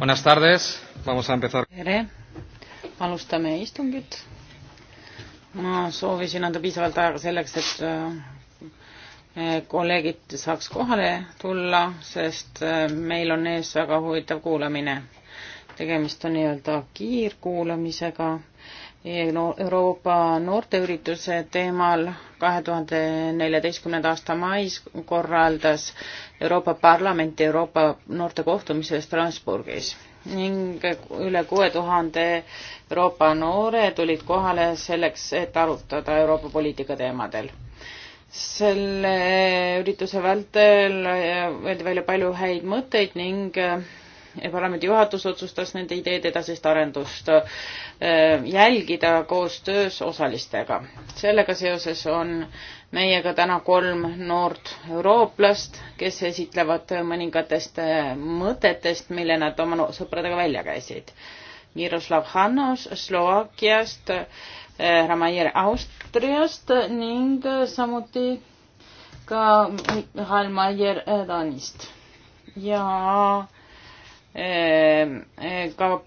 Buenas tardes, vamos a empezar. tere, alustame istungit. ma soovisin anda piisavalt aega selleks, et äh, äh, kolleegid saaks kohale tulla, sest äh, meil on ees väga huvitav kuulamine. tegemist on nii-öelda kiirkuulamisega Euroopa noorteürituse teemal kahe tuhande neljateistkümnenda aasta mais korraldas Euroopa Parlament Euroopa noortekohtumise Strasbourgis ning üle kuue tuhande Euroopa noore tulid kohale selleks, et arutada Euroopa poliitika teemadel. selle ürituse vältel öeldi välja palju häid mõtteid ning parlamendi juhatus otsustas nende ideede edasist arendust jälgida koostöös osalistega. sellega seoses on meiega täna kolm noort eurooplast, kes esitlevad mõningatest mõtetest, mille nad oma sõpradega välja käisid. Miroslav Hannos Slovakkiast, Ramajer Austriast ning samuti ka Mihhail Maier Taanist ja Ehm, eh, ka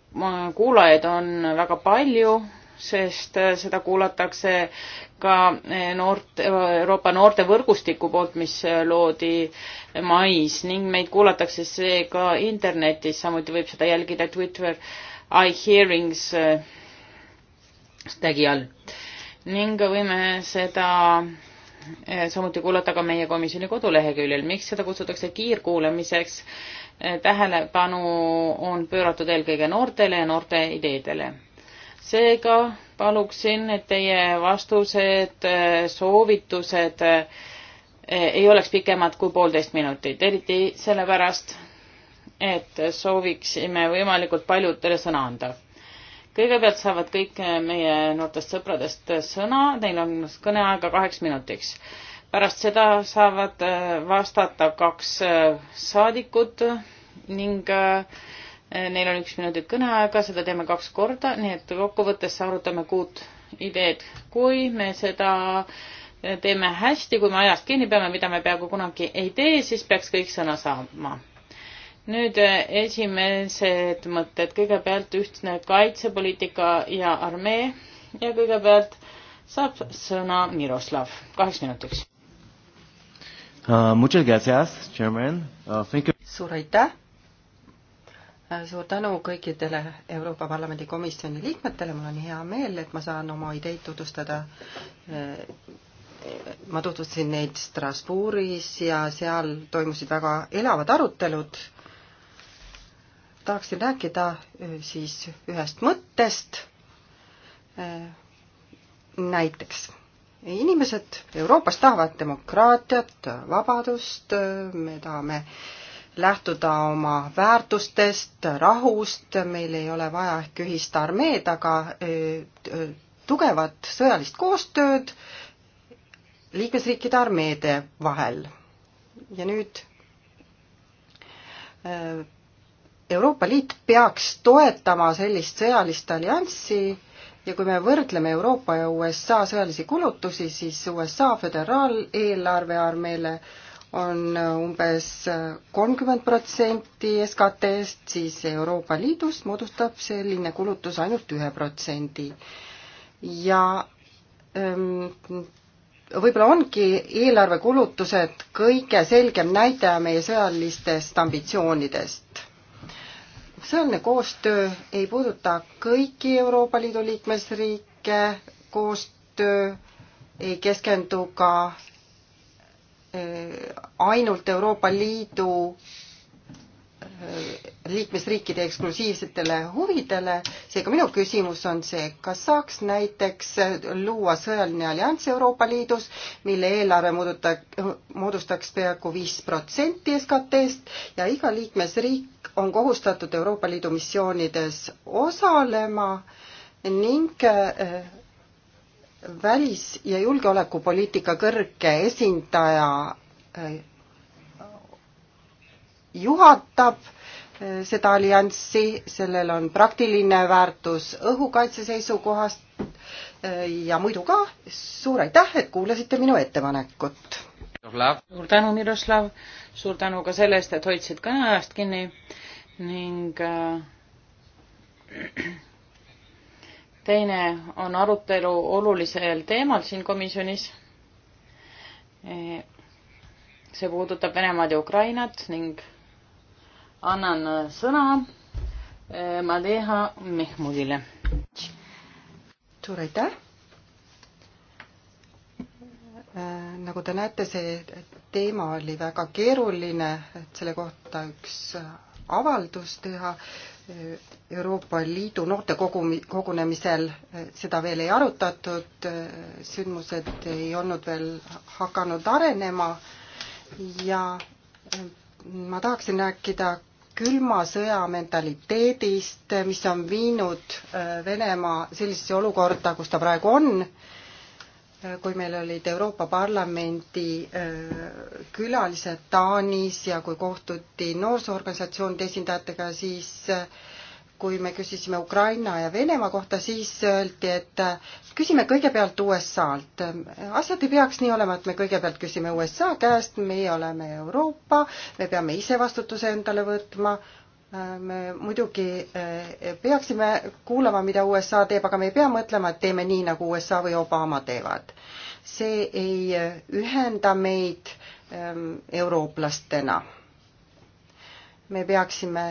kuulajaid on väga palju, sest eh, seda kuulatakse ka eh, noort, Euroopa noortevõrgustiku poolt, mis loodi mais ning meid kuulatakse see ka internetis, samuti võib seda jälgida Twitter iHearings tagi all. ning võime seda samuti kuulata ka meie komisjoni koduleheküljel. miks seda kutsutakse kiirkuulamiseks? Eh, tähelepanu on pööratud eelkõige noortele ja noorte ideedele. seega paluksin, et teie vastused, eh, soovitused eh, ei oleks pikemad kui poolteist minutit, eriti sellepärast, et sooviksime võimalikult paljudele sõna anda. kõigepealt saavad kõik meie noortest sõpradest sõna, neil on kõneaega kaheks minutiks pärast seda saavad äh, vastata kaks äh, saadikut ning äh, neil on üks minutit kõneaega, seda teeme kaks korda, nii et kokkuvõttes arutame kuut ideed. kui me seda teeme hästi, kui me ajast kinni peame, mida me peaaegu kunagi ei tee, siis peaks kõik sõna saama. nüüd esimesed mõtted, kõigepealt ühtne kaitsepoliitika ja armee ja kõigepealt saab sõna Miroslav kaheks minutiks Uh, muchas gracias, Chairman. Uh, thank you. suur aitäh. Uh, suur tänu kõikidele Euroopa Parlamendi komisjoni liikmetele, mul on hea meel, et ma saan oma ideid tutvustada. Uh, ma tutvustasin neid Strasbourgis ja seal toimusid väga elavad arutelud. tahaksin rääkida uh, siis ühest mõttest. näiteks inimesed Euroopas tahavad demokraatiat, vabadust, me tahame lähtuda oma väärtustest, rahust, meil ei ole vaja ehk ühist armeed, aga eh, tugevat sõjalist koostööd liikmesriikide armeede vahel. ja nüüd eh, Euroopa Liit peaks toetama sellist sõjalist allianssi, ja kui me võrdleme Euroopa ja USA sõjalisi kulutusi, siis USA föderaaleelarve armeele on umbes kolmkümmend protsenti SKT-st, siis Euroopa Liidus moodustab selline kulutus ainult ühe protsendi. ja ähm, võib-olla ongi eelarvekulutused kõige selgem näide meie sõjalistest ambitsioonidest sõjaline koostöö ei puuduta kõiki Euroopa Liidu liikmesriike, koostöö ei keskendu ka eh, ainult Euroopa Liidu liikmesriikide eksklusiivsetele huvidele. seega minu küsimus on see, kas saaks näiteks luua sõjaline allianss Euroopa Liidus, mille eelarve mooduta-, moodustaks peaaegu viis protsenti SKT-st ja iga liikmesriik on kohustatud Euroopa Liidu missioonides osalema ning eh, välis- ja julgeolekupoliitika kõrge esindaja eh, juhatab eh, seda allianssi, sellel on praktiline väärtus õhukaitse seisukohast eh, ja muidu ka suur aitäh, et kuulasite minu ettepanekut. suur tänu, Miroslav, suur tänu ka selle eest, et hoidsid kõneajast kinni ning äh, teine on arutelu olulisel teemal siin komisjonis eh, see puudutab Venemaad ja Ukrainat ning annan äh, sõna äh, Madeha Mehmudile. suur aitäh! Äh, nagu te näete, see teema oli väga keeruline, et selle kohta üks avaldus teha. Euroopa Liidu noortekogumi, kogunemisel seda veel ei arutatud, sündmused ei olnud veel hakanud arenema ja ma tahaksin rääkida külma sõja mentaliteedist, mis on viinud äh, Venemaa sellisesse olukorda, kus ta praegu on. Äh, kui meil olid Euroopa Parlamendi äh, külalised Taanis ja kui kohtuti noorsoorganisatsioonide esindajatega, siis kui me küsisime Ukraina ja Venemaa kohta, siis öeldi, et küsime kõigepealt USA-lt. asjad ei peaks nii olema, et me kõigepealt küsime USA käest, meie oleme Euroopa, me peame ise vastutuse endale võtma, me muidugi eh, peaksime kuulama, mida USA teeb, aga me ei pea mõtlema, et teeme nii, nagu USA või Obama teevad. see ei eh, ühenda meid ehm, eurooplastena. me peaksime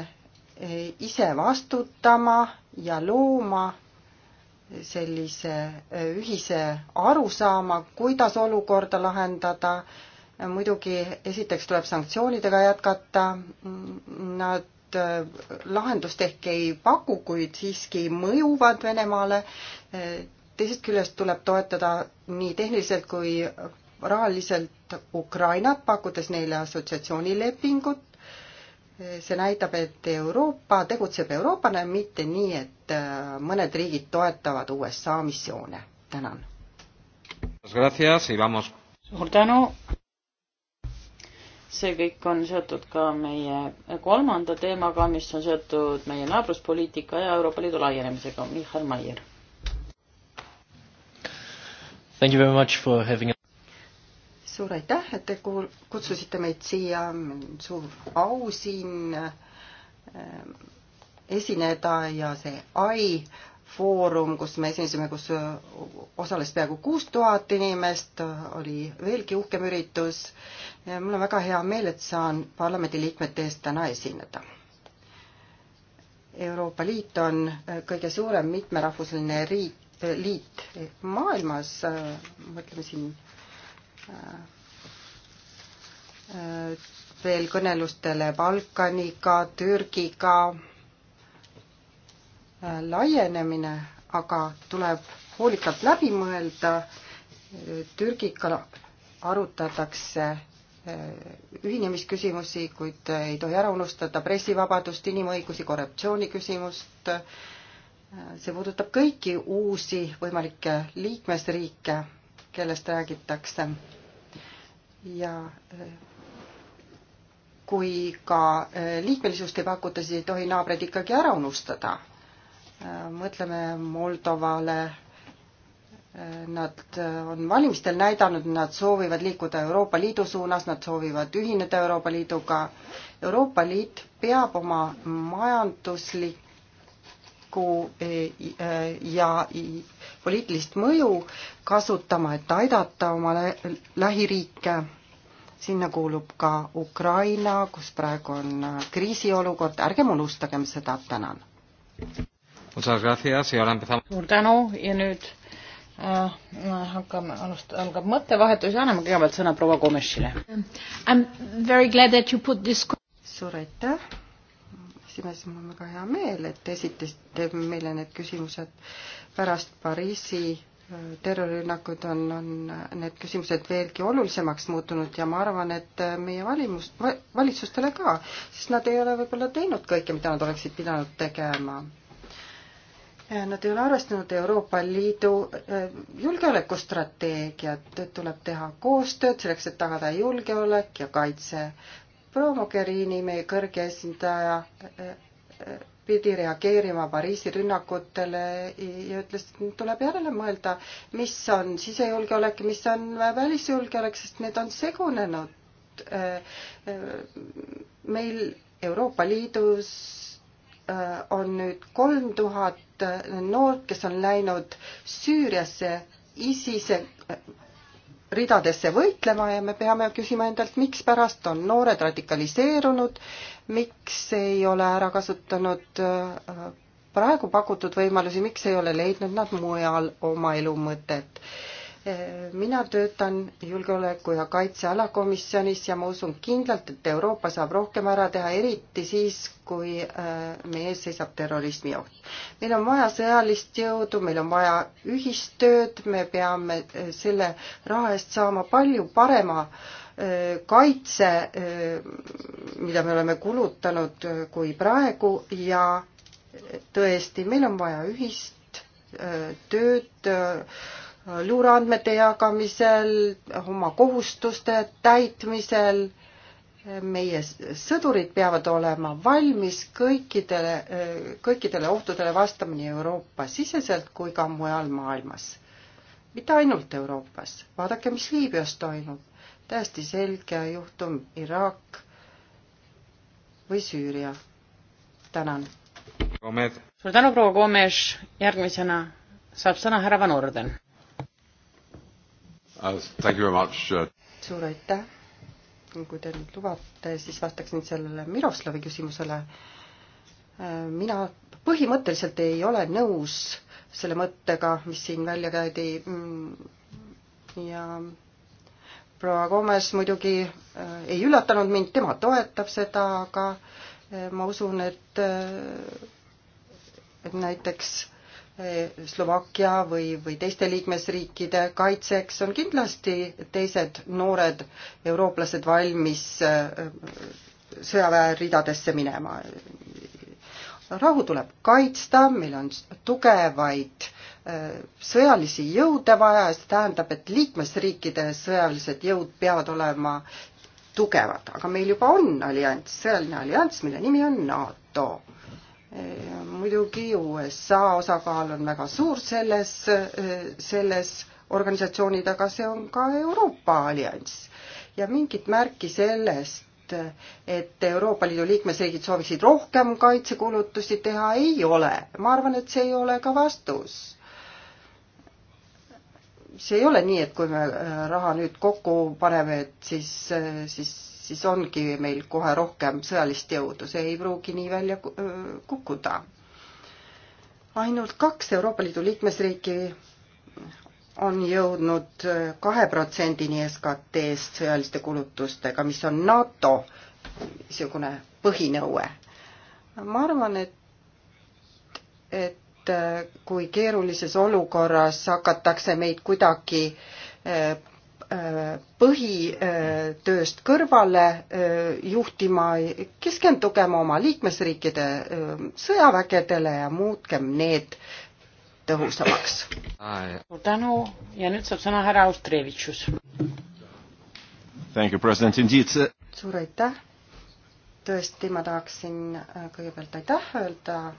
Eh, ise vastutama ja looma sellise eh, ühise arusaama, kuidas olukorda lahendada. muidugi esiteks tuleb sanktsioonidega jätkata. Nad eh, lahendust ehk ei paku, kuid siiski mõjuvad Venemaale. teisest küljest tuleb toetada nii tehniliselt kui rahaliselt Ukrainat, pakkudes neile assotsiatsioonilepingut see näitab, et Euroopa tegutseb Euroopana, mitte nii, et äh, mõned riigid toetavad USA missioone. tänan. suur tänu. see kõik on seotud ka meie kolmanda teemaga, mis on seotud meie naabruspoliitika ja Euroopa Liidu laienemisega. Mihhail Maier. Thank you very much for having suur aitäh, et te kutsusite meid siia, suur au siin äh, esineda ja see ai foorum, kus me esinesime, kus äh, osales peaaegu kuus tuhat inimest, oli veelgi uhkem üritus. mul on väga hea meel, et saan parlamendiliikmete ees täna esineda. Euroopa Liit on äh, kõige suurem mitmerahvuseline riik, liit maailmas, mõtleme siin veel kõnelustele Balkaniga, Türgiga. laienemine aga tuleb hoolikalt läbi mõelda. Türgiga arutatakse eh, ühinemisküsimusi, kuid ei tohi ära unustada pressivabadust, inimõigusi, korruptsiooniküsimust. Eh, see puudutab kõiki uusi võimalikke liikmesriike kellest räägitakse. ja eh, kui ka eh, liikmelisust ei pakuta, siis ei tohi naabreid ikkagi ära unustada. Eh, mõtleme Moldovale. Nad on valimistel näidanud, nad soovivad liikuda Euroopa Liidu suunas, nad soovivad ühineda Euroopa Liiduga. Euroopa Liit peab oma majanduslikku ja poliitilist mõju kasutama, et aidata oma lähiriike. sinna kuulub ka Ukraina, kus praegu on kriisiolukord, ärgem unustagem seda, tänan. suur tänu ja nüüd äh, hakkame, alust-, algab mõttevahetus ja anname kõigepealt sõna proua Komešile. Um, suur aitäh esimees, mul on väga hea meel, et esitasite meile need küsimused pärast Pariisi äh, terrorirünnakud on, on need küsimused veelgi olulisemaks muutunud ja ma arvan, et äh, meie valimust, valitsustele ka, sest nad ei ole võib-olla teinud kõike, mida nad oleksid pidanud tegema. Nad ei ole arvestanud Euroopa Liidu äh, julgeolekustrateegiat, tuleb teha koostööd selleks, et tagada julgeolek ja kaitse proua Mogherini, meie kõrge esindaja, eh, eh, pidi reageerima Pariisi rünnakutele ja ütles, et tuleb järele mõelda, mis on sisejulgeolek, mis on välisjulgeolek, sest need on segunenud. Eh, meil Euroopa Liidus on nüüd kolm tuhat noort, kes on läinud Süüriasse ISISe ridadesse võitlema ja me peame küsima endalt, mikspärast on noored radikaliseerunud, miks ei ole ära kasutanud äh, praegu pakutud võimalusi, miks ei ole leidnud nad mujal oma elu mõtet mina töötan julgeoleku ja kaitse alakomisjonis ja ma usun kindlalt, et Euroopa saab rohkem ära teha, eriti siis, kui äh, meie ees seisab terrorismioht. meil on vaja sõjalist jõudu, meil on vaja ühistööd, me peame äh, selle raha eest saama palju parema äh, kaitse, mida me oleme kulutanud kui praegu ja tõesti, meil on vaja ühist tööd luureandmete jagamisel, oma kohustuste täitmisel. meie sõdurid peavad olema valmis kõikidele, kõikidele ohtudele vastama nii Euroopa-siseselt kui ka mujal maailmas. mitte ainult Euroopas, vaadake, mis Liibüas toimub. täiesti selge juhtum Iraak või Süüria. tänan. suur tänu, proua Gomes, järgmisena saab sõna härra Van Orden Uh, uh, suur aitäh. kui te nüüd lubate, siis vastaks nüüd sellele Miroslavi küsimusele. Äh, mina põhimõtteliselt ei ole nõus selle mõttega, mis siin välja käidi. Mm, ja proua Gomes muidugi äh, ei üllatanud mind, tema toetab seda, aga äh, ma usun, et et näiteks äh, Eh, Slovakkia või, või teiste liikmesriikide kaitseks on kindlasti teised noored eurooplased valmis eh, sõjaväe ridadesse minema. rahu tuleb kaitsta, meil on tugevaid eh, sõjalisi jõude vaja ja see tähendab, et liikmesriikide sõjalised jõud peavad olema tugevad, aga meil juba on allianss, sõjaline allianss, mille nimi on NATO muidugi USA osakaal on väga suur selles, selles organisatsioonid, aga see on ka Euroopa allianss. ja mingit märki sellest, et Euroopa Liidu liikmesriigid sooviksid rohkem kaitsekulutusi teha, ei ole. ma arvan, et see ei ole ka vastus. see ei ole nii, et kui me äh, raha nüüd kokku paneme, et siis, äh, siis siis ongi meil kohe rohkem sõjalist jõudu, see ei pruugi nii välja kukkuda. ainult kaks Euroopa Liidu liikmesriiki on jõudnud kahe protsendini SKT-st sõjaliste kulutustega, mis on NATO niisugune põhinõue. ma arvan, et, et kui keerulises olukorras hakatakse meid kuidagi põhitööst kõrvale äh, juhtima, keskendugem oma liikmesriikide äh, sõjavägedele ja muutkem need tõhusamaks. suur tänu ja nüüd saab sõna härra Austrevitšus. suur aitäh. tõesti, ma tahaksin äh, kõigepealt aitäh öelda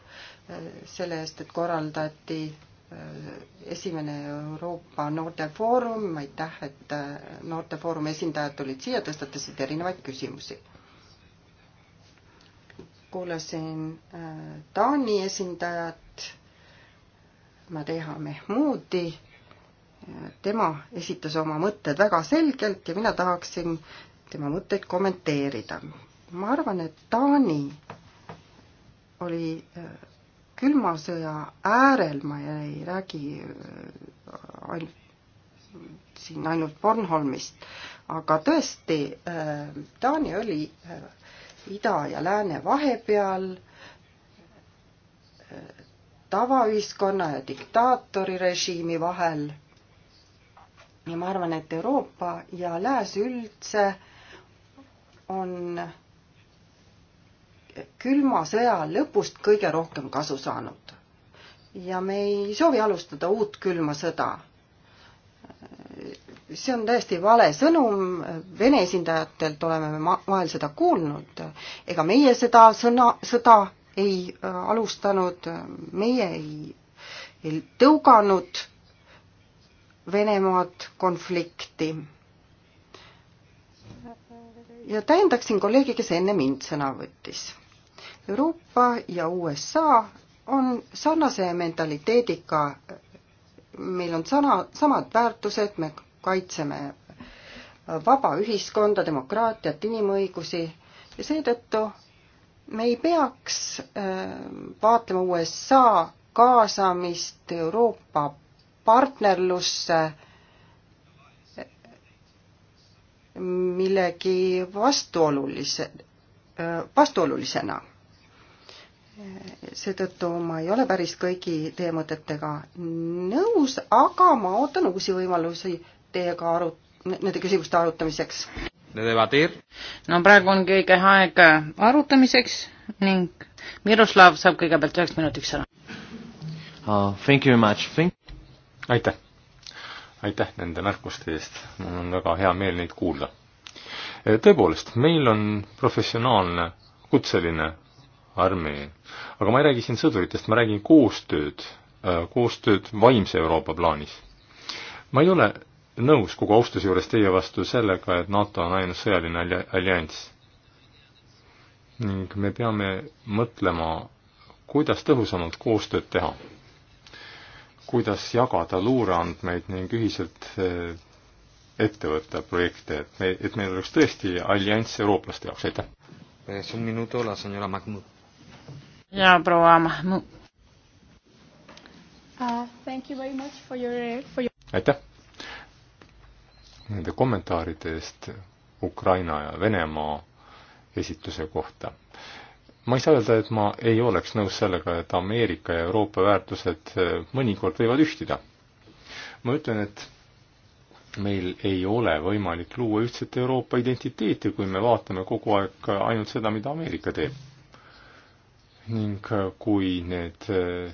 selle eest, et korraldati Äh, esimene Euroopa noortefoorum, aitäh, et äh, noortefoorumi esindajad tulid siia, tõstatasid erinevaid küsimusi. kuulasin äh, Taani esindajat, Madeha Mehmoodi, tema esitas oma mõtted väga selgelt ja mina tahaksin tema mõtteid kommenteerida. ma arvan, et Taani oli külma sõja äärel, ma ei räägi äh, ainult, siin ainult Bornholmist, aga tõesti, äh, Taani oli äh, ida ja lääne vahepeal tavaühiskonna ja diktaatori režiimi vahel. ja ma arvan, et Euroopa ja Lääs üldse on külma sõja lõpust kõige rohkem kasu saanud. ja me ei soovi alustada uut külma sõda. see on täiesti vale sõnum, Vene esindajatelt oleme me vahel seda kuulnud, ega meie seda sõna, sõda ei äh, alustanud, meie ei, ei tõuganud Venemaad konflikti ja täiendaksin kolleegi, kes enne mind sõna võttis. Euroopa ja USA on sarnase mentaliteediga, meil on sana, samad väärtused, me kaitseme vaba ühiskonda, demokraatiat, inimõigusi ja seetõttu me ei peaks äh, vaatlema USA kaasamist Euroopa partnerlusse millegi vastuolulise, äh, vastuolulisena seetõttu ma ei ole päris kõigi teie mõtetega nõus, aga ma ootan uusi võimalusi teiega aru-, nende küsimuste arutamiseks. no praegu on kõige aeg arutamiseks ning Miroslav saab kõigepealt üheks minutiks sõna uh,. Thank you very much thank.... aitäh, aitäh nende märkuste eest, mul on väga hea meel neid kuulda. tõepoolest, meil on professionaalne kutseline armee. aga ma ei räägi siin sõduritest, ma räägin koostööd, äh, koostööd vaimse Euroopa plaanis. ma ei ole nõus kogu austuse juures teie vastu sellega, et NATO on ainus sõjaline allianss. ning me peame mõtlema, kuidas tõhusamalt koostööd teha. kuidas jagada luureandmeid ning ühiselt äh, ette võtta projekte, et me, et meil oleks tõesti allianss eurooplaste jaoks, aitäh! Es eh, un minuto la señora Mahmoud ja proua uh,. Your, your... aitäh nende kommentaaride eest Ukraina ja Venemaa esituse kohta. ma ei saa öelda, et ma ei oleks nõus sellega, et Ameerika ja Euroopa väärtused äh, mõnikord võivad ühtida. ma ütlen, et meil ei ole võimalik luua ühtset Euroopa identiteeti, kui me vaatame kogu aeg ainult seda, mida Ameerika teeb ning äh, kui need äh,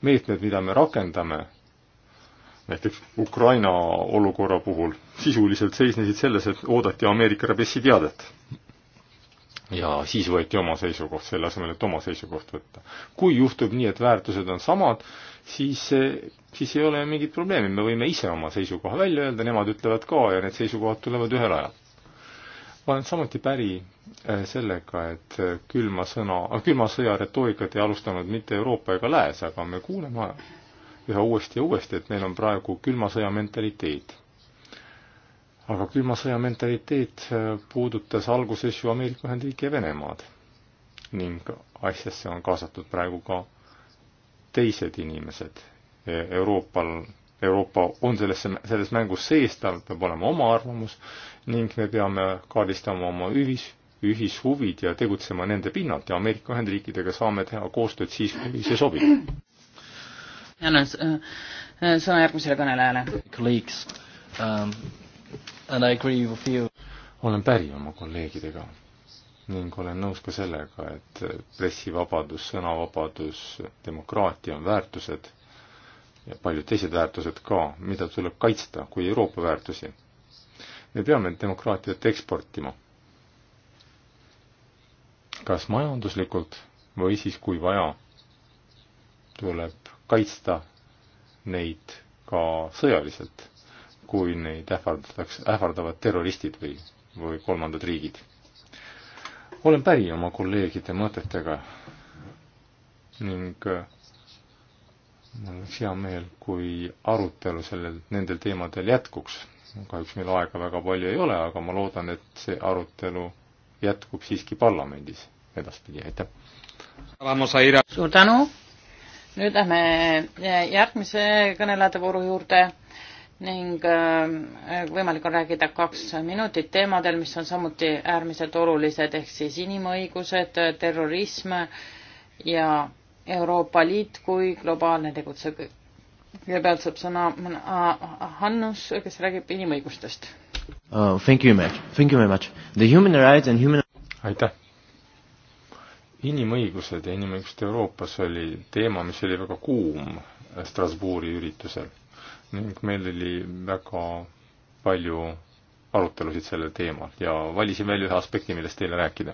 meetmed, mida me rakendame, näiteks Ukraina olukorra puhul, sisuliselt seisnesid selles, et oodati Ameerika rebessi teadet. ja siis võeti oma seisukoht, selle asemel, et oma seisukoht võtta. kui juhtub nii, et väärtused on samad, siis, äh, siis ei ole mingit probleemi, me võime ise oma seisukoha välja öelda, nemad ütlevad ka ja need seisukohad tulevad ühel ajal. ma olen samuti päri Äh, sellega, et äh, külma sõna, äh, külma sõja retoorikat ei alustanud mitte Euroopa ega Lääs, aga me kuuleme üha uuesti ja uuesti, et meil on praegu külma sõja mentaliteet. aga külma sõja mentaliteet puudutas alguses ju Ameerika Ühendriike ja Venemaad ning asjasse on kaasatud praegu ka teised inimesed. E, Euroopal, Euroopa on sellesse, selles mängus sees, tal peab olema oma arvamus ning me peame kaardistama oma ühis, ühishuvid ja tegutsema nende pinnalt ja Ameerika Ühendriikidega saame teha koostööd siis, kui see sobib. annan äh, sõna järgmisele kõnelejale. Um, olen päri oma kolleegidega ning olen nõus ka sellega, et pressivabadus, sõnavabadus, demokraatia on väärtused ja paljud teised väärtused ka, mida tuleb kaitsta kui Euroopa väärtusi. me peame demokraatiat eksportima kas majanduslikult või siis, kui vaja, tuleb kaitsta neid ka sõjaliselt, kui neid ähvardatakse, ähvardavad terroristid või, või kolmandad riigid. olen päri oma kolleegide mõtetega ning äh, mul oleks hea meel, kui arutelu sellel, nendel teemadel jätkuks. kahjuks meil aega väga palju ei ole, aga ma loodan, et see arutelu jätkub siiski parlamendis edaspidi, aitäh! suur tänu! nüüd lähme eh, järgmise kõnelejate vooru juurde ning eh, võimalik on rääkida kaks minutit teemadel, mis on samuti äärmiselt olulised, ehk siis inimõigused, terrorism ja Euroopa Liit kui globaalne tegutseja. kõigepealt saab sõna äh, Hannus, kes räägib inimõigustest uh,. Thank you, thank you very much. The human rights and human aitäh! inimõigused ja inimõigused Euroopas oli teema, mis oli väga kuum Strasbourgi üritusel ning meil oli väga palju arutelusid sellel teemal ja valisin välja ühe aspekti, millest teile rääkida.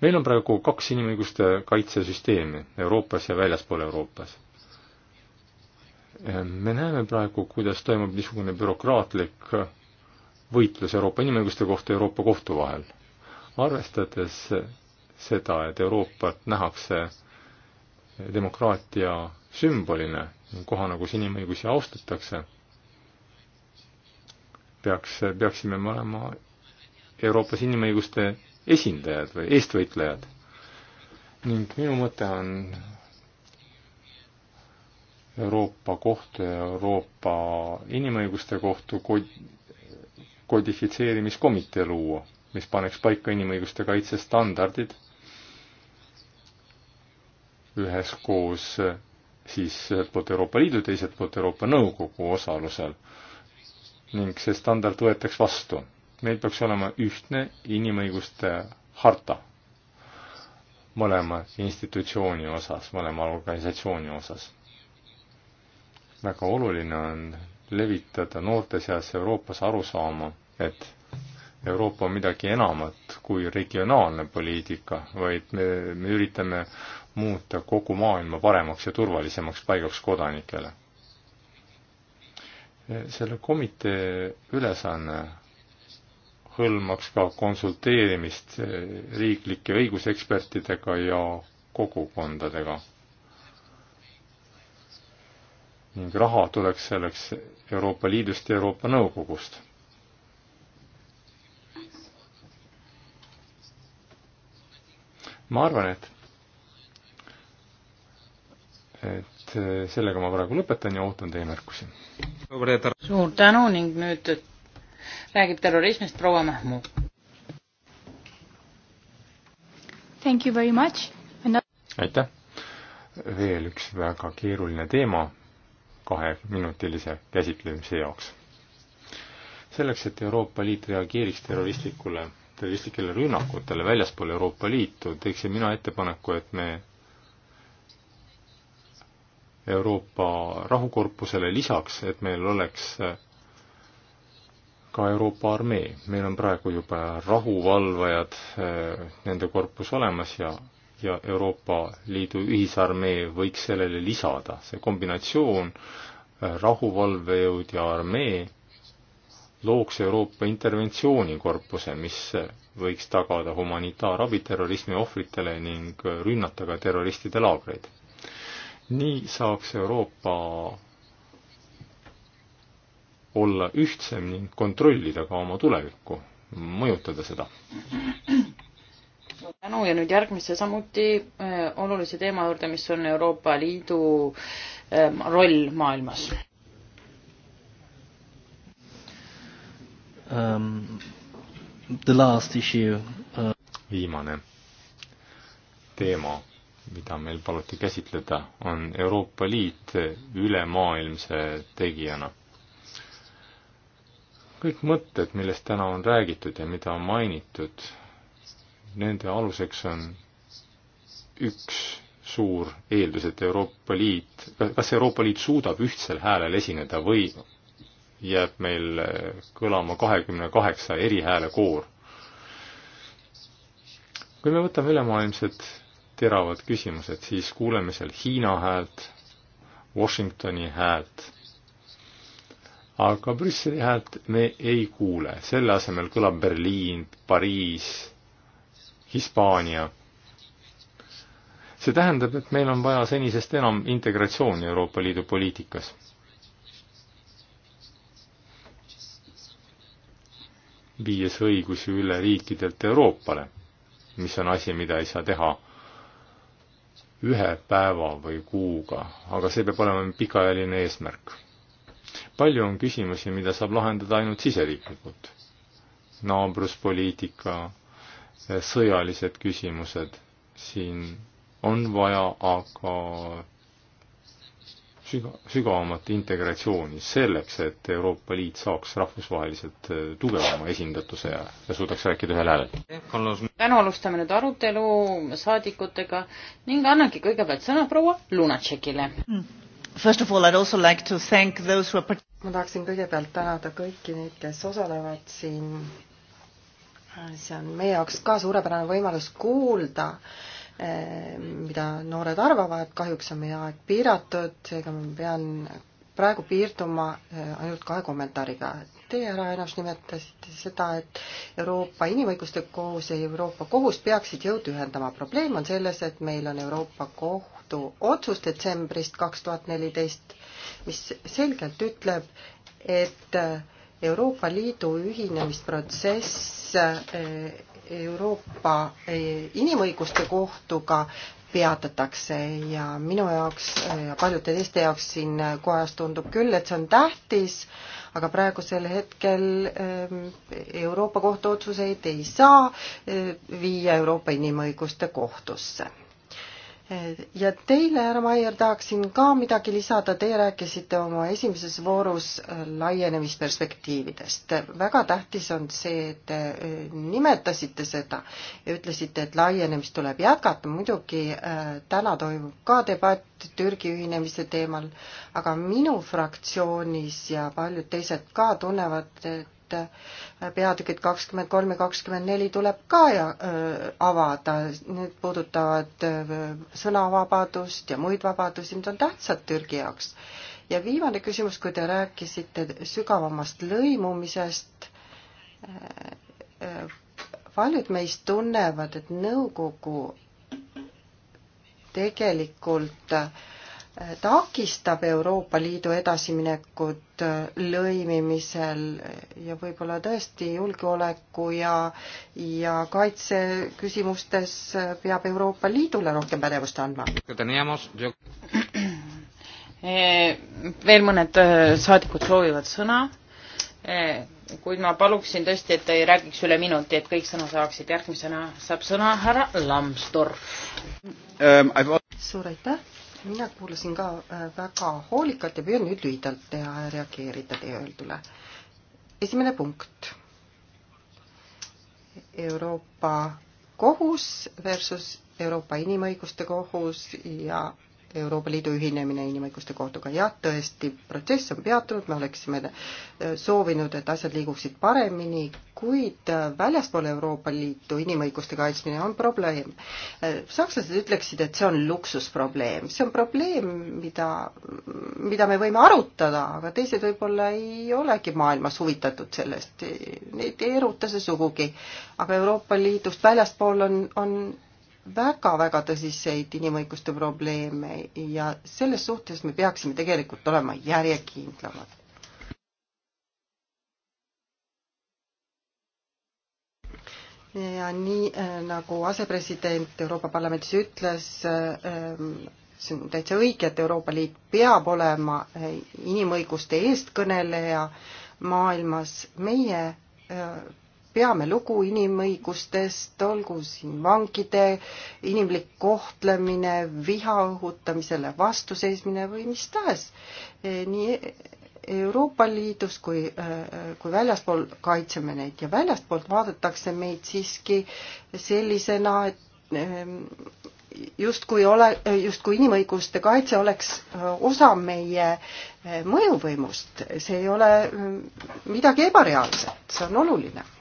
meil on praegu kaks inimõiguste kaitsesüsteemi Euroopas ja väljaspool Euroopas. me näeme praegu, kuidas toimub niisugune bürokraatlik võitlus Euroopa inimõiguste kohta Euroopa kohtu vahel. arvestades seda, et Euroopat nähakse demokraatia sümbolina, kohana, kus inimõigusi austatakse, peaks, peaksime me olema Euroopas inimõiguste esindajad või eestvõitlejad. ning minu mõte on Euroopa Kohtu ja Euroopa Inimõiguste Kohtu kodifitseerimiskomitee luua, mis paneks paika inimõiguste kaitse standardid üheskoos eh, siis ühelt poolt Euroopa Liidu, teiselt poolt Euroopa Nõukogu osalusel ning see standard võetaks vastu. meil peaks olema ühtne inimõiguste harta mõlema institutsiooni osas, mõlema organisatsiooni osas. väga oluline on levitada noorte seas Euroopas arusaama, et Euroopa on midagi enamat kui regionaalne poliitika, vaid me, me üritame muuta kogu maailma paremaks ja turvalisemaks paigaks kodanikele. selle komitee ülesanne hõlmaks ka konsulteerimist riiklike õigusekspertidega ja kogukondadega ning raha tuleks selleks Euroopa Liidust ja Euroopa Nõukogust. ma arvan, et et sellega ma praegu lõpetan ja ootan teie märkusi. suur tänu ning nüüd räägib terrorismist proua Mähmu. aitäh! veel üks väga keeruline teema, kaheminutilise käsitlemise jaoks. selleks, et Euroopa Liit reageeriks terroristlikule, terroristlikele rünnakutele väljaspool Euroopa Liitu, teeksin mina ettepaneku, et me Euroopa rahukorpusele lisaks, et meil oleks ka Euroopa armee. meil on praegu juba rahuvalvajad, eh, nende korpus olemas ja ja Euroopa Liidu ühisarmee võiks sellele lisada. see kombinatsioon, äh, rahuvalvejõud ja armee, looks Euroopa interventsioonikorpuse, mis võiks tagada humanitaarabi terrorismi ohvritele ning rünnata ka terroristide laagreid. nii saaks Euroopa olla ühtsem ning kontrollida ka oma tulevikku, mõjutada seda tänu ja nüüd järgmise samuti äh, olulise teema juurde, mis on Euroopa Liidu ähm, roll maailmas um,. The last issue uh.... viimane teema, mida meil paluti käsitleda, on Euroopa Liit ülemaailmse tegijana kõik mõtted, millest täna on räägitud ja mida on mainitud, nende aluseks on üks suur eeldus, et Euroopa Liit, kas Euroopa Liit suudab ühtsel häälel esineda või jääb meil eh, kõlama kahekümne kaheksa erihääle koor. kui me võtame ülemaailmsed teravad küsimused, siis kuuleme seal Hiina häält, Washingtoni häält, aga Brüsseli häält me ei kuule, selle asemel kõlab Berliin, Pariis Hispaania. see tähendab, et meil on vaja senisest enam integratsiooni Euroopa Liidu poliitikas. viies õigusi üle riikidelt Euroopale, mis on asi, mida ei saa teha ühe päeva või kuuga, aga see peab olema pikaajaline eesmärk. palju on küsimusi, mida saab lahendada ainult siseriiklikult? naabruspoliitika, sõjalised küsimused siin on vaja aga süga-, sügavamat integratsiooni selleks, et Euroopa Liit saaks rahvusvaheliselt äh, tugevama esindatuse ja, ja suudaks rääkida ühel häälel. täna alustame nüüd arutelu saadikutega ning annangi kõigepealt sõna proua Lunatšekile mm.. First of all, I'd also like to thank those who are ma tahaksin kõigepealt tänada kõiki neid, kes osalevad siin see on meie jaoks ka suurepärane võimalus kuulda, eh, mida noored arvavad, kahjuks on meie aeg piiratud, seega ma pean praegu piirduma eh, ainult kahe kommentaariga. Teie, härra Enaš, nimetasite seda, et Euroopa Inimõiguste Kohus ja Euroopa Kohus peaksid jõud ühendama. probleem on selles, et meil on Euroopa Kohtu otsus detsembrist kaks tuhat neliteist, mis selgelt ütleb, et äh, Euroopa Liidu ühinemisprotsess eh, Euroopa eh, Inimõiguste Kohtuga peatatakse ja minu jaoks eh, ja paljude teiste jaoks siin kojas tundub küll, et see on tähtis, aga praegusel hetkel Euroopa Kohtu otsuseid ei saa viia Euroopa Inimõiguste Kohtusse ja teile, härra Maier, tahaksin ka midagi lisada, teie rääkisite oma esimeses voorus äh, laienemisperspektiividest. väga tähtis on see, et te äh, nimetasite seda ja ütlesite, et laienemist tuleb jätkata, muidugi äh, täna toimub ka debatt Türgi ühinemise teemal, aga minu fraktsioonis ja paljud teised ka tunnevad, et et äh, peatükid kakskümmend kolm ja kakskümmend neli tuleb ka ja, äh, avada, need puudutavad äh, sõnavabadust ja muid vabadusi, mis on tähtsad Türgi jaoks. ja viimane küsimus, kui te rääkisite sügavamast lõimumisest äh,, äh, paljud meist tunnevad, et nõukogu tegelikult äh, takistab Euroopa Liidu edasiminekut lõimimisel ja võib-olla tõesti julgeoleku ja, ja kaitseküsimustes peab Euroopa Liidule rohkem pädevust andma. Eh, veel mõned eh, saadikud soovivad sõna, eh, kuid ma paluksin tõesti, et ei räägiks üle minuti, et kõik sõna saaksid. järgmisena saab sõna härra Lambsdorff ähm,. suur aitäh mina kuulasin ka äh, väga hoolikalt ja püüan nüüd lühidalt teha ja reageerida teie öeldule. esimene punkt. Euroopa kohus versus Euroopa Inimõiguste Kohus ja Euroopa Liidu ühinemine inimõiguste kohtuga. jah, tõesti, protsess on peatunud, me oleksime äh, soovinud, et asjad liiguksid paremini, kuid äh, väljaspool Euroopa Liitu inimõiguste kaitsmine on probleem. Äh, sakslased ütleksid, et see on luksusprobleem, see on probleem, mida, mida me võime arutada, aga teised võib-olla ei olegi maailmas huvitatud sellest, neid ei eruta see sugugi. aga Euroopa Liidust väljaspool on, on väga-väga tõsiseid inimõiguste probleeme ja selles suhtes me peaksime tegelikult olema järjekindlamad. ja nii äh, nagu asepresident Euroopa Parlamendis ütles, äh, see on täitsa õige, et Euroopa Liit peab olema äh, inimõiguste eestkõneleja maailmas, meie peame lugu inimõigustest, olgu siin vangide inimlik kohtlemine, viha õhutamisele vastuseismine või mis tahes. Eh, nii Euroopa Liidus kui, eh, kui väljaspool kaitseme neid ja väljastpoolt vaadatakse meid siiski sellisena, et ehm, justkui ole, justkui inimõiguste kaitse oleks eh, osa meie mõjuvõimust, see ei ole mm, midagi ebareaalset, see on oluline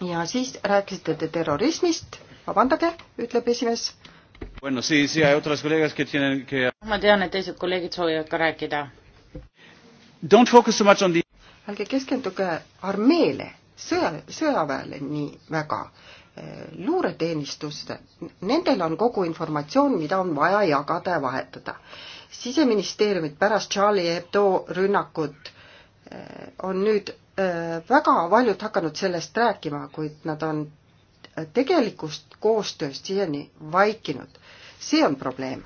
ja siis rääkisite te terrorismist, vabandage, ütleb esimees. Bueno, sí, sí, hay otras colegas que tienen que... ma tean, et teised kolleegid soovivad ka rääkida. Don't focus so much on the... ärge keskenduge armeele, sõja, sõjaväele nii väga. Äh, luureteenistuste, nendel on kogu informatsioon, mida on vaja jagada ja vahetada. siseministeeriumid pärast Charlie Hebdo rünnakut äh, on nüüd Äh, väga paljud hakanud sellest rääkima, kuid nad on tegelikust koostööst siiani vaikinud. see on probleem.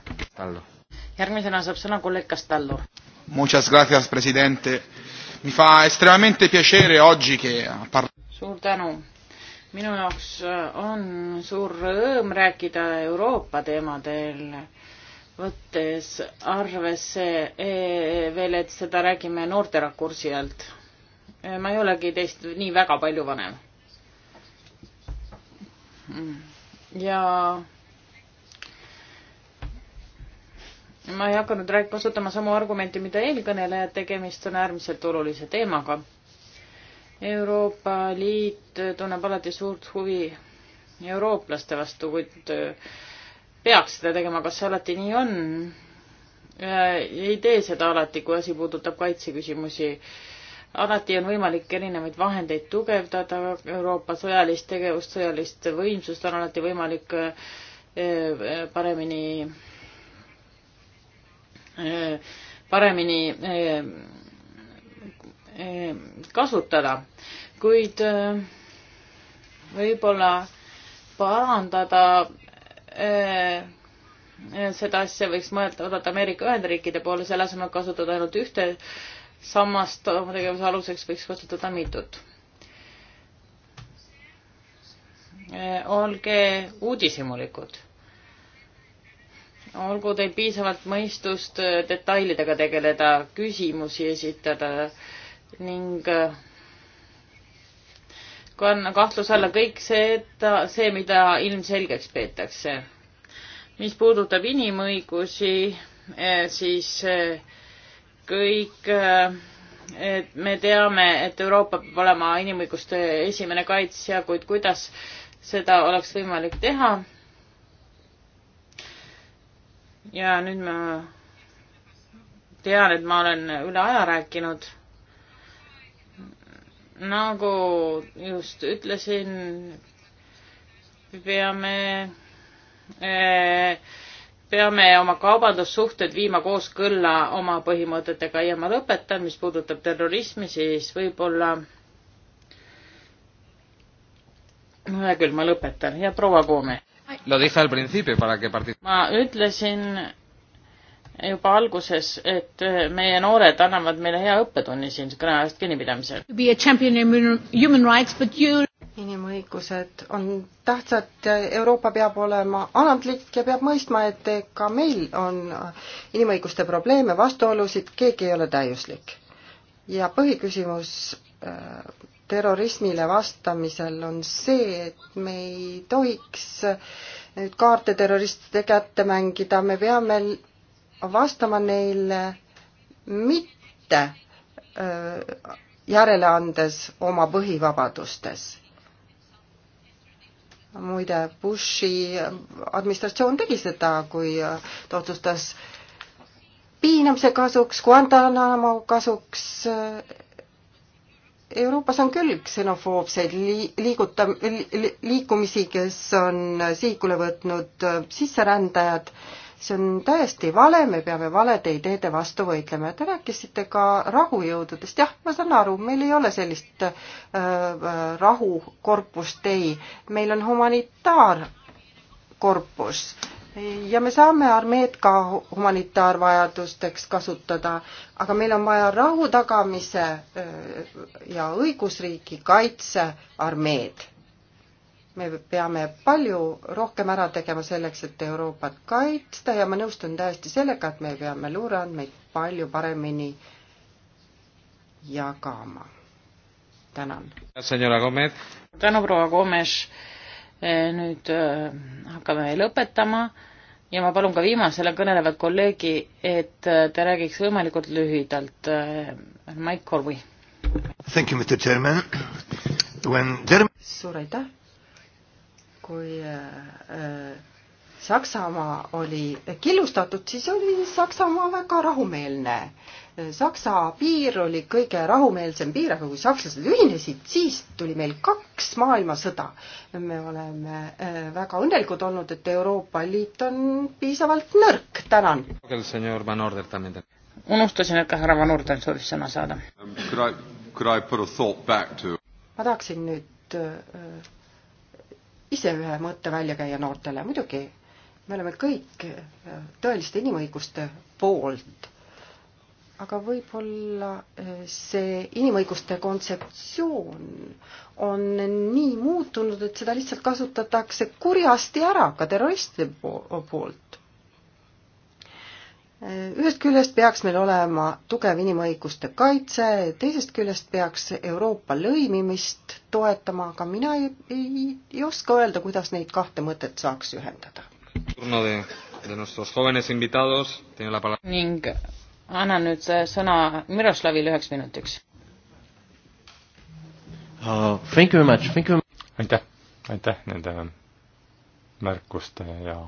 järgmisena saab sõna kolleeg Castaldo. Muchas gracias, president. Mi fa estremamente piacere oggi che par-. suur tänu. minu jaoks äh, on suur rõõm rääkida Euroopa teemadel võttes arvesse e, veel, et seda räägime noorte rakursi alt Äh, ma ei olegi teist nii väga palju vanem. ja ma ei hakanud rääk-, kasutama samu argumente, mida eelkõnelejad, tegemist on äärmiselt olulise teemaga. Euroopa Liit tunneb alati suurt huvi eurooplaste vastu, kuid äh, peaks seda tegema, kas see alati nii on? Äh, ei tee seda alati, kui asi puudutab kaitseküsimusi alati on võimalik erinevaid vahendeid tugevdada, Euroopa sõjalist tegevust, sõjalist võimsust on alati võimalik eh, paremini, eh, paremini eh, kasutada, kuid võib-olla parandada seda asja võiks mõelda, oodata Ameerika Ühendriikide poole, selle asemel kasutada ainult ühte sammast oma tegevuse aluseks võiks kasutada mitut. olge uudishimulikud. olgu teil piisavalt mõistust detailidega tegeleda, küsimusi esitada ning kanna kahtluse alla kõik see, et see, mida ilmselgeks peetakse. mis puudutab inimõigusi, eh, siis äh, kõik et me teame, et Euroopa peab olema inimõiguste esimene kaitsja, kuid kuidas seda oleks võimalik teha? ja nüüd ma tean, et ma olen üle aja rääkinud. nagu just ütlesin, peame äh, peame oma kaubandussuhted viima kooskõlla oma põhimõtetega ja ma lõpetan, mis puudutab terrorismi, siis võib-olla no hea küll, ma lõpetan ja proua Koome. ma ütlesin juba alguses, et meie noored annavad meile hea õppetunni siin kõneajast kinnipidamisel. You inimõigused on tähtsad, Euroopa peab olema alandlik ja peab mõistma, et ka meil on inimõiguste probleeme, vastuolusid, keegi ei ole täiuslik. ja põhiküsimus äh, terrorismile vastamisel on see, et me ei tohiks nüüd kaarte terroristide kätte mängida, me peame vastama neile mitte äh, järele andes oma põhivabadustes muide, Bushi administratsioon tegi seda, kui ta otsustas piinamise kasuks, Guantanamo kasuks. Euroopas on küll ksenofoobseid liiguta- li,, liikumisi, kes on sihikule võtnud sisserändajad see on täiesti vale, me peame valede ideede vastu võitlema ja te rääkisite ka rahujõududest, jah, ma saan aru, meil ei ole sellist äh, äh rahukorpust, ei, meil on humanitaarkorpus ja me saame armeed ka humanitaarvajadusteks kasutada, aga meil on vaja rahu tagamise äh, ja õigusriigi kaitse armeed me peame palju rohkem ära tegema selleks, et Euroopat kaitsta ja ma nõustun täiesti sellega, et me peame luureandmeid palju paremini jagama. tänan. tänu, proua Gomes. Eh, nüüd eh, hakkame lõpetama ja ma palun ka viimasele kõnelevat kolleegi, et eh, ta räägiks võimalikult lühidalt. Mike Corby. suur aitäh kui äh, äh, Saksamaa oli killustatud, siis oli Saksamaa väga rahumeelne. Saksa piir oli kõige rahumeelsem piir, aga kui sakslased ühinesid, siis tuli meil kaks maailmasõda. me oleme äh, väga õnnelikud olnud, et Euroopa Liit on piisavalt nõrk, tänan. unustasin, et ka härra Van Orden soovis sõna saada. Um, ma tahaksin nüüd ise ühe mõtte välja käia noortele, muidugi me oleme kõik äh, tõeliste inimõiguste poolt, aga võib-olla äh, see inimõiguste kontseptsioon on nii muutunud, et seda lihtsalt kasutatakse kurjasti ära ka terroristide poolt ühest küljest peaks meil olema tugev inimõiguste kaitse, teisest küljest peaks Euroopa lõimimist toetama, aga mina ei, ei, ei oska öelda, kuidas neid kahte mõtet saaks ühendada. ning annan nüüd sõna Miroslavile üheks minutiks uh,. Thank you very much, thank you. aitäh, aitäh nende märkuste ja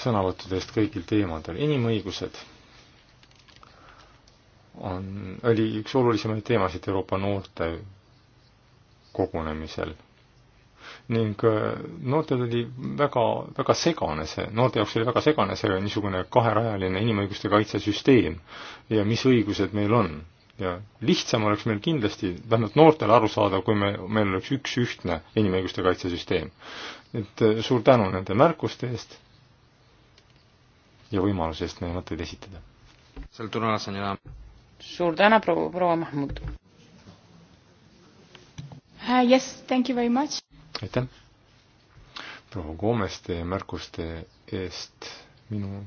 sõnavõttudest kõigil teemadel. inimõigused on, oli üks olulisemaid teemasid Euroopa noorte kogunemisel ning äh, noortel oli väga, väga segane see, noorte jaoks oli väga segane see niisugune kaherajaline inimõiguste kaitsesüsteem ja mis õigused meil on. ja lihtsam oleks meil kindlasti, vähemalt noortele aru saada, kui me, meil oleks üks ühtne inimõiguste kaitsesüsteem. et äh, suur tänu nende märkuste eest ja võimaluse eest meie mõtteid esitada. suur tänu, proua, proua Mahmud uh,! Yes, thank you very much! aitäh! proua Gomes, teie märkuste eest minu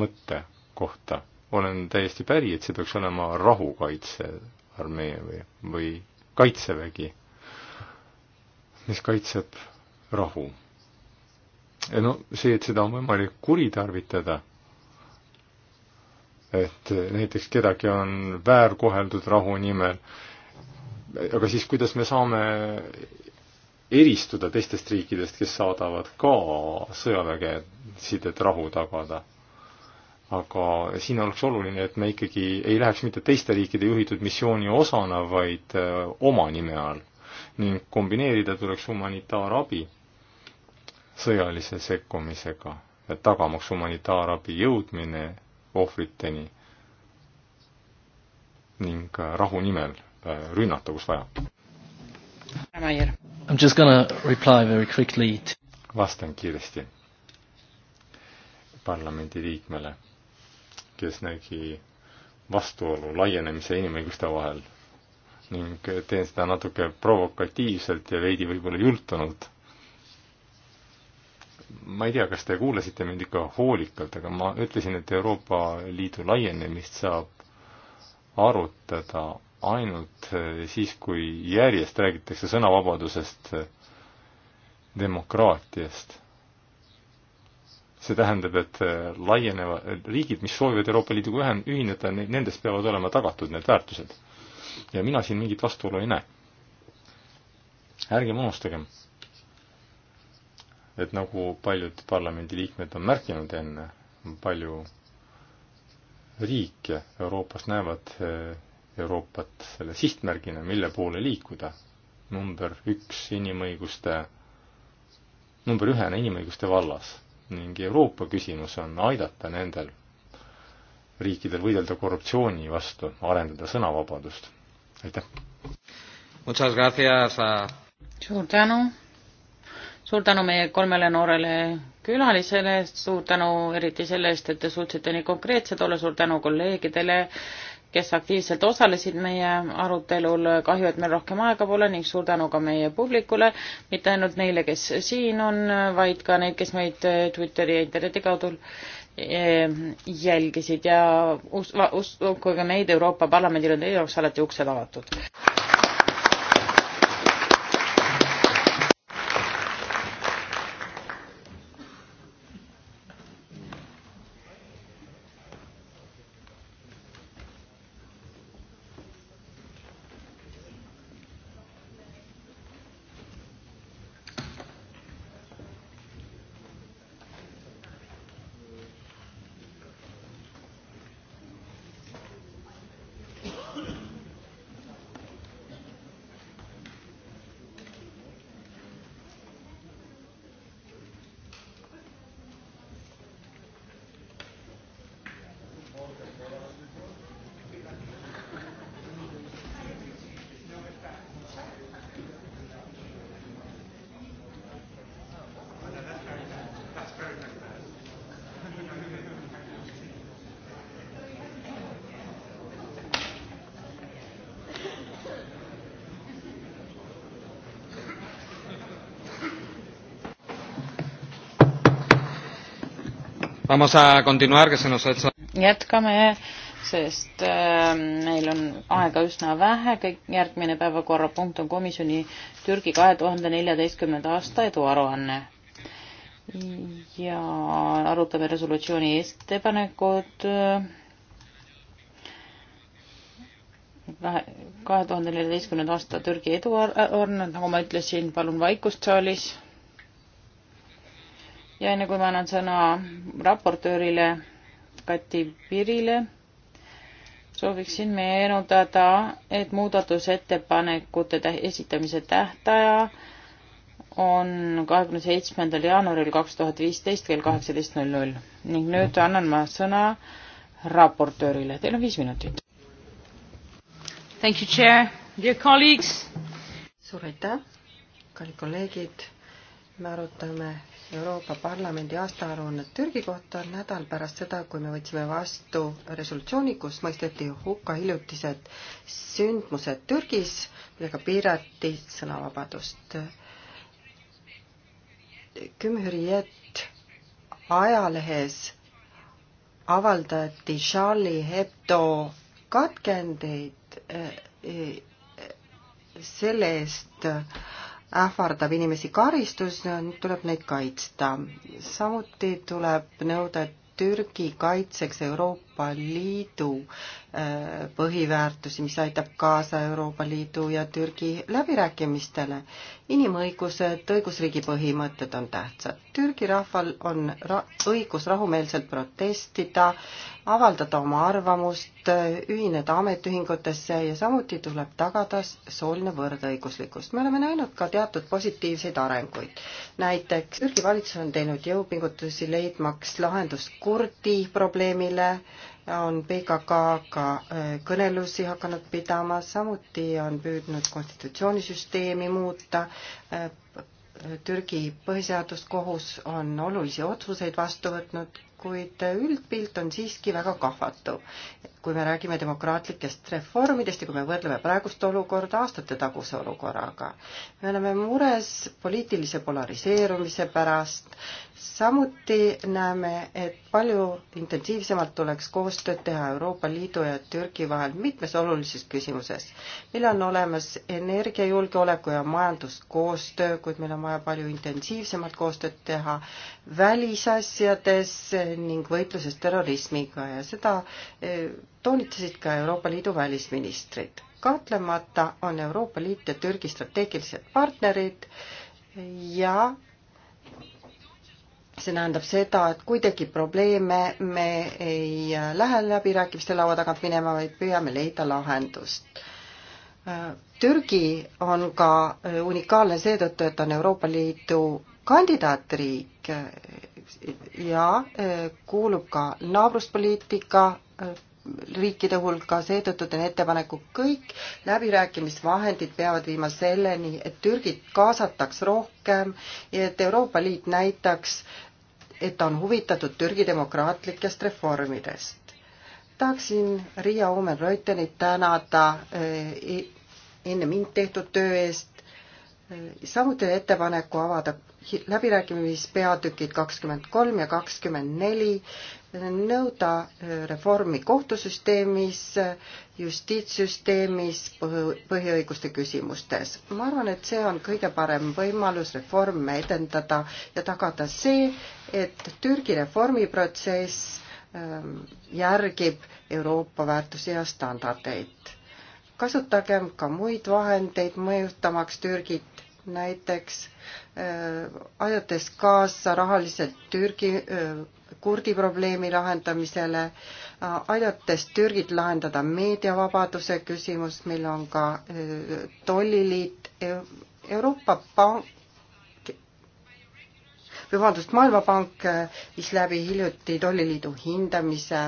mõtte kohta. olen täiesti päri, et see peaks olema rahukaitsearmee või, või kaitsevägi, mis kaitseb rahu no see, et seda on võimalik kuritarvitada, et näiteks kedagi on väärkoheldud rahu nimel, aga siis kuidas me saame eristuda teistest riikidest, kes saadavad ka sõjavägesid, et rahu tagada? aga siin oleks oluline, et me ikkagi ei läheks mitte teiste riikide juhitud missiooni osana, vaid äh, oma nime all ning kombineerida tuleks humanitaarabi sõjalise sekkumisega, et tagamaks humanitaarabi jõudmine ohvriteni ning äh, rahu nimel äh, rünnata, kus vaja. vastan kiiresti parlamendi liikmele, kes nägi vastuolu laienemise ja inimõiguste vahel ning äh, teen seda natuke provokatiivselt ja veidi võib-olla jultunult ma ei tea, kas te kuulasite mind ikka hoolikalt, aga ma ütlesin, et Euroopa Liidu laienemist saab arutada ainult siis, kui järjest räägitakse sõnavabadusest, demokraatiast. see tähendab, et laieneva, riigid, mis soovivad Euroopa Liiduga ühen-, ühineda, nendes peavad olema tagatud need väärtused. ja mina siin mingit vastuolu ei näe. ärgem unustagem et nagu paljud parlamendiliikmed on märkinud enne, palju riike Euroopas näevad eh, Euroopat selle sihtmärgina, mille poole liikuda. number üks inimõiguste, number ühena inimõiguste vallas ning Euroopa küsimus on aidata nendel riikidel võidelda korruptsiooni vastu, arendada sõnavabadust. aitäh! suur tänu! suur tänu meie kolmele noorele külalisele, suur tänu eriti selle eest, et te suutsite nii konkreetsed olla, suur tänu kolleegidele, kes aktiivselt osalesid meie arutelul, kahju, et meil rohkem aega pole ning suur tänu ka meie publikule, mitte ainult neile, kes siin on, vaid ka neid, kes meid Twitteri ja interneti kaudu eh, jälgisid ja uskuge meid, Euroopa Parlamendil on teie jaoks alati uksed avatud. Vamos a continuar, que se nos ha hecho. jätkame, sest äh, meil on aega üsna vähe, kõik järgmine päevakorrapunkt on komisjoni Türgi kahe tuhande neljateistkümnenda aasta eduaruanne. ja arutame resolutsiooni ettepanekud äh, kahe, kahe tuhande neljateistkümnenda aasta Türgi eduaruanne, äh, nagu ma ütlesin, palun vaikust saalis ja enne kui ma annan sõna raportöörile Kati Pirile, sooviksin meenutada, et muudatusettepanekute esitamise tähtaja on kahekümne seitsmendal jaanuaril kaks tuhat viisteist kell kaheksateist null null ning nüüd annan ma sõna raportöörile, teil on viis minutit. Thank you, chair, dear colleagues. suur aitäh, kallid kolleegid, me arutame Euroopa Parlamendi aastaaruannet Türgi kohta nädal pärast seda, kui me võtsime vastu resolutsiooni, kus mõisteti hukka hiljutised sündmused Türgis, millega piirati sõnavabadust. Kümhüriet ajalehes avaldati Charlie Hebdo katkendeid eh, eh, selle eest äh, ähvardab inimesi karistus, tuleb neid kaitsta. samuti tuleb nõuda Türgi kaitseks Euroopa Euroopa Liidu äh, põhiväärtusi, mis aitab kaasa Euroopa Liidu ja Türgi läbirääkimistele. inimõigused, õigusriigi põhimõtted on tähtsad. Türgi rahval on ra õigus rahumeelselt protestida, avaldada oma arvamust, ühineda ametiühingutesse ja samuti tuleb tagada sooline võrdõiguslikkus. me oleme näinud ka teatud positiivseid arenguid. näiteks Türgi valitsus on teinud jõupingutusi leidmaks lahendust kurdi probleemile, on PKK-ga äh, kõnelusi hakanud pidama, samuti on püüdnud konstitutsioonisüsteemi muuta. Äh, Türgi põhiseaduskohus on olulisi otsuseid vastu võtnud, kuid üldpilt on siiski väga kahvatav. kui me räägime demokraatlikest reformidest ja kui me võrdleme praegust olukorda aastatetaguse olukorraga, me oleme mures poliitilise polariseerumise pärast, samuti näeme, et palju intensiivsemalt tuleks koostööd teha Euroopa Liidu ja Türgi vahel mitmes olulises küsimuses. meil on olemas energiajulgeoleku ja majanduskoostöö, kuid meil on vaja palju intensiivsemalt koostööd teha välisasjades, ning võitluses terrorismiga ja seda eh, toonitasid ka Euroopa Liidu välisministrid. kahtlemata on Euroopa Liit ja Türgi strateegilised partnerid ja see tähendab seda, et kui tekib probleeme, me ei lähe läbirääkimiste laua tagant minema, vaid püüame leida lahendust Türgi on ka unikaalne seetõttu, et on Euroopa Liidu kandidaatriik ja eh, kuulub ka naabruspoliitika eh, riikide hulka, seetõttu teen ettepaneku, kõik läbirääkimisvahendid peavad viima selleni, et Türgit kaasataks rohkem ja et Euroopa Liit näitaks, et ta on huvitatud Türgi demokraatlikest reformidest. tahaksin Riia Oomen-Reutenit tänada eh, enne mind tehtud töö eest samuti ettepaneku avada läbirääkimispeatükid kakskümmend kolm ja kakskümmend neli, nõuda äh, reformi kohtusüsteemis, justiitssüsteemis, põhiõiguste küsimustes. ma arvan, et see on kõige parem võimalus reforme edendada ja tagada see, et Türgi reformiprotsess ähm, järgib Euroopa väärtusi ja standardeid kasutagem ka muid vahendeid mõjutamaks Türgit näiteks äh, aidates kaasa rahaliselt Türgi, äh, kurdi probleemi lahendamisele, äh, aidates Türgit lahendada meediavabaduse küsimust, meil on ka tolliliit, e-, Euroopa Pank, vabandust, Maailmapank viis läbi hiljuti tolliliidu hindamise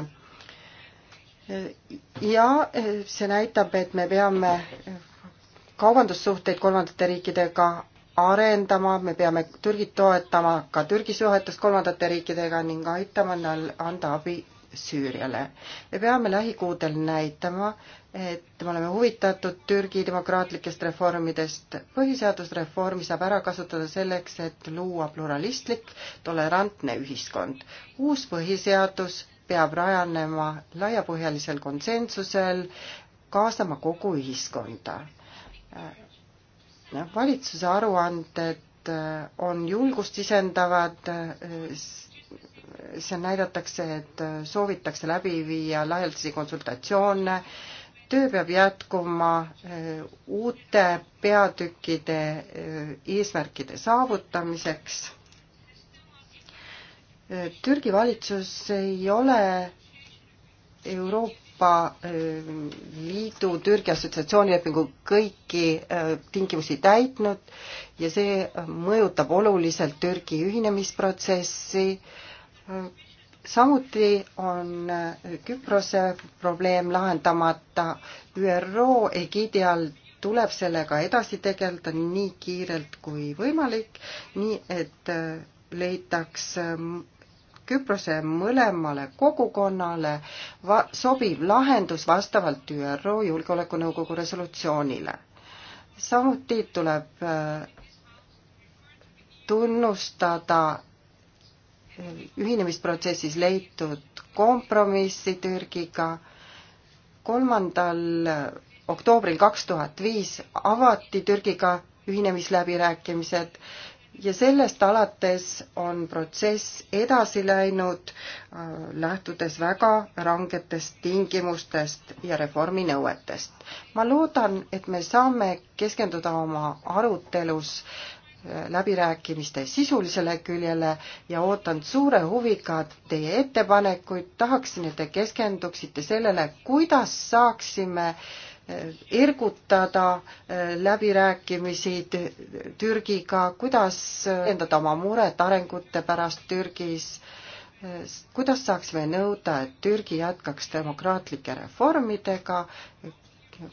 ja see näitab, et me peame kaubandussuhteid kolmandate riikidega arendama, me peame Türgit toetama ka Türgi suhetes kolmandate riikidega ning aitama tal anda abi Süüriale. me peame lähikuudel näitama, et me oleme huvitatud Türgi demokraatlikest reformidest. põhiseadusreformi saab ära kasutada selleks, et luua pluralistlik, tolerantne ühiskond. uus põhiseadus peab rajanema laiapõhjalisel konsensusel, kaasama kogu ühiskonda Äh, valitsuse aruanded äh, on julgust sisendavad, äh, seal näidatakse, et soovitakse läbi viia laialdasi konsultatsioone, töö peab jätkuma uute peatükkide eesmärkide saavutamiseks. Türgi valitsus ei ole Euroopa Euroopa Liidu Türgi assotsiatsioonilepingu kõiki tingimusi täitnud ja see mõjutab oluliselt Türgi ühinemisprotsessi. samuti on Küprose probleem lahendamata. ÜRO egiidi all tuleb sellega edasi tegeleda nii kiirelt kui võimalik, nii et leitaks Küprose mõlemale kogukonnale va-, sobiv lahendus vastavalt ÜRO Julgeolekunõukogu resolutsioonile. samuti tuleb äh, tunnustada äh, ühinemisprotsessis leitud kompromissi Türgiga, kolmandal oktoobril kaks tuhat viis avati Türgiga ühinemisläbirääkimised ja sellest alates on protsess edasi läinud, äh, lähtudes väga rangetest tingimustest ja reformi nõuetest. ma loodan, et me saame keskenduda oma arutelus äh, läbirääkimiste sisulisele küljele ja ootan suure huviga teie ettepanekuid, tahaksin, et te keskenduksite sellele, kuidas saaksime äh, ergutada äh, läbirääkimisi Türgiga, kuidas äh, endada oma muret arengute pärast Türgis, äh, kuidas saaksime nõuda, et Türgi jätkaks demokraatlike reformidega,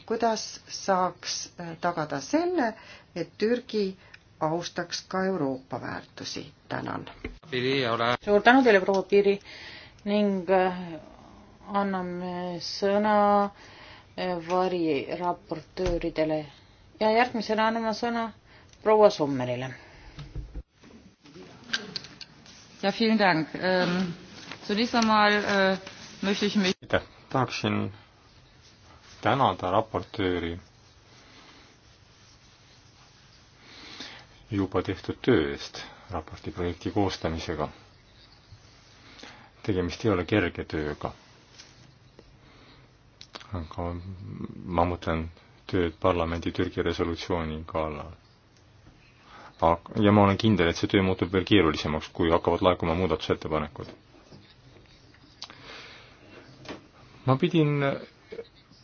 kuidas saaks tagada selle, et Türgi austaks ka Euroopa väärtusi, tänan. suur tänu teile, proua Piiri ning anname sõna äh, variraportööridele ja järgmisena annan ma sõna proua Sommerile. ja, ähm, äh, aitäh, tahaksin tänada raportööri juba tehtud töö eest raportiprojekti koostamisega. tegemist ei ole kerge tööga aga ma mõtlen tööd parlamendi Türgi resolutsiooni kallal. ja ma olen kindel, et see töö muutub veel keerulisemaks, kui hakkavad laekuma muudatusettepanekud. ma pidin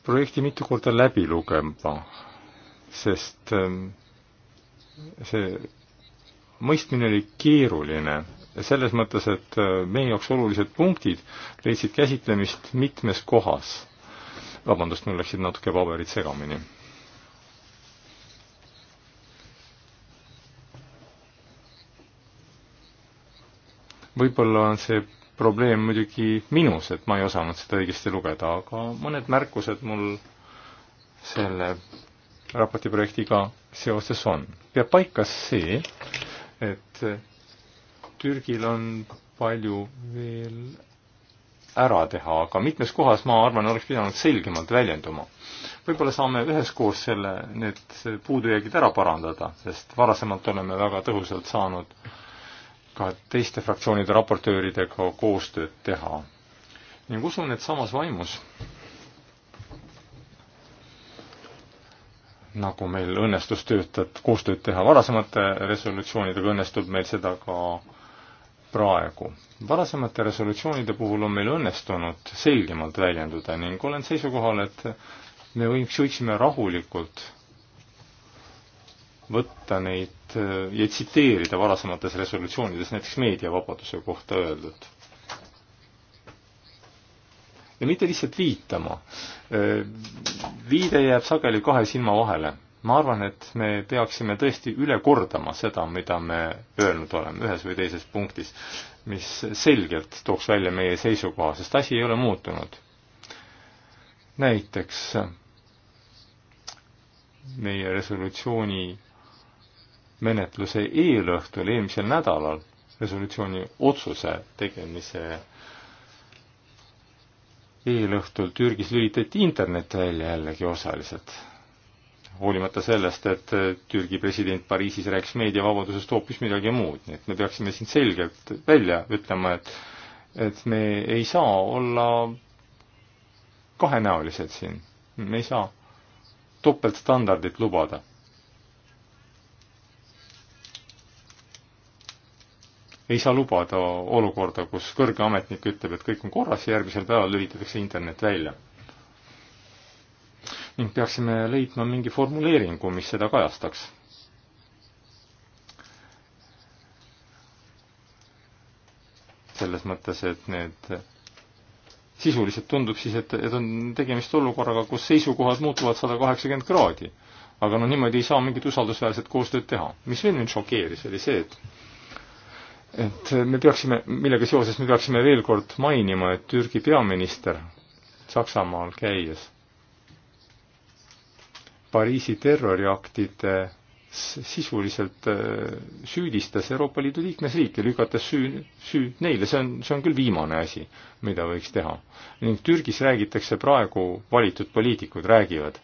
projekti mitu korda läbi lugema, sest ähm, see mõistmine oli keeruline selles mõttes, et äh, meie jaoks olulised punktid leidsid käsitlemist mitmes kohas vabandust, mul läksid natuke paberid segamini. võib-olla on see probleem muidugi minus, et ma ei osanud seda õigesti lugeda, aga mõned märkused mul selle raportiprojektiga seoses on. peab paika see, et Türgil on palju veel ära teha, aga mitmes kohas, ma arvan, oleks pidanud selgemalt väljenduma. võib-olla saame üheskoos selle, need puudujäägid ära parandada, sest varasemalt oleme väga tõhusalt saanud ka teiste fraktsioonide raportööridega koostööd teha. ning usun, et samas vaimus nagu meil õnnestus töötad, koostööd teha varasemate resolutsioonidega, õnnestub meil seda ka praegu. varasemate resolutsioonide puhul on meil õnnestunud selgemalt väljenduda ning olen seisukohal, et me võiks, võiksime rahulikult võtta neid ja tsiteerida varasemates resolutsioonides näiteks meediavabaduse kohta öeldud. ja mitte lihtsalt viitama. viide jääb sageli kahe silma vahele ma arvan, et me peaksime tõesti üle kordama seda, mida me öelnud oleme ühes või teises punktis, mis selgelt tooks välja meie seisukoha, sest asi ei ole muutunud. näiteks meie resolutsiooni menetluse eelõhtul eelmisel nädalal resolutsiooni otsuse tegemise eelõhtul Türgis lülitati internet välja jällegi osaliselt hoolimata sellest, et äh, Türgi president Pariisis rääkis meediavabadusest hoopis midagi muud, nii et me peaksime siin selgelt välja ütlema, et et me ei saa olla kahenäolised siin, me ei saa topeltstandardit lubada. ei saa lubada olukorda, kus kõrge ametnik ütleb, et kõik on korras ja järgmisel päeval lülitatakse internet välja ning peaksime leidma mingi formuleeringu, mis seda kajastaks. selles mõttes, et need sisuliselt tundub siis, et, et on tegemist olukorraga, kus seisukohad muutuvad sada kaheksakümmend kraadi. aga no niimoodi ei saa mingit usaldusväärset koostööd teha. mis veel mind šokeeris, oli see, et et me peaksime, millega seoses me peaksime veel kord mainima, et Türgi peaminister Saksamaal käies Pariisi terroriaktide sisuliselt äh, süüdistas Euroopa Liidu liikmesriike, lükates süü, süü neile, see on, see on küll viimane asi, mida võiks teha. ning Türgis räägitakse praegu, valitud poliitikud räägivad,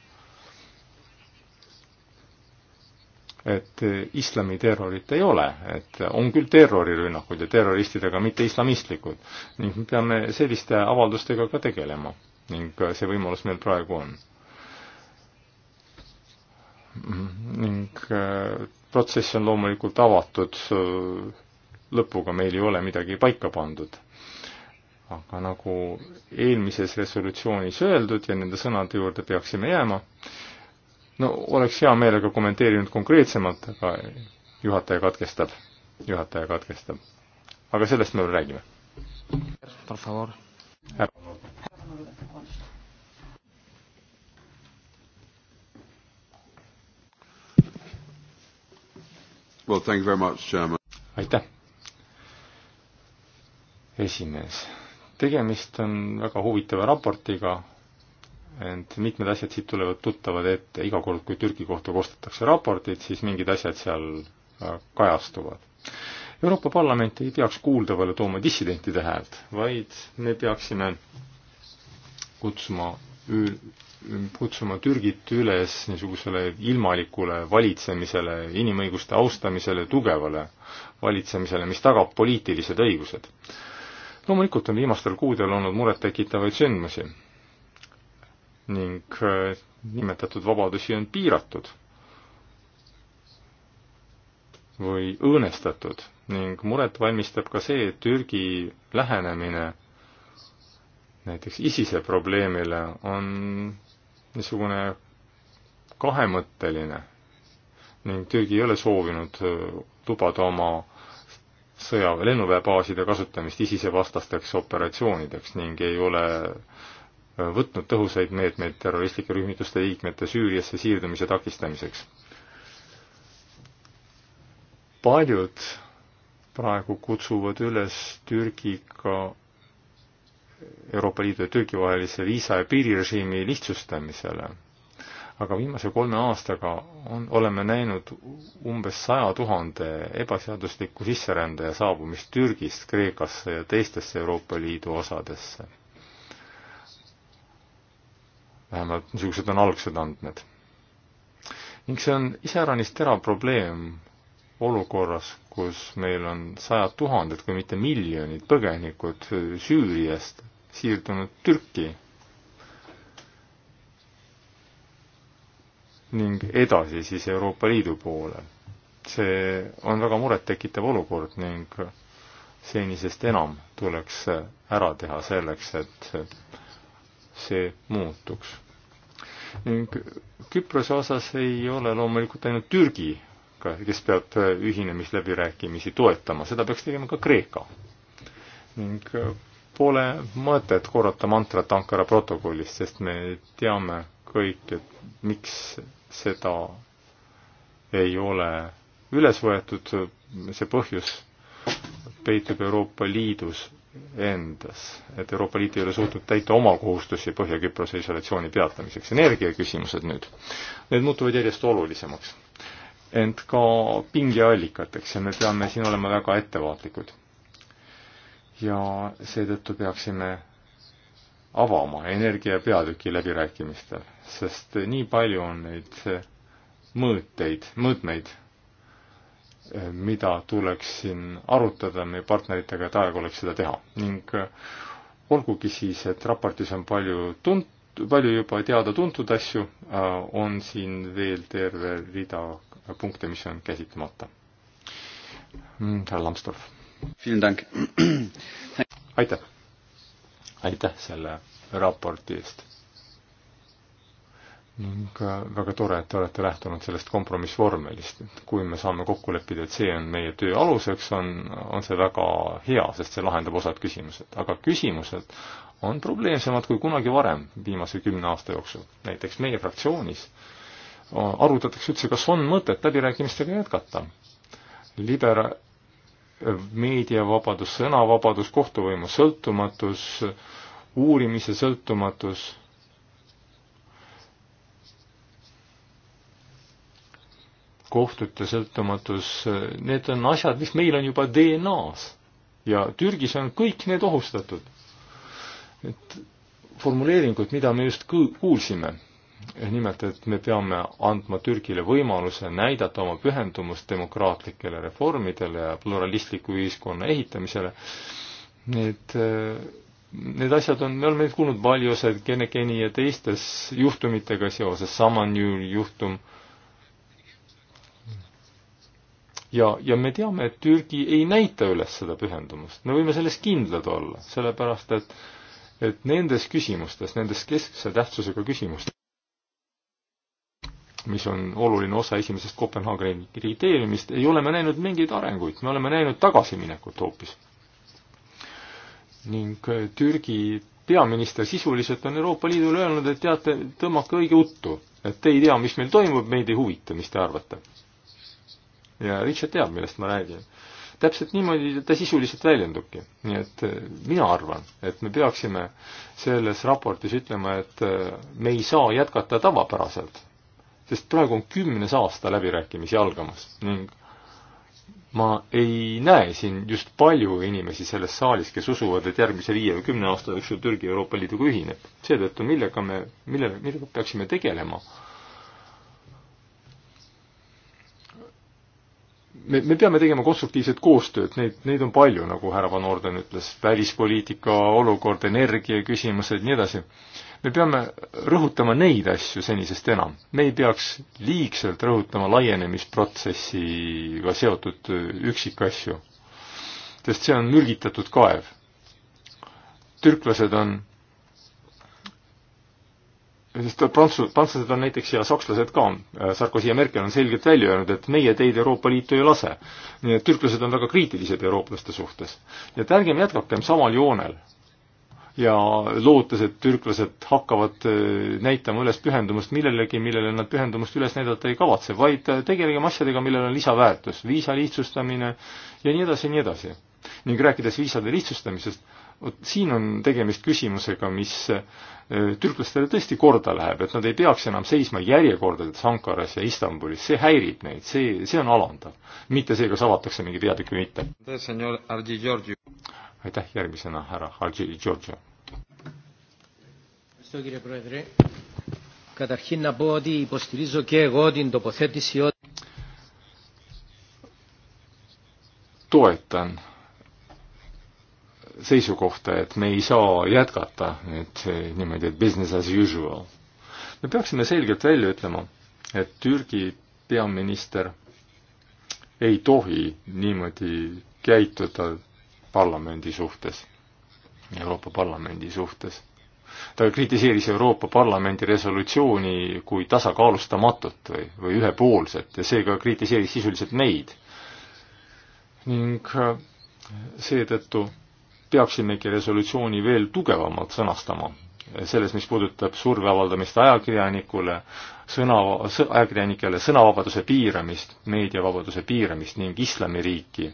et äh, islamiterrorit ei ole, et on küll terrorirünnakud ja terroristid, aga mitte islamistlikud. ning me peame selliste avaldustega ka tegelema ning äh, see võimalus meil praegu on ning äh, protsess on loomulikult avatud lõpuga, meil ei ole midagi paika pandud. aga nagu eelmises resolutsioonis öeldud ja nende sõnade juurde peaksime jääma, no oleks hea meelega kommenteerinud konkreetsemalt, aga juhataja katkestab, juhataja katkestab. aga sellest me veel räägime. härra Well, thank you very much, Chairman. aitäh, esimees. tegemist on väga huvitava raportiga, ent mitmed asjad siit tulevad tuttavad ette, iga kord, kui Türgi kohta koostatakse raportid, siis mingid asjad seal äh, kajastuvad. Euroopa Parlament ei peaks kuuldavale tooma dissidentide häält, vaid me peaksime kutsuma kutsuma Türgit üles niisugusele ilmalikule valitsemisele, inimõiguste austamisele, tugevale valitsemisele, mis tagab poliitilised õigused. loomulikult on viimastel kuudel olnud murettekitavaid sündmusi ning äh, nimetatud vabadusi on piiratud või õõnestatud ning muret valmistab ka see, et Türgi lähenemine näiteks ISISe probleemile on niisugune kahemõtteline ning Türgi ei ole soovinud äh, lubada oma sõjaväe lennuväebaaside kasutamist ISISe vastasteks operatsioonideks ning ei ole äh, võtnud tõhusaid meetmeid terroristlike rühmituste liikmete Süüriasse siirdumise takistamiseks. paljud praegu kutsuvad üles Türgiga Euroopa Liidu ja Türgi vahelise viisa- ja piirirežiimi lihtsustamisele. aga viimase kolme aastaga on, oleme näinud umbes saja tuhande ebaseadusliku sisserändaja saabumist Türgist Kreekasse ja teistesse Euroopa Liidu osadesse. vähemalt niisugused on algsed andmed. ning see on iseäranis terav probleem olukorras, kus meil on sajad tuhanded, kui mitte miljonid põgenikud Süüriast siirdunud Türki ning edasi siis Euroopa Liidu poole. see on väga murettekitav olukord ning senisest enam tuleks ära teha selleks, et see muutuks. ning Küprose osas ei ole loomulikult ainult Türgi, kes peab ühinemisläbirääkimisi toetama, seda peaks tegema ka Kreeka. ning pole mõtet korrata mantrat Ankara protokollist, sest me teame kõik, et miks seda ei ole üles võetud, see põhjus peitub Euroopa Liidus endas, et Euroopa Liit ei ole suutnud täita oma kohustusi Põhja-Küprose isolatsiooni peatamiseks. energiaküsimused nüüd, need muutuvad järjest olulisemaks, ent ka pingeallikateks ja me peame siin olema väga ettevaatlikud ja seetõttu peaksime avama energia peatüki läbirääkimistel, sest nii palju on neid mõõteid, mõõtmeid, mida tuleks siin arutada meie partneritega, et aeg oleks seda teha ning olgugi siis, et raportis on palju tunt-, palju juba teada-tuntud asju, on siin veel terve rida punkte, mis on käsitlemata. Mm, härra Lambsdorff aitäh, aitäh selle raporti eest. ning äh, väga tore, et te olete lähtunud sellest kompromissvormelist, et kui me saame kokku leppida, et see on meie töö aluseks, on, on see väga hea, sest see lahendab osad küsimused, aga küsimused on probleemsemad kui kunagi varem viimase kümne aasta jooksul. näiteks meie fraktsioonis arutatakse üldse, kas on mõtet läbirääkimistega jätkata. libera-, meediavabadus, sõnavabadus, kohtuvõimu sõltumatus, uurimise sõltumatus kohtute sõltumatus, need on asjad, mis meil on juba DNA-s ja Türgis on kõik need ohustatud. et formuleeringud, mida me just kuulsime, nimelt, et me peame andma Türgile võimaluse näidata oma pühendumust demokraatlikele reformidele ja pluralistliku ühiskonna ehitamisele. Need, äh, need asjad on, me oleme neid kuulnud palju, see Genekeni ja teistes juhtumitega seoses, Samanjul juhtum. ja, ja me teame, et Türgi ei näita üles seda pühendumust, me võime selles kindlad olla, sellepärast et et nendes küsimustes, nendes keskse tähtsusega küsimustes mis on oluline osa esimesest Kopenhaageni kriteeriumist, ei ole me näinud mingeid arenguid, me oleme näinud tagasiminekut hoopis. ning äh, Türgi peaminister sisuliselt on Euroopa Liidule öelnud, et teate, tõmmake õige uttu, et te ei tea, mis meil toimub, meid ei huvita, mis te arvate. ja Richard teab, millest ma räägin. täpselt niimoodi ta sisuliselt väljendubki. nii et äh, mina arvan, et me peaksime selles raportis ütlema, et äh, me ei saa jätkata tavapäraselt sest praegu on kümnes aasta läbirääkimisi algamas ning ma ei näe siin just palju inimesi selles saalis, kes usuvad, et järgmise viie või kümne aasta jooksul Türgi Euroopa Liiduga ühineb. seetõttu millega me, mille, millega peaksime tegelema? me, me peame tegema konstruktiivset koostööd, neid, neid on palju, nagu härra Van Orden ütles, välispoliitika, olukord, energiaküsimused, nii edasi me peame rõhutama neid asju senisest enam. me ei peaks liigselt rõhutama laienemisprotsessiga seotud üksikasju, sest see on mürgitatud kaev. türklased on sest prantsu-, prantslased on näiteks ja sakslased ka, Sarkozy ja Merkel on selgelt välja öelnud, et meie teid Euroopa Liitu ei lase. nii et türklased on väga kriitilised eurooplaste suhtes. nii et ärgem jätkakem samal joonel ja lootes, et türklased hakkavad äh, näitama üles pühendumust millelegi, millele nad pühendumust üles näidata ei kavatse, vaid äh, tegelegem asjadega, millel on lisaväärtus, viisa lihtsustamine ja nii edasi ja nii edasi. ning rääkides viisade lihtsustamisest, vot siin on tegemist küsimusega, mis äh, türklastele tõesti korda läheb, et nad ei peaks enam seisma järjekordades Ankaras ja Istanbulis, see häirib neid, see, see on alandav. mitte see, kas avatakse mingi peatükk või mitte aitäh, järgmisena härra Hadži Georgia. toetan seisukohta, et me ei saa jätkata nüüd eh, niimoodi, et business as usual. me peaksime selgelt välja ütlema, et Türgi peaminister ei tohi niimoodi käituda parlamendi suhtes, Euroopa Parlamendi suhtes. ta kritiseeris Euroopa Parlamendi resolutsiooni kui tasakaalustamatut või, või ühepoolset ja seega kritiseeris sisuliselt meid. ning äh, seetõttu peaksimegi resolutsiooni veel tugevamalt sõnastama, selles, mis puudutab surve avaldamist ajakirjanikule, sõna, ajakirjanikele sõnavabaduse piiramist, meediavabaduse piiramist ning islamiriiki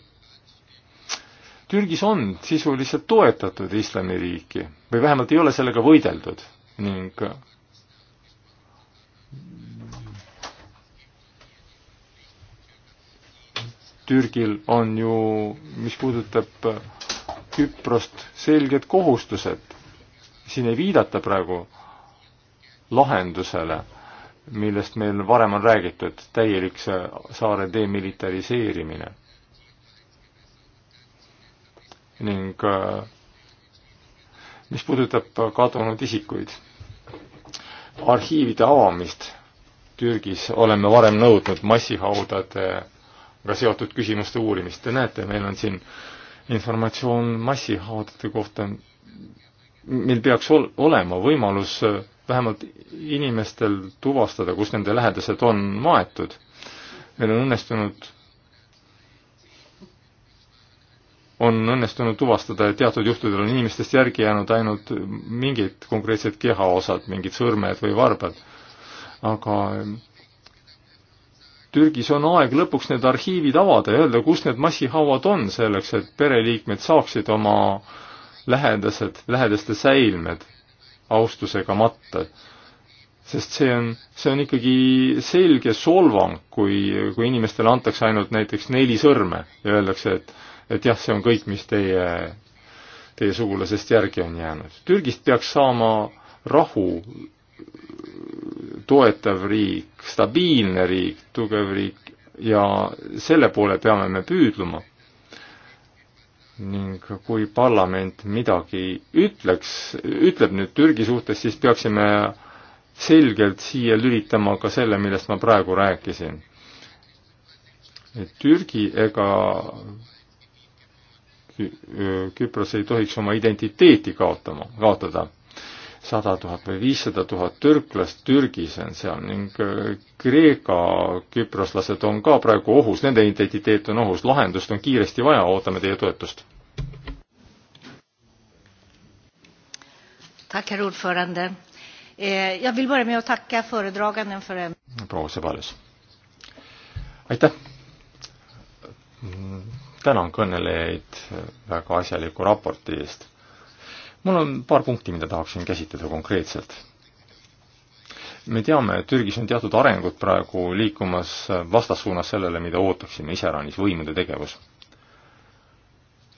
Türgis on sisuliselt toetatud islamiriiki või vähemalt ei ole sellega võideldud ning Türgil on ju, mis puudutab Küprost, selged kohustused. siin ei viidata praegu lahendusele, millest meil varem on räägitud, täielik saare demilitariseerimine ning äh, mis puudutab kadunud isikuid, arhiivide avamist Türgis oleme varem nõudnud massihaudadega seotud küsimuste uurimist. Te näete, meil on siin informatsioon massihaudade kohta. meil peaks ol-, olema võimalus äh, vähemalt inimestel tuvastada, kus nende lähedased on maetud. meil on õnnestunud on õnnestunud tuvastada, et teatud juhtudel on inimestest järgi jäänud ainult mingid konkreetsed kehaosad, mingid sõrmed või varbad. aga Türgis on aeg lõpuks need arhiivid avada ja öelda, kus need massihauad on, selleks et pereliikmed saaksid oma lähedased, lähedaste säilmed austusega matta. sest see on, see on ikkagi selge solvang, kui, kui inimestele antakse ainult näiteks neli sõrme ja öeldakse, et et jah, see on kõik, mis teie, teie sugulasest järgi on jäänud. Türgist peaks saama rahu toetav riik, stabiilne riik, tugev riik ja selle poole peame me püüdluma. ning kui parlament midagi ütleks, ütleb nüüd Türgi suhtes, siis peaksime selgelt siia lülitama ka selle, millest ma praegu rääkisin. et Türgi ega Küpros ei tohiks oma identiteeti kaotama, kaotada. sada tuhat või viissada tuhat türklast Türgis on seal ning äh, Kreeka küproslased on ka praegu ohus, nende identiteet on ohus, lahendust on kiiresti vaja, ootame teie toetust. Tack herr ordförande. Eh, jag vill börja med att tacka föredraganden för en... Bra, Sebalius. Aitäh tänan kõnelejaid väga asjaliku raporti eest. mul on paar punkti, mida tahaksin käsitleda konkreetselt. me teame, et Türgis on teatud arengud praegu liikumas vastassuunas sellele, mida ootaksime, iseäranis võimude tegevus.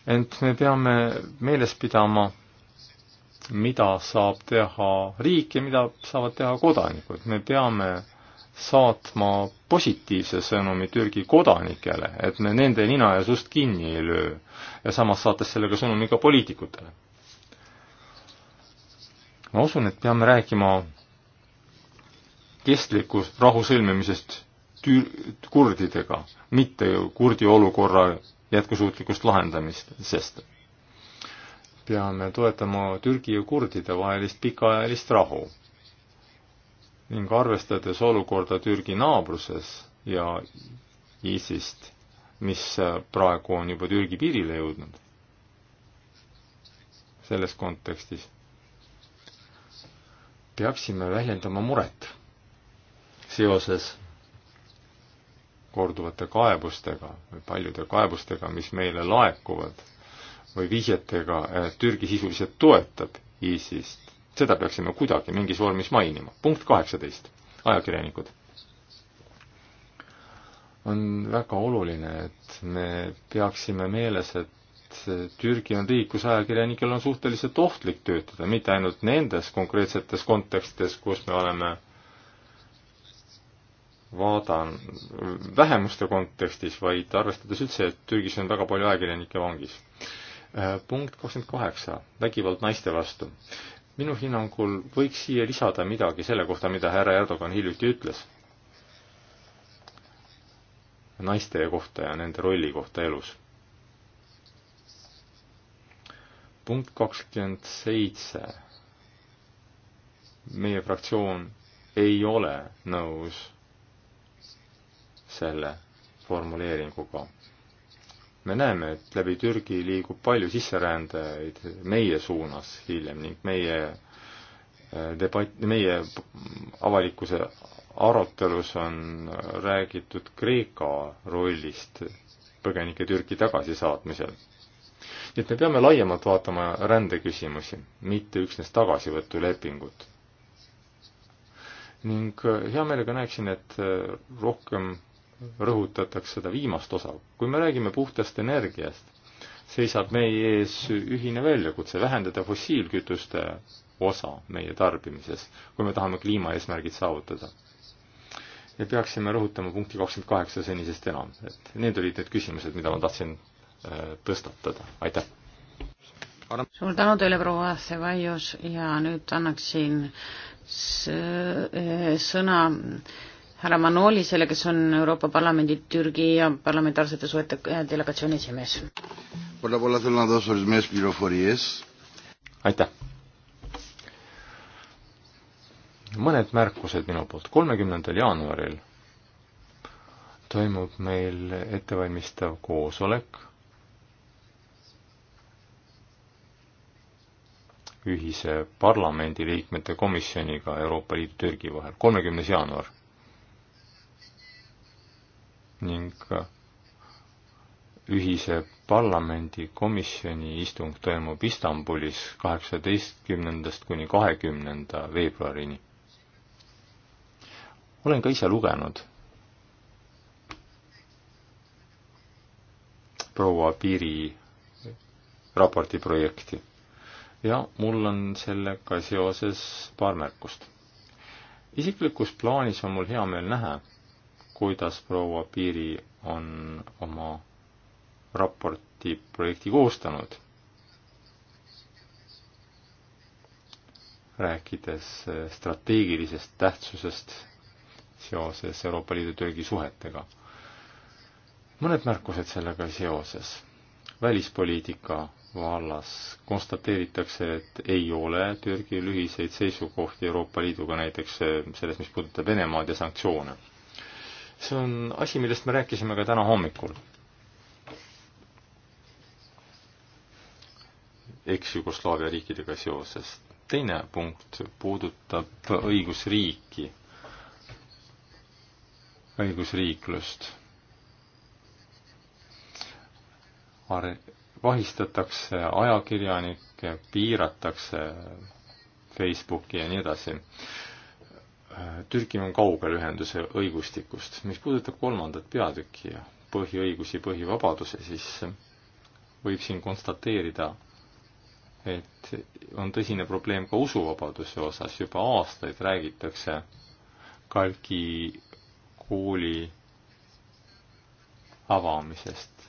ent me peame meeles pidama, mida saab teha riik ja mida saavad teha kodanikud. me peame saatma positiivse sõnumi Türgi kodanikele, et me nende nina ja sust kinni ei löö ja samas saates sellega sõnumi ka poliitikutele. ma usun, et peame rääkima kestlikust rahu sõlmimisest tür-, kurdidega, mitte kurdi olukorra jätkusuutlikust lahendamist, sest peame toetama Türgi ja kurdide vahelist pikaajalist rahu ning arvestades olukorda Türgi naabruses ja ISIS-t, mis äh, praegu on juba Türgi piirile jõudnud, selles kontekstis peaksime väljendama muret seoses korduvate kaebustega või paljude kaebustega, mis meile laekuvad või vihjetega, et Türgi sisuliselt toetab ISIS-t seda peaksime kuidagi mingis vormis mainima. punkt kaheksateist, ajakirjanikud. on väga oluline, et me peaksime meeles, et Türgi on riik, kus ajakirjanikel on suhteliselt ohtlik töötada, mitte ainult nendes konkreetsetes kontekstides, kus me oleme vaadan vähemuste kontekstis, vaid arvestades üldse, et Türgis on väga palju ajakirjanikke vangis. punkt kakskümmend kaheksa, vägivald naiste vastu minu hinnangul võiks siia lisada midagi selle kohta, mida härra Erdogan hiljuti ütles naiste kohta ja nende rolli kohta elus. punkt kakskümmend seitse. meie fraktsioon ei ole nõus selle formuleeringuga me näeme, et läbi Türgi liigub palju sisserändajaid meie suunas hiljem ning meie äh, debatt, meie avalikkuse arutelus on räägitud Kreeka rollist põgenike Türki tagasisaatmisel. nii et me peame laiemalt vaatama rändeküsimusi, mitte üksnes tagasivõtulepingut. ning äh, hea meelega näeksin, et äh, rohkem rõhutatakse seda viimast osa. kui me räägime puhtast energiast, seisab meie ees ühine väljakutse vähendada fossiilkütuste osa meie tarbimises, kui me tahame kliimaeesmärgid saavutada. ja peaksime rõhutama punkti kakskümmend kaheksa senisest enam, et need olid need küsimused, mida ma tahtsin äh, tõstatada, aitäh! suur tänu teile, proua Sevaios ja nüüd annaksin äh, sõna härra Manolisele, kes on Euroopa Parlamendi Türgi ja parlamentaarsete suhete äh, delegatsiooni esimees. aitäh! mõned märkused minu poolt. kolmekümnendal jaanuaril toimub meil ettevalmistav koosolek ühise parlamendiliikmete komisjoniga Euroopa Liidu Türgi vahel, kolmekümnes jaanuar ning ühise parlamendikomisjoni istung toimub Istanbulis kaheksateistkümnendast kuni kahekümnenda veebruarini. olen ka ise lugenud proua Piiri raporti projekti ja mul on sellega seoses paar märkust. isiklikus plaanis on mul hea meel näha, kuidas proua Piiri on oma raporti projekti koostanud, rääkides strateegilisest tähtsusest seoses Euroopa Liidu Türgi suhetega. mõned märkused sellega seoses. välispoliitika vallas konstateeritakse, et ei ole Türgil ühiseid seisukohti Euroopa Liiduga näiteks selles, mis puudutab Venemaad ja sanktsioone see on asi, millest me rääkisime ka täna hommikul. eks-Jugoslaavia riikidega seoses. teine punkt puudutab õigusriiki, õigusriiklust. Are-, vahistatakse ajakirjanikke, piiratakse Facebooki ja nii edasi Äh, Türgi on kaugel ühenduse õigustikust. mis puudutab kolmandat peatükki ja põhiõigusi, põhivabaduse, siis võib siin konstateerida, et on tõsine probleem ka usuvabaduse osas. juba aastaid räägitakse Kalki kooli avamisest,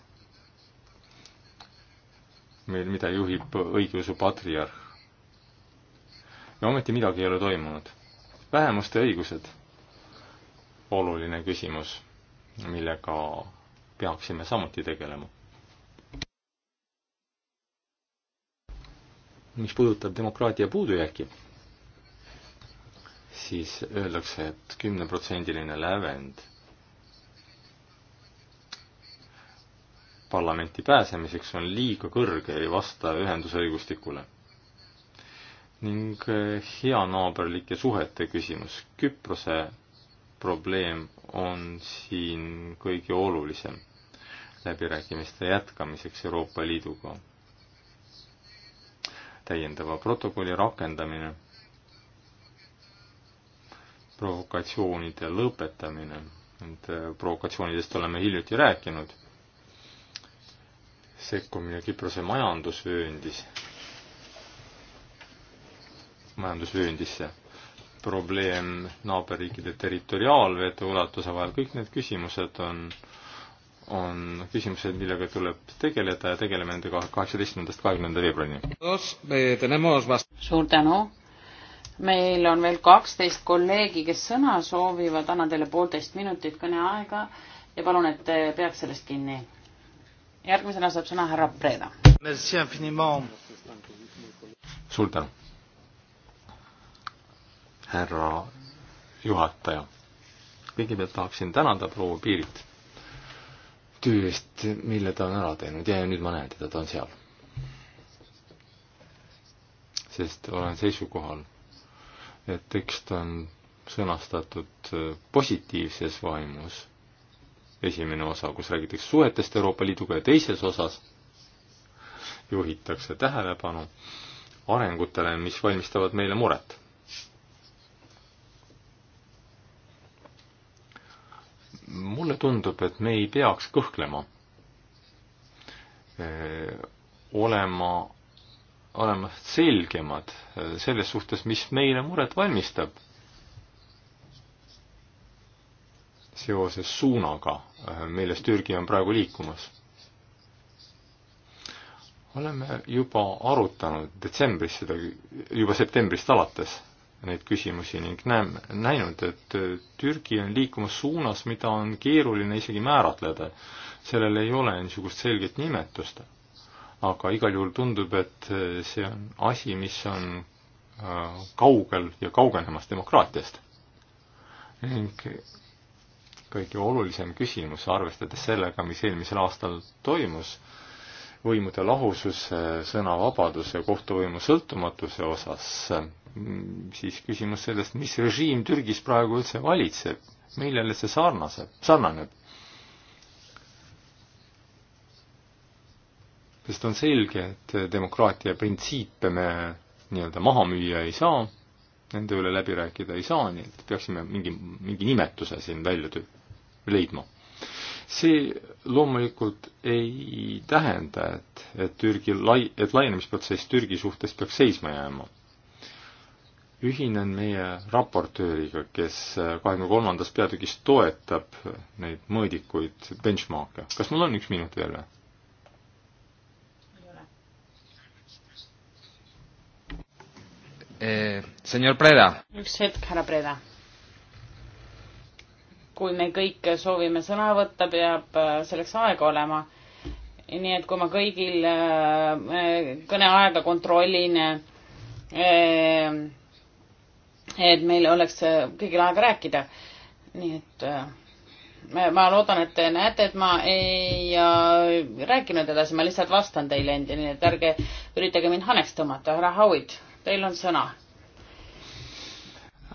mil, mida juhib õigeusu patriarh. ja ometi midagi ei ole toimunud vähemuste õigused, oluline küsimus, millega peaksime samuti tegelema. mis puudutab demokraatia puudujääki, siis öeldakse et, et kümneprotsendiline lävend parlamenti pääsemiseks on liiga kõrge, ei vasta ühendusõigustikule ning eh, heanaaberlike suhete küsimus. Küprose probleem on siin kõige olulisem läbirääkimiste jätkamiseks Euroopa Liiduga. täiendava protokolli rakendamine, provokatsioonide lõpetamine, nende eh, provokatsioonidest oleme hiljuti rääkinud, sekkumine Küprose majandusvööndis majandusvööndisse, probleem naaberriikide territoriaalvete ulatuse vahel, kõik need küsimused on, on küsimused, millega tuleb tegeleda ja tegeleme nendega kaheksateistkümnendast kahekümnenda veebruarini. suur tänu! meil on veel kaksteist kolleegi, kes sõna soovivad, annan teile poolteist minutit kõneaega ja palun, et te peaks sellest kinni. järgmisena saab sõna härra Breda. suur tänu! härra juhataja. kõigepealt tahaksin tänada proua Piirit töö eest, mille ta on ära teinud ja nüüd ma näen teda, ta on seal. sest olen seisukohal, et tekst on sõnastatud äh, positiivses vaimus, esimene osa, kus räägitakse suhetest Euroopa Liiduga ja teises osas juhitakse tähelepanu arengutele, mis valmistavad meile muret mulle tundub, et me ei peaks kõhklema olema, olema selgemad selles suhtes, mis meile muret valmistab seoses suunaga, milles Türgi on praegu liikumas. oleme juba arutanud detsembris seda, juba septembrist alates neid küsimusi ning näeme, näinud, et Türgi on liikumas suunas, mida on keeruline isegi määratleda. sellel ei ole niisugust selget nimetust. aga igal juhul tundub, et see on asi, mis on äh, kaugel ja kaugenemas demokraatiast. ning kõige olulisem küsimus, arvestades sellega, mis eelmisel aastal toimus, võimude lahususe, sõnavabaduse ja kohtuvõimu sõltumatuse osas, siis küsimus sellest, mis režiim Türgis praegu üldse valitseb, millele see sarnaseb, sarnaneb? sest on selge, et demokraatia printsiipe me nii-öelda maha müüa ei saa, nende üle läbi rääkida ei saa, nii et peaksime mingi, mingi nimetuse siin välja leidma see loomulikult ei tähenda, et, et Türgi lai-, et laienemisprotsess Türgi suhtes peaks seisma jääma. ühinen meie raportööriga, kes äh, kahekümne kolmandas peatükis toetab neid mõõdikuid, benchmark'e. kas mul on üks minut veel või? Eh, senor Preda. üks hetk, härra Preda kui me kõik soovime sõna võtta, peab äh, selleks aega olema. nii et kui ma kõigil äh, kõneaega kontrollin, äh, et meil oleks kõigil aega rääkida. nii et ma loodan, et te näete, et ma ei rääkinud edasi, ma lihtsalt vastan teile endi, nii et ärge üritage mind haneks tõmmata, härra Howitt, teil on sõna.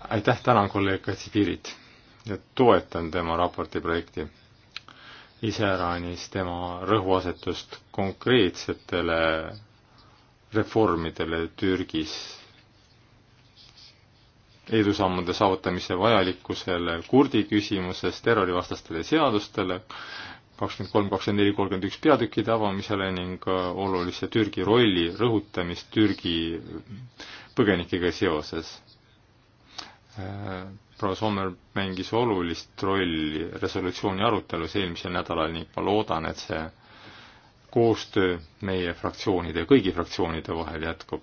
aitäh, tänan kolleeg Katsipiirit ja toetan tema raporti projekti. iseäranis tema rõhuasetust konkreetsetele reformidele Türgis, edusammude saavutamise vajalikkusele kurdi küsimuses, terrorivastastele seadustele, kakskümmend kolm, kakskümmend neli, kolmkümmend üks peatükkide avamisele ning äh, olulise Türgi rolli rõhutamist Türgi põgenikega seoses äh, proua Sommer mängis olulist rolli resolutsiooni arutelus eelmisel nädalal ning ma loodan, et see koostöö meie fraktsioonide ja kõigi fraktsioonide vahel jätkub.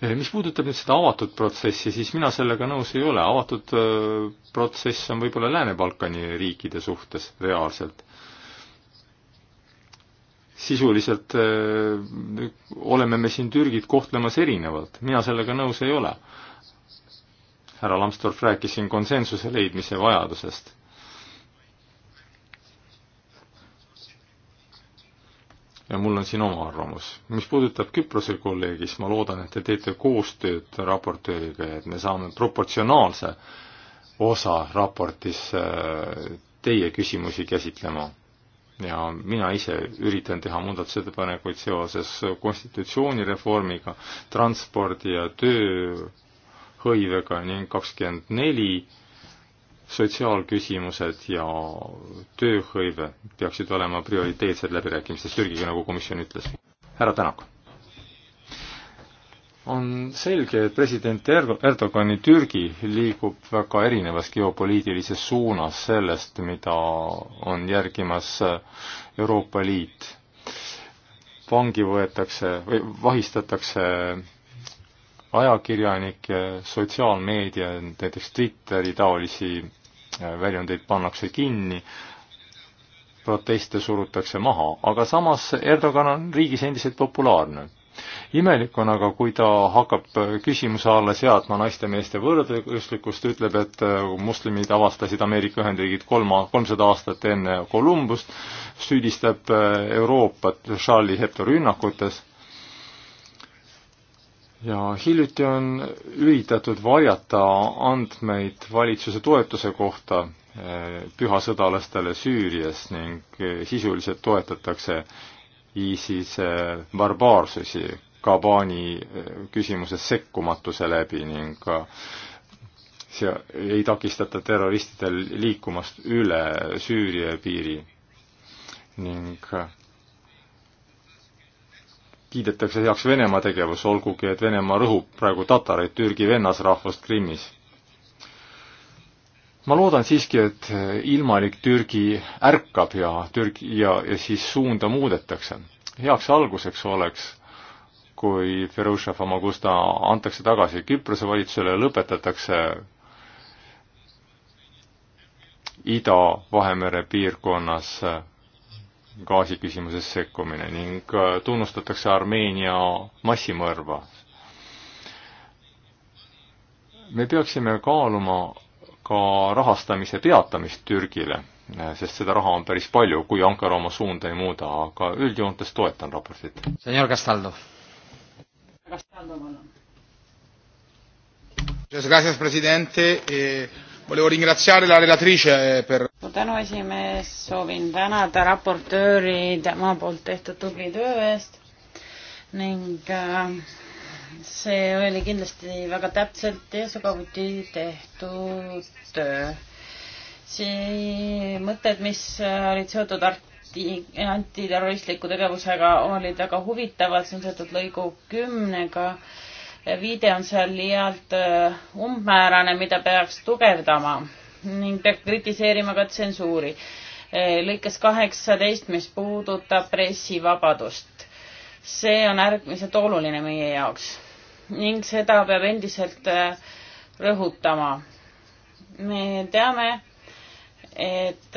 Eh, mis puudutab nüüd seda avatud protsessi, siis mina sellega nõus ei ole, avatud eh, protsess on võib-olla Lääne-Balkani riikide suhtes reaalselt. sisuliselt öö, eh, oleme me siin Türgit kohtlemas erinevalt, mina sellega nõus ei ole härra Lambsdorff rääkis siin konsensuse leidmise vajadusest. ja mul on siin oma arvamus. mis puudutab Küprose kolleegi, siis ma loodan, et te teete koostööd raportööriga ja et me saame proportsionaalse osa raportis äh, teie küsimusi käsitlema ja mina ise üritan teha muudatusettepanekuid seoses konstitutsioonireformiga, transpordi ja töö hõivega ning kakskümmend neli sotsiaalküsimused ja tööhõive peaksid olema prioriteetsed läbirääkimistes Türgiga, nagu komisjon ütles. härra Tänak. on selge, et president Erdogani Türgi liigub väga erinevas geopoliitilises suunas sellest, mida on järgimas Euroopa Liit vangi võetakse või vahistatakse ajakirjanike, sotsiaalmeedia, näiteks Twitteri taolisi äh, väljundeid pannakse kinni, proteste surutakse maha, aga samas Erdogan on riigis endiselt populaarne. imelik on aga, kui ta hakkab äh, küsimuse alla seadma naiste-meeste võrdõiguslikkust, ütleb, et äh, moslemid avastasid Ameerika Ühendriigid kolm, kolmsada aastat enne Kolumbust, süüdistab Euroopat Charlie Hebdo rünnakutes ja hiljuti on üritatud varjata andmeid valitsuse toetuse kohta eh, pühasõdalastele Süürias ning eh, sisuliselt toetatakse ISISe eh, barbaarsusi Kabani küsimuses sekkumatuse läbi ning ka see ei takistata terroristidel liikumast üle Süüria piiri ning kiidetakse heaks Venemaa tegevus, olgugi et Venemaa rõhub praegu tatareid, Türgi vennasrahvast Krimmis. ma loodan siiski, et ilmalik Türgi ärkab ja Türgi ja, ja siis suunda muudetakse. heaks alguseks oleks, kui Ferusha Famagusta antakse tagasi Küprose valitsusele ja lõpetatakse Ida-Vahemere piirkonnas gaasi küsimuses sekkumine ning äh, tunnustatakse Armeenia massimõrva. me peaksime kaaluma ka rahastamise peatamist Türgile, äh, sest seda raha on päris palju, kui Ankara oma suunda ei muuda, aga üldjoontes toetan raportit. senor Castaldo. Castaldo, palun. Gracias, presidente eh.... Volevo ringraziare la relatrice eh, per... suur tänu, esimees, soovin tänada raportööri tema poolt tehtud tubli töö eest ning äh, see oli kindlasti väga täpselt ja sügavuti tehtud töö. see mõtted, mis äh, olid seotud arti-, antiterroristliku tegevusega, olid väga huvitavad, see on seotud lõigu kümnega viide on seal liialt äh, umbmäärane, mida peaks tugevdama ning peab kritiseerima ka tsensuuri. Äh, lõikes kaheksateist, mis puudutab pressivabadust. see on äärmiselt oluline meie jaoks ning seda peab endiselt äh, rõhutama. me teame, et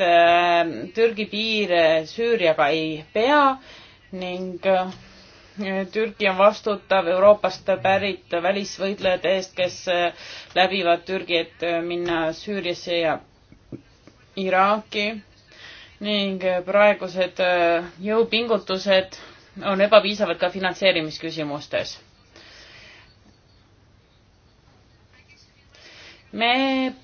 Türgi piir Süüriaga ei pea ning Türgi on vastutav Euroopast pärit välisvõitlejate eest, kes läbivad Türgi, et äh, minna Süüriasse ja Iraaki ning äh, praegused äh, jõupingutused on ebapiisavad ka finantseerimisküsimustes. me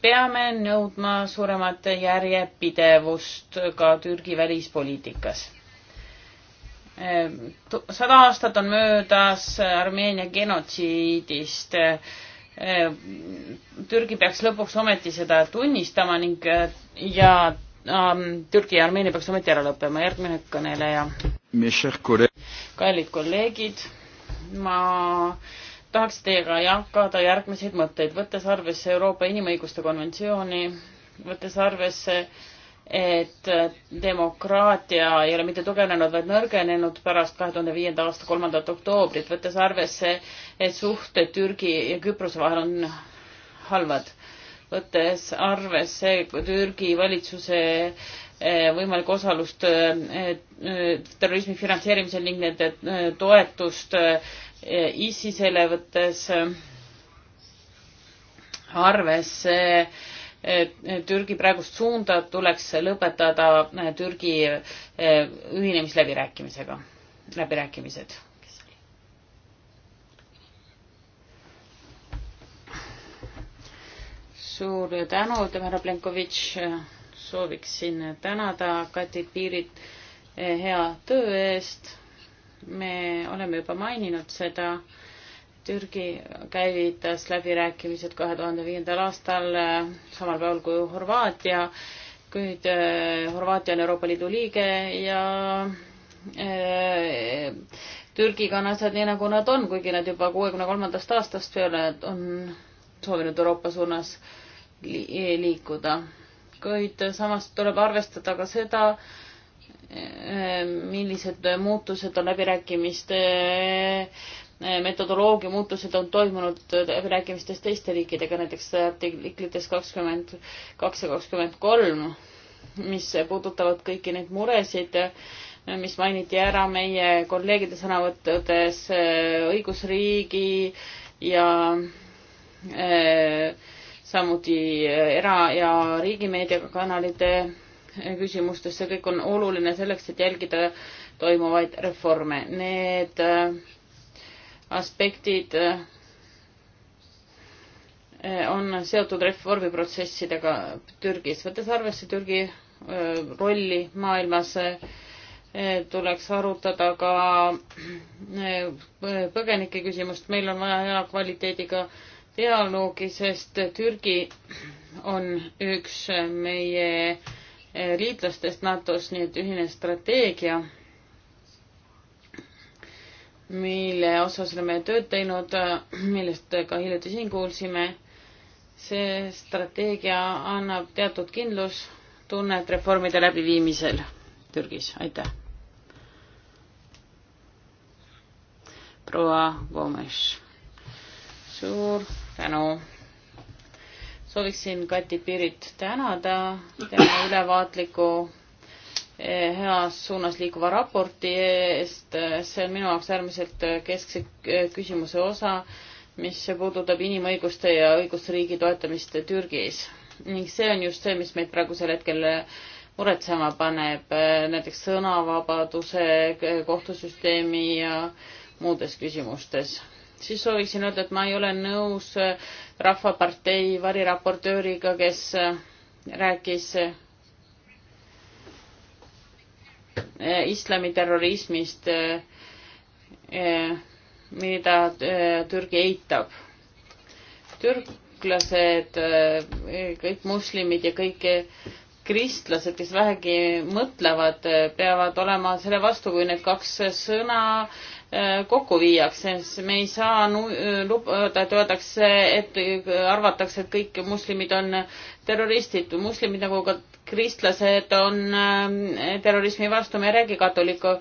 peame nõudma suuremat järjepidevust ka Türgi välispoliitikas Ehm, sada aastat on möödas Armeenia genotsiidist. Ehm, Türgi peaks lõpuks ometi seda tunnistama ning ja ehm, Türgi ja Armeenia peaks ometi ära lõppema. järgmine kõneleja. kallid kolleegid, ma tahaks teiega jagada järgmiseid mõtteid, võttes arvesse Euroopa Inimõiguste konventsiooni, võttes arvesse äh, et äh, demokraatia ei ole mitte tugevnenud, vaid nõrgenenud pärast kahe tuhande viienda aasta kolmandat oktoobrit, võttes arvesse, et suhted Türgi ja Küprose vahel on halvad. võttes arvesse Türgi valitsuse äh, võimalikku osalust äh, terrorismi finantseerimisel ning nende toetust ISISele, võttes arvesse Türgi praegust suunda tuleks lõpetada eh, Türgi eh, ühinemisläbirääkimisega, läbirääkimised. suur tänu, härra Plenkovitš, sooviksin tänada Katit Piirit eh, hea töö eest. me oleme juba maininud seda Türgi käivitas läbirääkimised kahe tuhande viiendal aastal, eh, samal päeval kui Horvaatia, kuid eh, Horvaatia on Euroopa Liidu liige ja eh, Türgiga on asjad nii, nagu nad on, kuigi nad juba kuuekümne kolmandast aastast peale on soovinud Euroopa suunas liikuda. kuid samas tuleb arvestada ka seda, millised muutused on läbirääkimiste metodoloogia muutused on toimunud läbirääkimistes teiste riikidega, näiteks artiklites kakskümmend kaks ja kakskümmend kolm, mis puudutavad kõiki neid muresid, mis mainiti ära meie kolleegide sõnavõttudes õigusriigi ja eh, samuti era- ja riigimeediakanalite küsimustes, see kõik on oluline selleks, et jälgida toimuvaid reforme. Need äh, aspektid eh, on seotud reformiprotsessidega Türgis. võttes arvesse Türgi eh, rolli maailmas, eh, tuleks arutada ka põgenike küsimust. meil on vaja hea kvaliteediga dialoogi, sest Türgi on üks meie liitlastest NATO-s, nii et ühine strateegia mille osas oleme tööd teinud, millest ka hiljuti siin kuulsime. see strateegia annab teatud kindlustunnet reformide läbiviimisel Türgis, aitäh. proua Gomes, suur tänu. sooviksin Kati Pirit tänada tema ülevaatliku heas suunas liikuva raporti eest, see on minu jaoks äärmiselt keskse küsimuse osa, mis puudutab inimõiguste ja õigusriigi toetamist Türgis. ning see on just see, mis meid praegusel hetkel muretsema paneb, näiteks sõnavabaduse, kohtusüsteemi ja muudes küsimustes. siis sooviksin öelda, et ma ei ole nõus Rahvapartei variraportööriga, kes rääkis Eh, islamiterrorismist, eh, eh, mida Türgi eitab. türklased, kõik moslemid ja kõik kristlased, kes vähegi mõtlevad, peavad olema selle vastu, kui need kaks sõna kokku viiakse, sest me ei saa lubada, et öeldakse, et arvatakse, et kõik moslemid on terroristid. moslemid nagu ka kristlased on ähm, terrorismi vastu, me ei räägi katoliku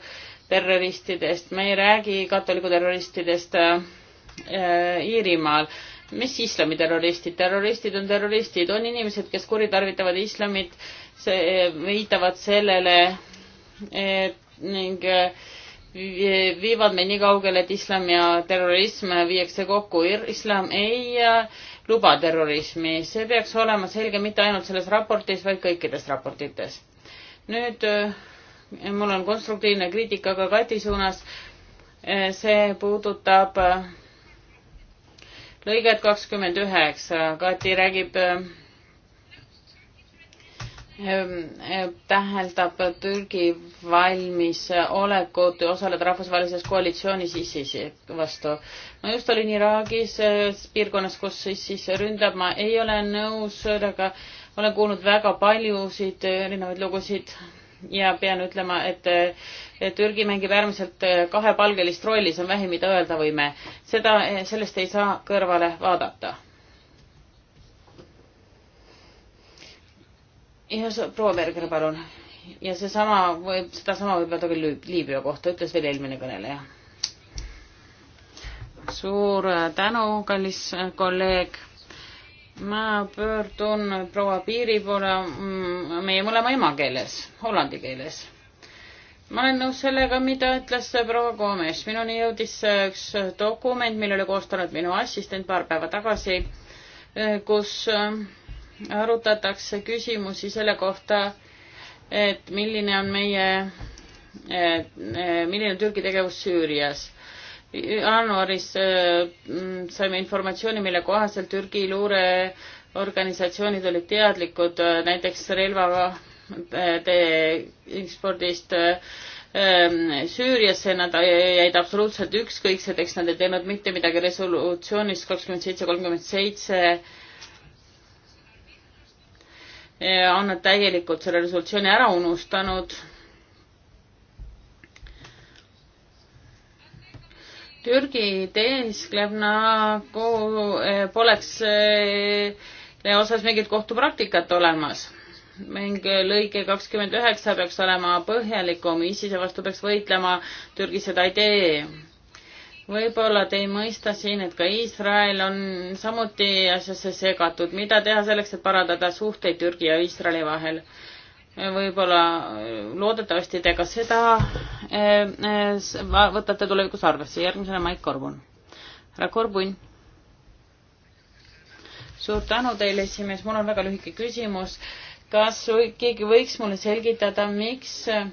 terroristidest, me ei räägi katoliku terroristidest äh, äh, Iirimaal äh, mis islami terroristid, terroristid on terroristid, on inimesed, kes kuritarvitavad islamit, see äh, viitavad sellele et, ning viivad meid nii kaugele, et islam ja terrorism viiakse kokku. islam ei äh, luba terrorismi. see peaks olema selge mitte ainult selles raportis, vaid kõikides raportites. nüüd eh, mul on konstruktiivne kriitika ka Kati suunas. Eh, see puudutab eh, lõiget kakskümmend üheksa. Kati räägib Ehm, eh, tähendab Türgi valmisolekut osaleda rahvusvahelises koalitsioonis ISISi vastu. ma just olin Iraagis, eh, piirkonnas, kus ISIS ründab, ma ei ole nõus sellega, olen kuulnud väga paljusid eh, erinevaid lugusid ja pean ütlema, et Türgi mängib äärmiselt kahepalgelist rolli, see on vähim, mida öelda võime. seda, sellest ei saa kõrvale vaadata ja proua Berger, palun. ja seesama võib, sedasama võib öelda küll Liibüa kohta, ütles veel eelmine kõneleja. suur äh, tänu, kallis äh, kolleeg. ma pöördun proua Piiri poole mm, meie mõlema emakeeles, hollandi keeles. ma olen nõus sellega, mida ütles äh, proua Gomes. minuni jõudis üks dokument, mille oli koostanud minu assistent paar päeva tagasi, kus äh, arutatakse küsimusi selle kohta, et milline on meie, eh, milline on Türgi tegevus Süürias. jaanuaris eh, mm, saime informatsiooni, mille kohaselt Türgi luureorganisatsioonid olid teadlikud eh, näiteks relva ekspordist Süüriasse nad jäid absoluutselt ükskõiksed, eks nad ei teinud mitte midagi resolutsioonis kakskümmend seitse, kolmkümmend seitse on eh, nad täielikult selle resolutsiooni ära unustanud. Türgi teeskleb nagu eh, poleks selle eh, osas mingit kohtupraktikat olemas mäng lõige kakskümmend üheksa peaks olema põhjalikum, ISISe vastu peaks võitlema, Türgi seda ei tee võib-olla te ei mõista siin, et ka Iisrael on samuti asjasse segatud, mida teha selleks, et parandada suhteid Türgi ja Iisraeli vahel. võib-olla äh, loodetavasti te ka seda äh, äh, võtate tulevikus arvesse, järgmisena Mait Korbun. härra Korbun. suur tänu teile, esimees, mul on väga lühike küsimus. kas või, keegi võiks mulle selgitada, miks ähm,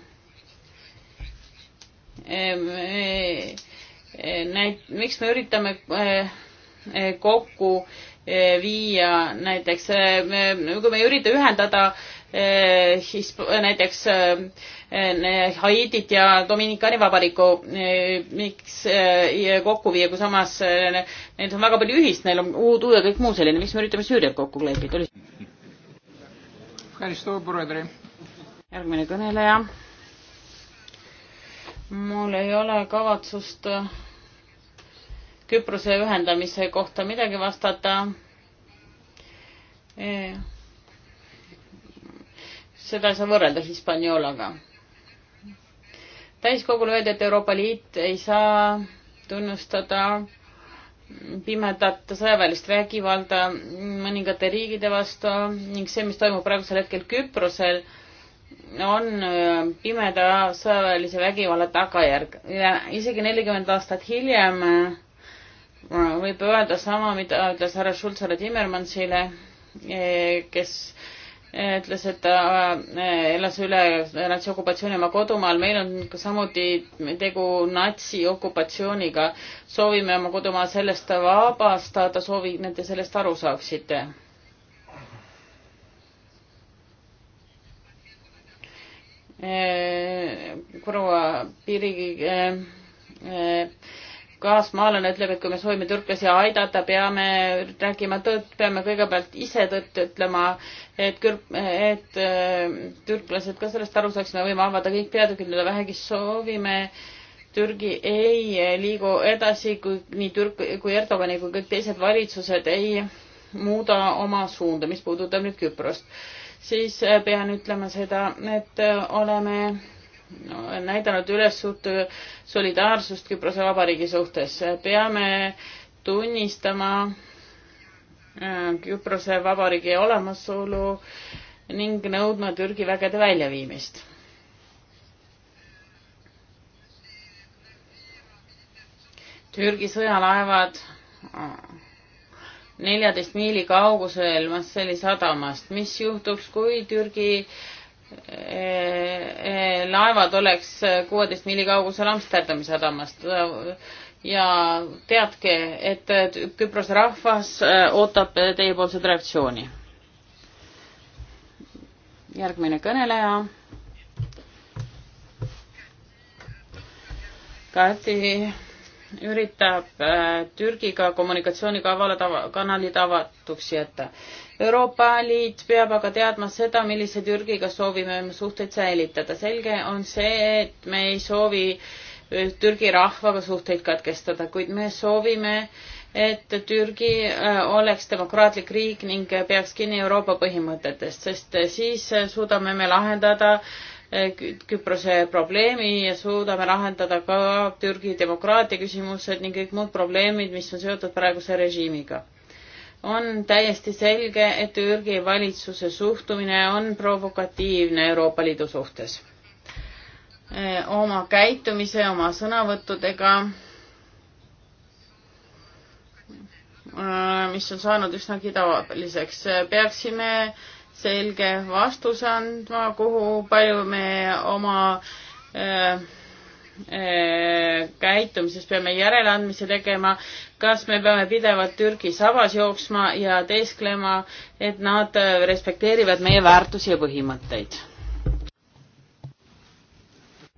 Eh, näit-, miks me üritame eh, eh, kokku viia näiteks, kui me ei ürita ühendada Hisp-, näiteks Haitit ja Dominikani Vabariiku, miks kokku viia, kui samas neil on väga palju ühist, neil on udud ja kõik muu selline, miks me üritame Süüriat kokku kleepida? järgmine kõneleja mul ei ole kavatsust äh, Küprose ühendamise kohta midagi vastata. E, seda ei saa võrrelda Hispaaniolaga. täiskogul öeldi, et Euroopa Liit ei saa tunnustada pimedat sõjaväelist vägivalda mõningate riigide vastu ning see, mis toimub praegusel hetkel Küprosel on äh, pimeda sõjaväelise vägivalla tagajärg ja isegi nelikümmend aastat hiljem äh, võib öelda sama, mida ütles härra Schulz härra Timmermansile, äh, kes ütles, et ta elas üle natsi okupatsiooni oma kodumaal, meil on samuti tegu natsi okupatsiooniga. soovime oma kodumaa sellest vabastada, soovin, et te sellest aru saaksite Äh, proua Pirigi äh, äh, kaasmaalane ütleb, et kui me soovime türklasi aidata, peame rääkima tõtt, peame kõigepealt ise tõtt ütlema, et kür-, et türklased ka sellest aru saaks, me võime avada kõik peatükid, mida vähegi soovime. Türgi ei liigu edasi, kui nii Türk, kui Erdogani kui kõik teised valitsused ei muuda oma suunda, mis puudutab nüüd Küprost siis äh, pean ütlema seda, et äh, oleme näidanud üles suurt äh, solidaarsust Küprose Vabariigi suhtes. peame tunnistama Küprose Vabariigi olemasolu ning nõudma Türgi vägede väljaviimist. Türgi sõjalaevad neljateist miili kaugusel Marseille'i sadamast. mis juhtuks, kui Türgi eh, eh, laevad oleks kuueteist miili kaugusel Amsterdami sadamast ja teadke, et Küprose rahvas eh, ootab teiepoolset reaktsiooni. järgmine kõneleja. Kati üritab äh, Türgiga kommunikatsioonikanalid avatuks jätta. Euroopa Liit peab aga teadma seda, millise Türgiga soovime suhteid säilitada. selge on see, et me ei soovi äh, Türgi rahvaga suhteid katkestada, kuid me soovime, et Türgi äh, oleks demokraatlik riik ning peaks kinni Euroopa põhimõtetest, sest siis suudame me lahendada äh, Küprose probleemi ja suudame lahendada ka Türgi demokraatia küsimused ning kõik muud probleemid, mis on seotud praeguse režiimiga. on täiesti selge, et Türgi valitsuse suhtumine on provokatiivne Euroopa Liidu suhtes. oma käitumise, oma sõnavõttudega, mis on saanud üsnagi tavaliseks, peaksime selge vastuse andma, kuhu palju me oma äh, äh käitumises peame järeleandmisi tegema, kas me peame pidevalt Türgi sabas jooksma ja teesklema, et nad respekteerivad meie väärtusi ja põhimõtteid.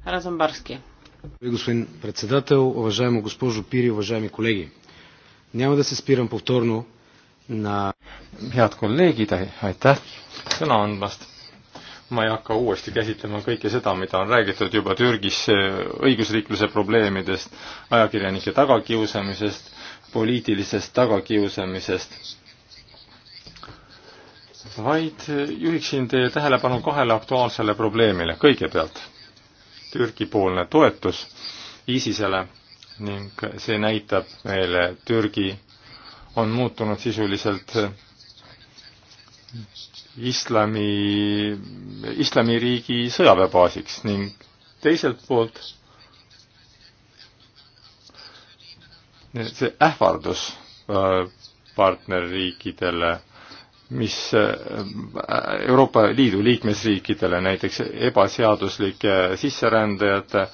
härra Zambarski. Господин председател, уважаема госпожо Пири, уважаеми колеги. Няма да се спирам повторно no.. head kolleegid, aitäh sõna andmast! ma ei hakka uuesti käsitlema kõike seda, mida on räägitud juba Türgis eh, õigusriikluse probleemidest, ajakirjanike tagakiusamisest, poliitilisest tagakiusamisest, vaid juhiksin teie tähelepanu kahele aktuaalsele probleemile. kõigepealt Türgi-poolne toetus ISISele ning see näitab meile Türgi on muutunud sisuliselt islami, islamiriigi sõjaväebaasiks ning teiselt poolt see ähvardus äh, partnerriikidele, mis äh, Euroopa Liidu liikmesriikidele näiteks ebaseaduslike sisserändajate äh,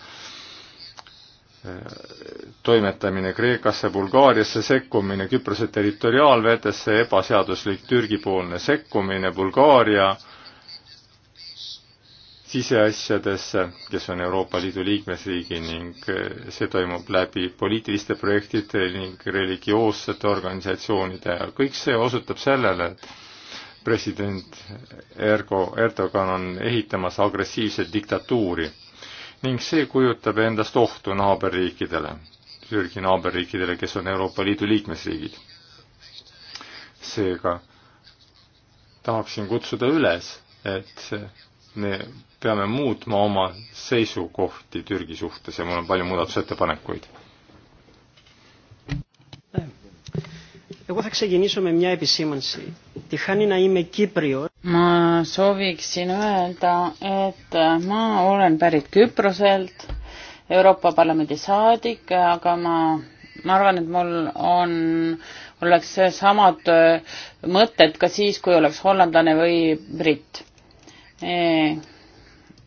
toimetamine Kreekasse, Bulgaariasse sekkumine, Küprose territoriaalvetesse ebaseaduslik Türgi-poolne sekkumine, Bulgaaria siseasjadesse, kes on Euroopa Liidu liikmesriigi ning eh, see toimub läbi poliitiliste projektide ning religioossete organisatsioonide ja kõik see osutab sellele, et president Ergo Erdogan on ehitamas agressiivset diktatuuri ning see kujutab endast ohtu naaberriikidele, Türgi naaberriikidele, kes on Euroopa Liidu liikmesriigid. seega tahaksin kutsuda üles, et me peame muutma oma seisukohti Türgi suhtes ja mul on palju muudatusettepanekuid. Εγώ θα ξεκινήσω με μια επισήμανση. Τυχάνει να είμαι Κύπριο ma sooviksin öelda, et ma olen pärit Küproselt, Euroopa Parlamendi saadik, aga ma, ma arvan, et mul on, oleks samad mõtted ka siis, kui oleks hollandlane või britt. E,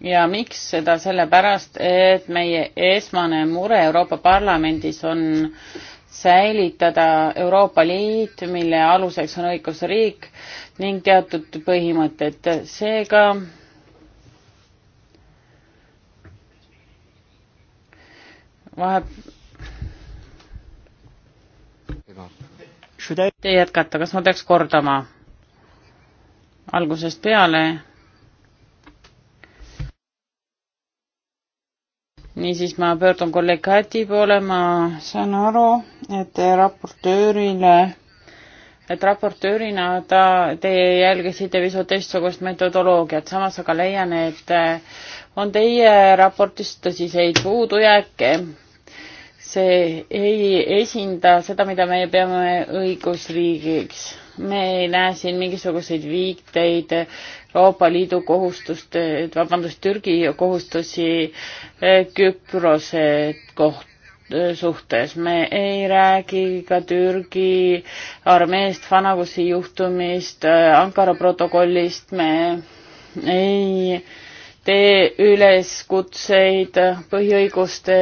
ja miks seda, sellepärast et meie esmane mure Euroopa Parlamendis on säilitada Euroopa Liit, mille aluseks on õigusriik ning teatud põhimõtted. seega vahe. Te jätkata, kas ma peaks kordama algusest peale? niisiis ma pöördun kolleeg Kati poole, ma saan aru, et raportöörile, et raportöörina ta, teie jälgisite pisut teistsugust metodoloogiat, samas aga leian, et eh, on teie raportis tõsiseid puudujääke. see ei esinda seda, mida meie peame õigusriigiks. me ei näe siin mingisuguseid viiteid Euroopa Liidu kohustust, vabandust, Türgi kohustusi eh, Küprose koht, eh, suhtes. me ei räägi ka Türgi armeest, Fanagusi juhtumist, eh, Ankara protokollist, me ei tee üleskutseid põhiõiguste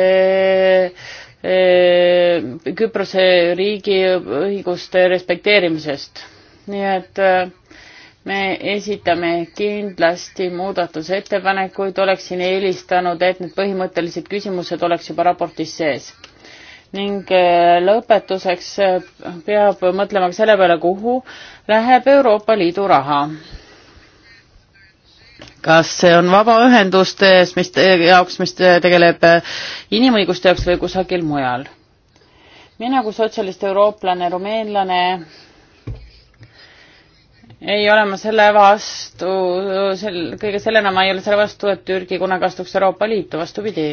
Küprose riigi õiguste respekteerimisest. nii et äh, me esitame kindlasti muudatusettepanekuid, oleksin eelistanud, et need põhimõttelised küsimused oleks juba raportis sees. ning äh, lõpetuseks äh, peab mõtlema ka selle peale, kuhu läheb Euroopa Liidu raha. kas see on vabaühendustes, mis jaoks, mis tegeleb äh, inimõiguste jaoks või kusagil mujal? mina kui sotsialist eurooplane, rumeenlane ei ole ma selle vastu, sel-, kõige sellena ma ei ole selle vastu, et Türgi kunagi astuks Euroopa Liitu, vastupidi.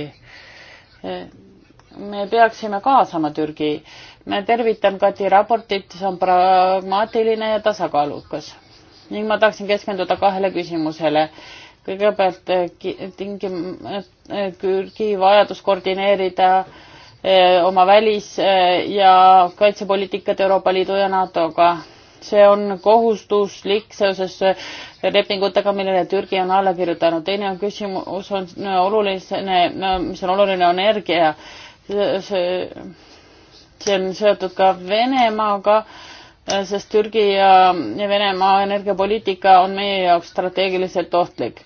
me peaksime kaasama Türgi. ma tervitan Kati raportit, see on pragmaatiline ja tasakaalukas. ning ma tahaksin keskenduda kahele küsimusele. kõigepealt eh, tingim-, eh, Türgi vajadus koordineerida eh, oma välis- ja kaitsepoliitikat Euroopa Liidu ja NATO-ga see on kohustuslik seoses lepingutega, millele Türgi on alla kirjutanud. teine on küsimus on oluline, mis on oluline, on energia. see, see on seotud ka Venemaaga, sest Türgi ja Venemaa energiapoliitika on meie jaoks strateegiliselt ohtlik.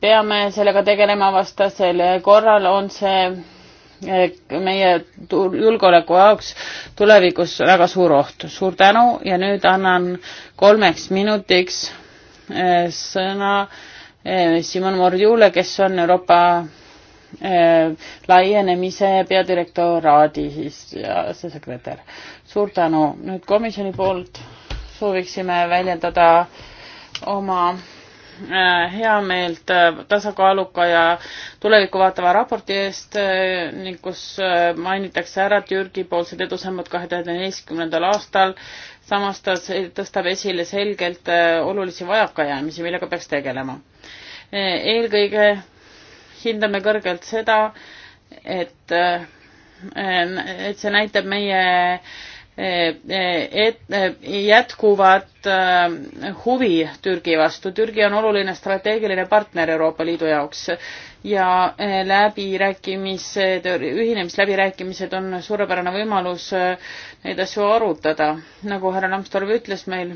peame sellega tegelema, vastasel korral on see meie julgeoleku jaoks tulevikus väga suur oht. suur tänu ja nüüd annan kolmeks minutiks eh, sõna eh, Simon Mordjule, kes on Euroopa eh, laienemise peadirektoraadi siis sekretär. suur tänu. nüüd komisjoni poolt sooviksime väljendada oma Äh, heameelt äh, tasakaaluka ja tulevikku vaatava raporti eest äh, ning kus mainitakse ära Türgi poolsed edusammud kahe tuhande neljateistkümnendal aastal. samas ta tõstab esile selgelt olulisi vajakajäämisi, millega peaks tegelema. eelkõige hindame kõrgelt seda, et, et see näitab meie Eh, et eh, jätkuvat eh, huvi Türgi vastu. Türgi on oluline strateegiline partner Euroopa Liidu jaoks ja läbirääkimised, ühinemisläbirääkimised on suurepärane võimalus neid asju arutada. nagu härra Lambsdorff ütles, meil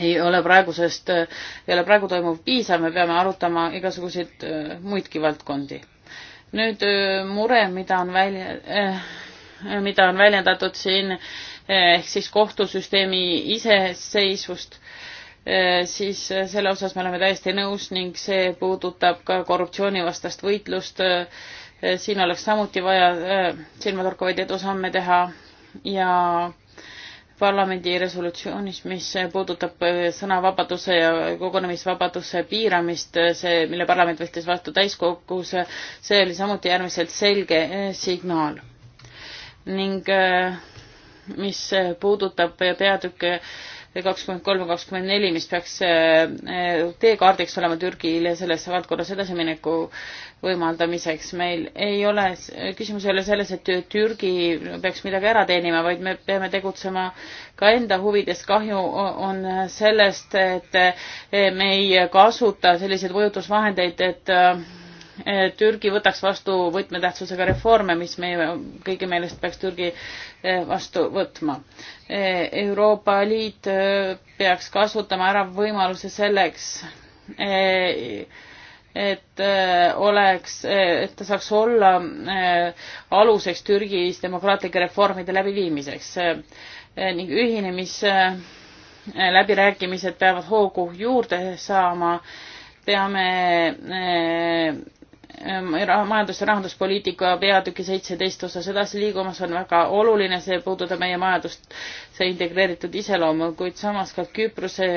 ei ole praegusest, ei ole praegu toimuv piisav, me peame arutama igasuguseid muidki valdkondi. nüüd mure, mida on välja äh, mida on väljendatud siin ehk siis kohtusüsteemi iseseisvust, eh, siis selle osas me oleme täiesti nõus ning see puudutab ka korruptsioonivastast võitlust. Eh, siin oleks samuti vaja eh, silmatorkavaid edusamme teha ja parlamendi resolutsioonis, mis puudutab sõnavabaduse ja kogunemisvabaduse piiramist, see, mille parlament võttis vastu täiskogus, see oli samuti äärmiselt selge signaal ning äh, mis äh, puudutab peatükke kakskümmend kolm ja kakskümmend neli, mis peaks äh, teekaardiks olema Türgile selles valdkonnas edasimineku võimaldamiseks. meil ei ole, küsimus ei ole selles, et Türgi peaks midagi ära teenima, vaid me peame tegutsema ka enda huvides. kahju on sellest, et me ei kasuta selliseid mõjutusvahendeid, et Türgi võtaks vastu võtmetähtsusega reforme, mis meie kõigi meelest peaks Türgi eh, vastu võtma. Eh, Euroopa Liit eh, peaks kasutama ära võimaluse selleks, et oleks, et ta saaks olla aluseks Türgis demokraatlike reformide läbiviimiseks ning ühinemisläbirääkimised peavad hoogu juurde saama. peame Ehm, majandus- ja rahanduspoliitika peatüki seitseteist osas edasi liigumas, on väga oluline, see puudutab meie majandust, see integreeritud iseloomu, kuid samas ka Küprose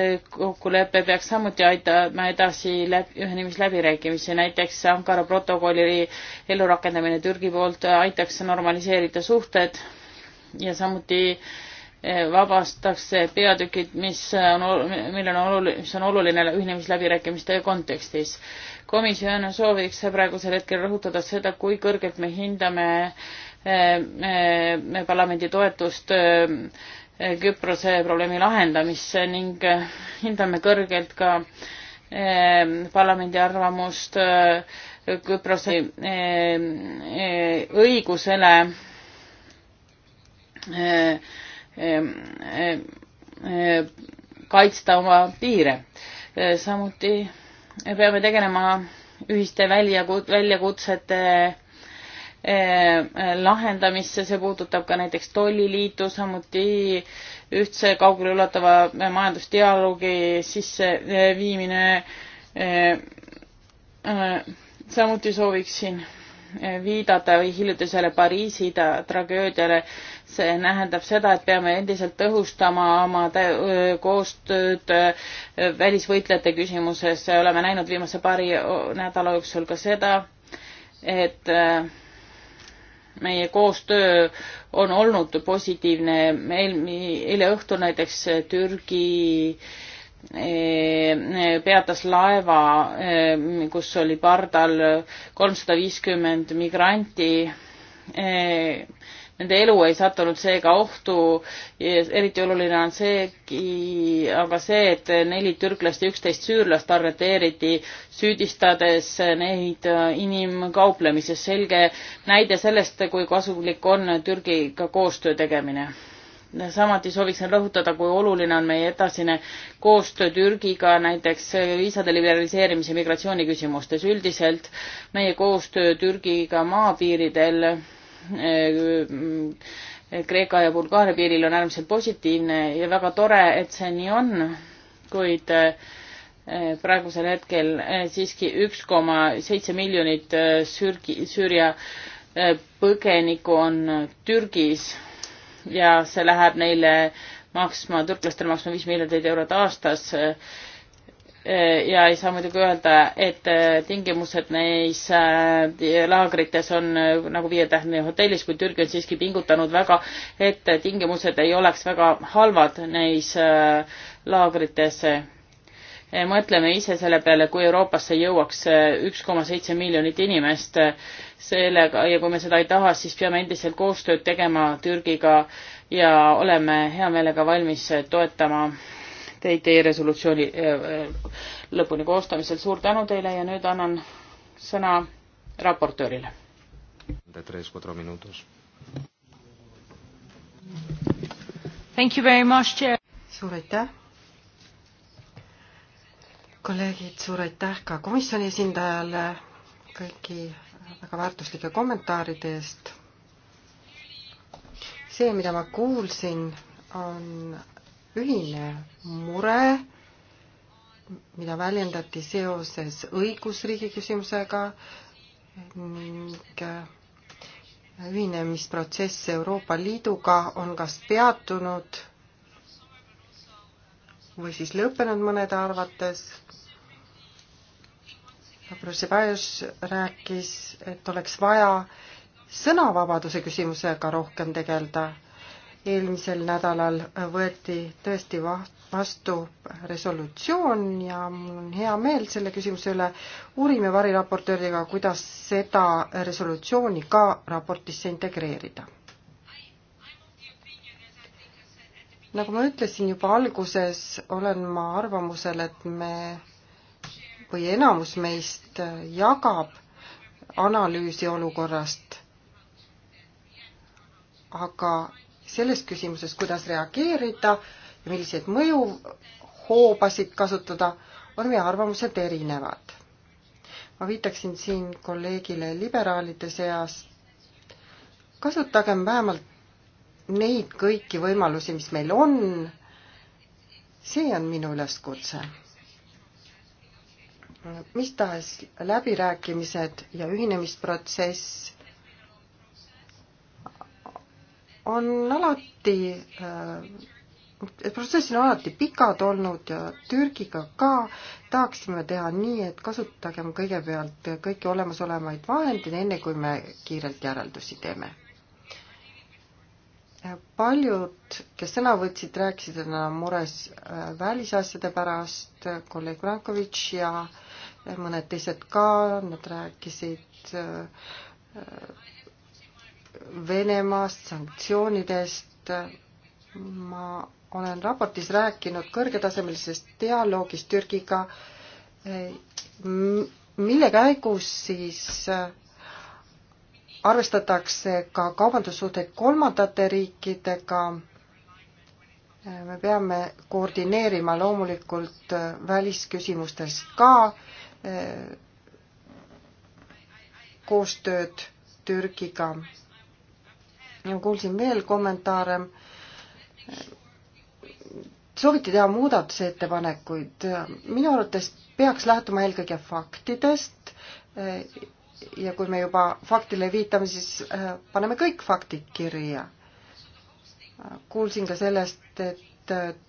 eh, kokkulepe peaks samuti aitama edasi läbi, ühinemisläbirääkimisi, näiteks Ankara protokolli ellurakendamine Türgi poolt aitaks normaliseerida suhted ja samuti äh, vabastakse peatükid, mis on, millel on oluline, mis on oluline ühinemisläbirääkimiste kontekstis. komisjon sooviks praegusel hetkel rõhutada seda, kui kõrgelt me hindame me eh, eh, parlamendi toetust eh, Küprose probleemi lahendamisse ning hindame kõrgelt ka parlamendi arvamust Küprose õigusele Ehm, ehm, ehm, kaitsta oma piire. samuti peame tegelema ühiste väljakut-, väljakutsete lahendamisse, see puudutab ka näiteks tolliliitu, samuti ühtse kaugele ulatava majandusdialoogi sisseviimine. Eh, samuti sooviksin viidata hiljutisele Pariisi tragöödiale. see tähendab seda, et peame endiselt tõhustama oma koostööd äh, välisvõitlejate küsimuses. oleme näinud viimase paari nädala jooksul ka seda, et äh, meie koostöö on olnud positiivne. eile õhtul näiteks Türgi äh, peatas laeva, kus oli pardal kolmsada viiskümmend migranti. Nende elu ei sattunud seega ohtu. eriti oluline on seegi, aga see, et neli türklast ja üksteist süürlast arreteeriti, süüdistades neid inimkauplemises. selge näide sellest, kui kasulik on Türgiga koostöö tegemine samuti sooviksin rõhutada, kui oluline on meie edasine koostöö Türgiga näiteks viisade liberaliseerimise migratsiooni küsimustes. üldiselt meie koostöö Türgiga maapiiridel eh, Kreeka ja Bulgaaria piiril on äärmiselt positiivne ja väga tore, et see nii on, kuid eh, praegusel hetkel eh, siiski üks koma seitse miljonit Sürgi, Süüria põgenikku on Türgis ja see läheb neile maksma, türklastele maksma viis miljardit eurot aastas. ja ei saa muidugi öelda, et tingimused neis äh, laagrites on äh, nagu viietähniline hotellis, kuid Türgi on siiski pingutanud väga, et tingimused ei oleks väga halvad neis äh, laagrites mõtleme ise selle peale, kui Euroopasse jõuaks üks koma seitse miljonit inimest sellega ja kui me seda ei taha, siis peame endiselt koostööd tegema Türgiga ja oleme hea meelega valmis toetama teid teie resolutsiooni äh, lõpuni koostamisel. suur tänu teile ja nüüd annan sõna raportöörile. suur aitäh. kolleegid, suur aitäh ka komisjoni esindajale, kõiki väga väärtuslike kommentaaride eest. see, mida ma kuulsin, on ühine mure, mida väljendati seoses õigusriigi küsimusega ning ühinemisprotsess Euroopa Liiduga on kas peatunud või siis lõppenud mõnede arvates Proševajus rääkis, et oleks vaja sõnavabaduse küsimusega rohkem tegeleda. eelmisel nädalal võeti tõesti vastu resolutsioon ja mul on hea meel selle küsimuse üle. uurime variraportööriga, kuidas seda resolutsiooni ka raportisse integreerida. nagu ma ütlesin juba alguses, olen ma arvamusel, et me või enamus meist jagab analüüsi olukorrast, aga selles küsimuses, kuidas reageerida ja milliseid mõjuhoobasid kasutada, on meie arvamused erinevad. ma viitaksin siin kolleegile liberaalide seas, kasutagem vähemalt neid kõiki võimalusi, mis meil on, see on minu üleskutse mis tahes läbirääkimised ja ühinemisprotsess on alati, protsessid on alati pikad olnud ja Türgiga ka tahaksime teha nii, et kasutagem kõigepealt kõiki olemasolevaid vahendeid, enne kui me kiirelt järeldusi teeme. paljud, kes sõna võtsid, rääkisid, et nad on mures äh, välisasjade pärast, kolleeg Brankovitš ja äh, mõned teised ka, nad rääkisid äh, Venemaast, sanktsioonidest. ma olen raportis rääkinud kõrgetasemelisest dialoogist Türgiga, mille käigus siis äh, arvestatakse ka kaubandussuhteid kolmandate riikidega äh, me peame koordineerima loomulikult välisküsimustes ka Äh, koostööd Türgiga. ja ma kuulsin veel kommentaare. sooviti teha muudatusettepanekuid. minu arvates peaks lähtuma eelkõige faktidest äh, ja kui me juba faktile viitame, siis äh, paneme kõik faktid kirja. kuulsin ka sellest, et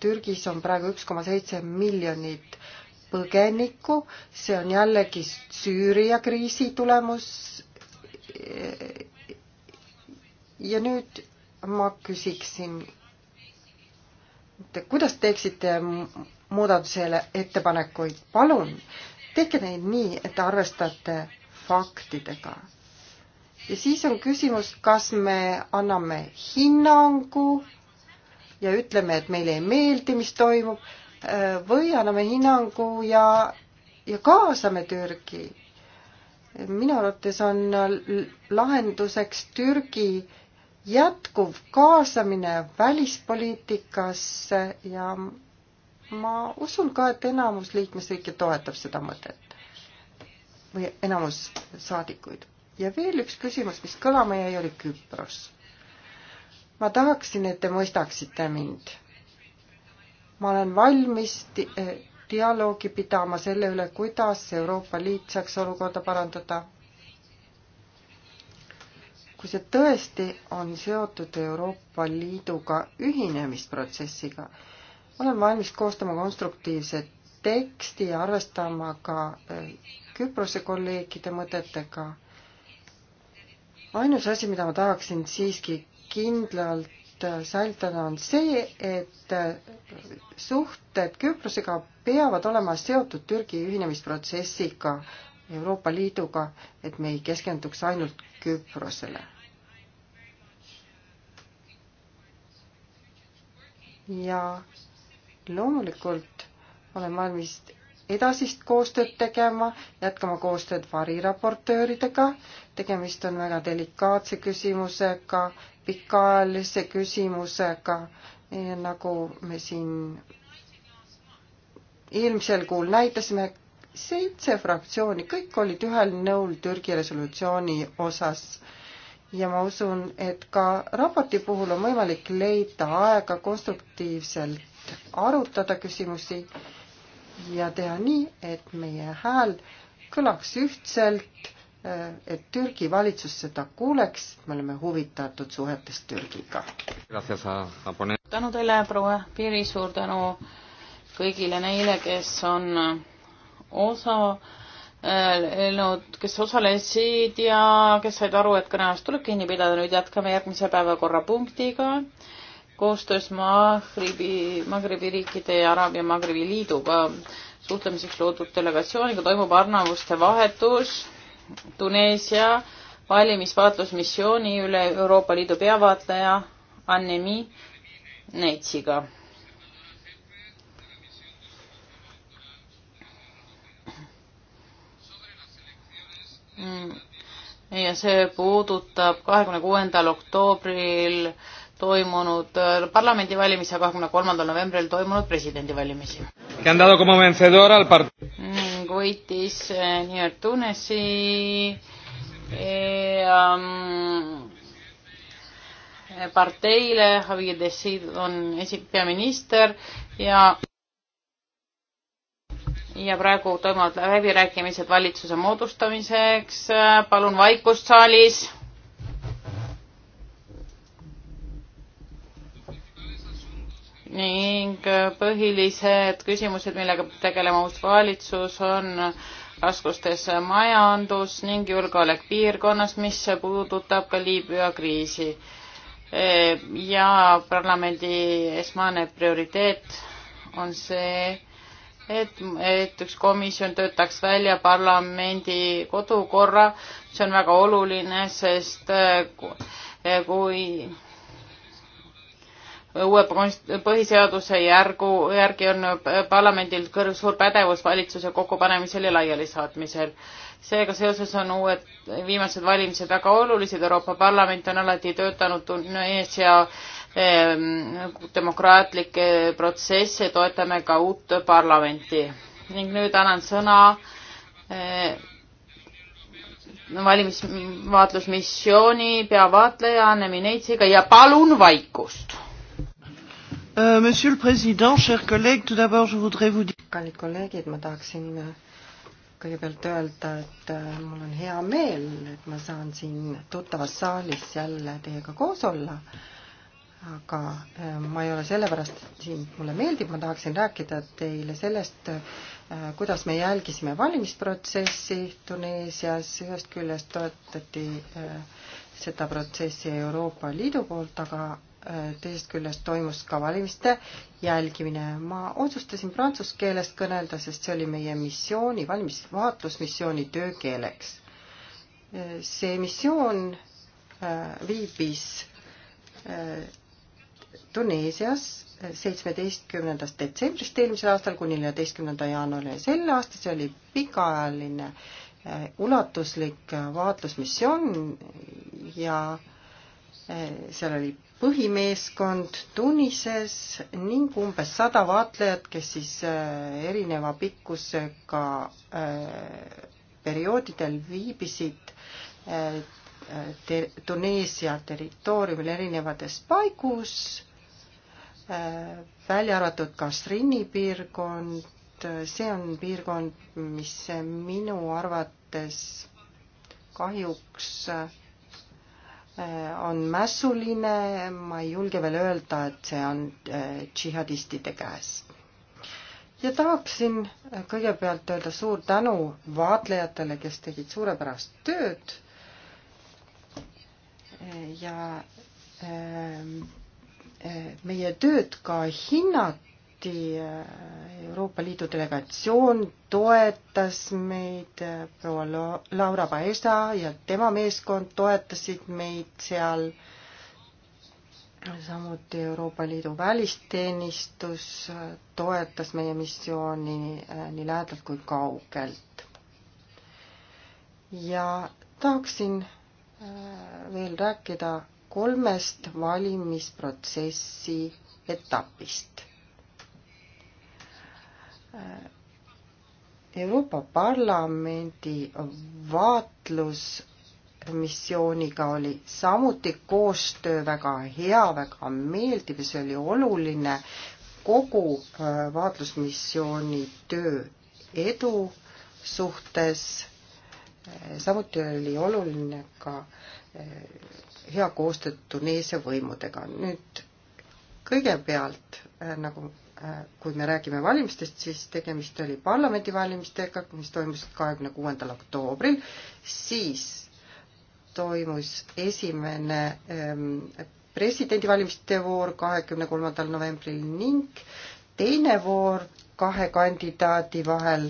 Türgis on praegu üks koma seitse miljonit põgenikku, see on jällegi Süüria kriisi tulemus. ja nüüd ma küsiksin, kuidas teeksite muudatusele ettepanekuid, palun tehke neid nii, et arvestate faktidega. ja siis on küsimus, kas me anname hinnangu ja ütleme, et meile ei meeldi, mis toimub Äh, või anname hinnangu ja, ja kaasame Türgi. minu arvates on lahenduseks Türgi jätkuv kaasamine välispoliitikasse ja ma usun ka, et enamus liikmesriike toetab seda mõtet või enamus saadikuid. ja veel üks küsimus, mis kõlama jäi, oli Küpros. ma tahaksin, et te mõistaksite mind ma olen valmis di eh, dialoogi pidama selle üle, kuidas Euroopa Liit saaks olukorda parandada. kui see tõesti on seotud Euroopa Liiduga ühinemisprotsessiga, olen valmis koostama konstruktiivset teksti ja arvestama ka eh, Küprose kolleegide mõtetega. ainus asi, mida ma tahaksin siiski kindlalt Äh, säilitada, on see, et äh, suhted Küprosega peavad olema seotud Türgi ühinemisprotsessiga Euroopa Liiduga, et me ei keskenduks ainult Küprosele. ja loomulikult olen valmis edasist koostööd tegema, jätkama koostööd variraportööridega. tegemist on väga delikaatse küsimusega, pikaajalise küsimusega, nagu me siin eelmisel kuul näitasime, seitse fraktsiooni, kõik olid ühel nõul Türgi resolutsiooni osas ja ma usun, et ka raporti puhul on võimalik leida aega konstruktiivselt arutada küsimusi ja teha nii, et meie hääl kõlaks ühtselt, äh, et Türgi valitsus seda kuuleks, me oleme huvitatud suhetest Türgiga. tänu teile, proua Piiri, suur tänu kõigile neile, kes on äh, osa eelnõud, äh, kes osalesid ja kes said aru, et kõneajast tuleb kinni pidada, nüüd jätkame järgmise päevakorrapunktiga koostöös Maagribi, Maagribi riikide ja Araabia Maagribi liiduga suhtlemiseks loodud delegatsiooniga toimub arvamuste vahetus Tuneesia valimisvaatlusmissiooni üle Euroopa Liidu peavaatleja Annemi Neitsiga. Mm. ja see puudutab kahekümne kuuendal oktoobril toimunud äh, parlamendivalimisi ja kahekümne kolmandal novembril toimunud presidendivalimisi. ning mm, võitis äh, nii-öelda Tunesi ja, mm, parteile, Javier Desid on esi-, peaminister ja ja praegu toimuvad läbirääkimised valitsuse moodustamiseks, palun vaikust saalis ning äh, põhilised küsimused, millega peab tegelema uus valitsus, on raskustes majandus ning julgeolek piirkonnas, mis puudutab ka Liibüa kriisi. E, ja parlamendi esmane prioriteet on see, et, et üks komisjon töötaks välja parlamendi kodukorra, see on väga oluline, sest äh, äh, kui uue põhiseaduse järgu, järgi on äh, parlamendil kõrg, suur pädevus valitsuse kokkupanemisel ja laialisaatmisel. seega seoses on uued viimased valimised väga olulised, Euroopa Parlament on alati töötanud ees ja eh, demokraatlikke protsesse toetame ka uut parlamenti. ning nüüd annan sõna eh, valimisvaatlusmissiooni peavaatleja Anne Mineitsiga ja palun vaikust Euh, Monsieur le Président, chers collègues, tout d'abord je voudrais vous dire... kallid kolleegid, ma tahaksin äh, kõigepealt öelda, et äh, mul on hea meel, et ma saan siin tuttavas saalis jälle teiega koos olla. aga äh, ma ei ole sellepärast siin, mulle meeldib, ma tahaksin rääkida teile sellest, kuidas me jälgisime valimisprotsessi Tuneesias, ühest küljest toetati seda protsessi Euroopa Liidu poolt, aga teisest küljest toimus ka valimiste jälgimine. ma otsustasin prantsuse keeles kõnelda, sest see oli meie missiooni, valmis, vaatlusmissiooni töökeeleks. see missioon äh, viibis äh, Tuneesias seitsmeteistkümnendast detsembrist eelmisel aastal kuni neljateistkümnenda jaanuarini sel aastal, see oli pikaajaline äh, ulatuslik vaatlusmissioon ja seal oli põhimeeskond Tunises ning umbes sada vaatlejat, kes siis äh, erineva pikkusega äh, perioodidel viibisid äh, ter-, Tuneesia territooriumil erinevates paigus, välja arvatud Kasrini piirkond, see on piirkond, mis minu arvates kahjuks Äh, on mässuline, ma ei julge veel öelda, et see on äh, džihadistide käes. ja tahaksin kõigepealt öelda suur tänu vaatlejatele, kes tegid suurepärast tööd äh, ja meie tööd ka hinnati samuti äh, Euroopa Liidu delegatsioon toetas meid, äh, proua Laura Paesa ja tema meeskond toetasid meid seal, samuti Euroopa Liidu välisteenistus äh, toetas meie missiooni nii lähedalt kui kaugelt. ja tahaksin veel rääkida kolmest valimisprotsessi etapist Euroopa Parlamendi vaatlusmissiooniga oli samuti koostöö väga hea, väga meeldiv ja see oli oluline kogu äh, vaatlusmissiooni töö edu suhtes. Äh, samuti oli oluline ka äh, hea koostöö Tuneesia võimudega. nüüd kõigepealt, nagu kui me räägime valimistest, siis tegemist oli parlamendivalimistega, mis toimusid kahekümne kuuendal oktoobril, siis toimus esimene ähm, presidendivalimiste voor kahekümne kolmandal novembril ning teine voor kahe kandidaadi vahel,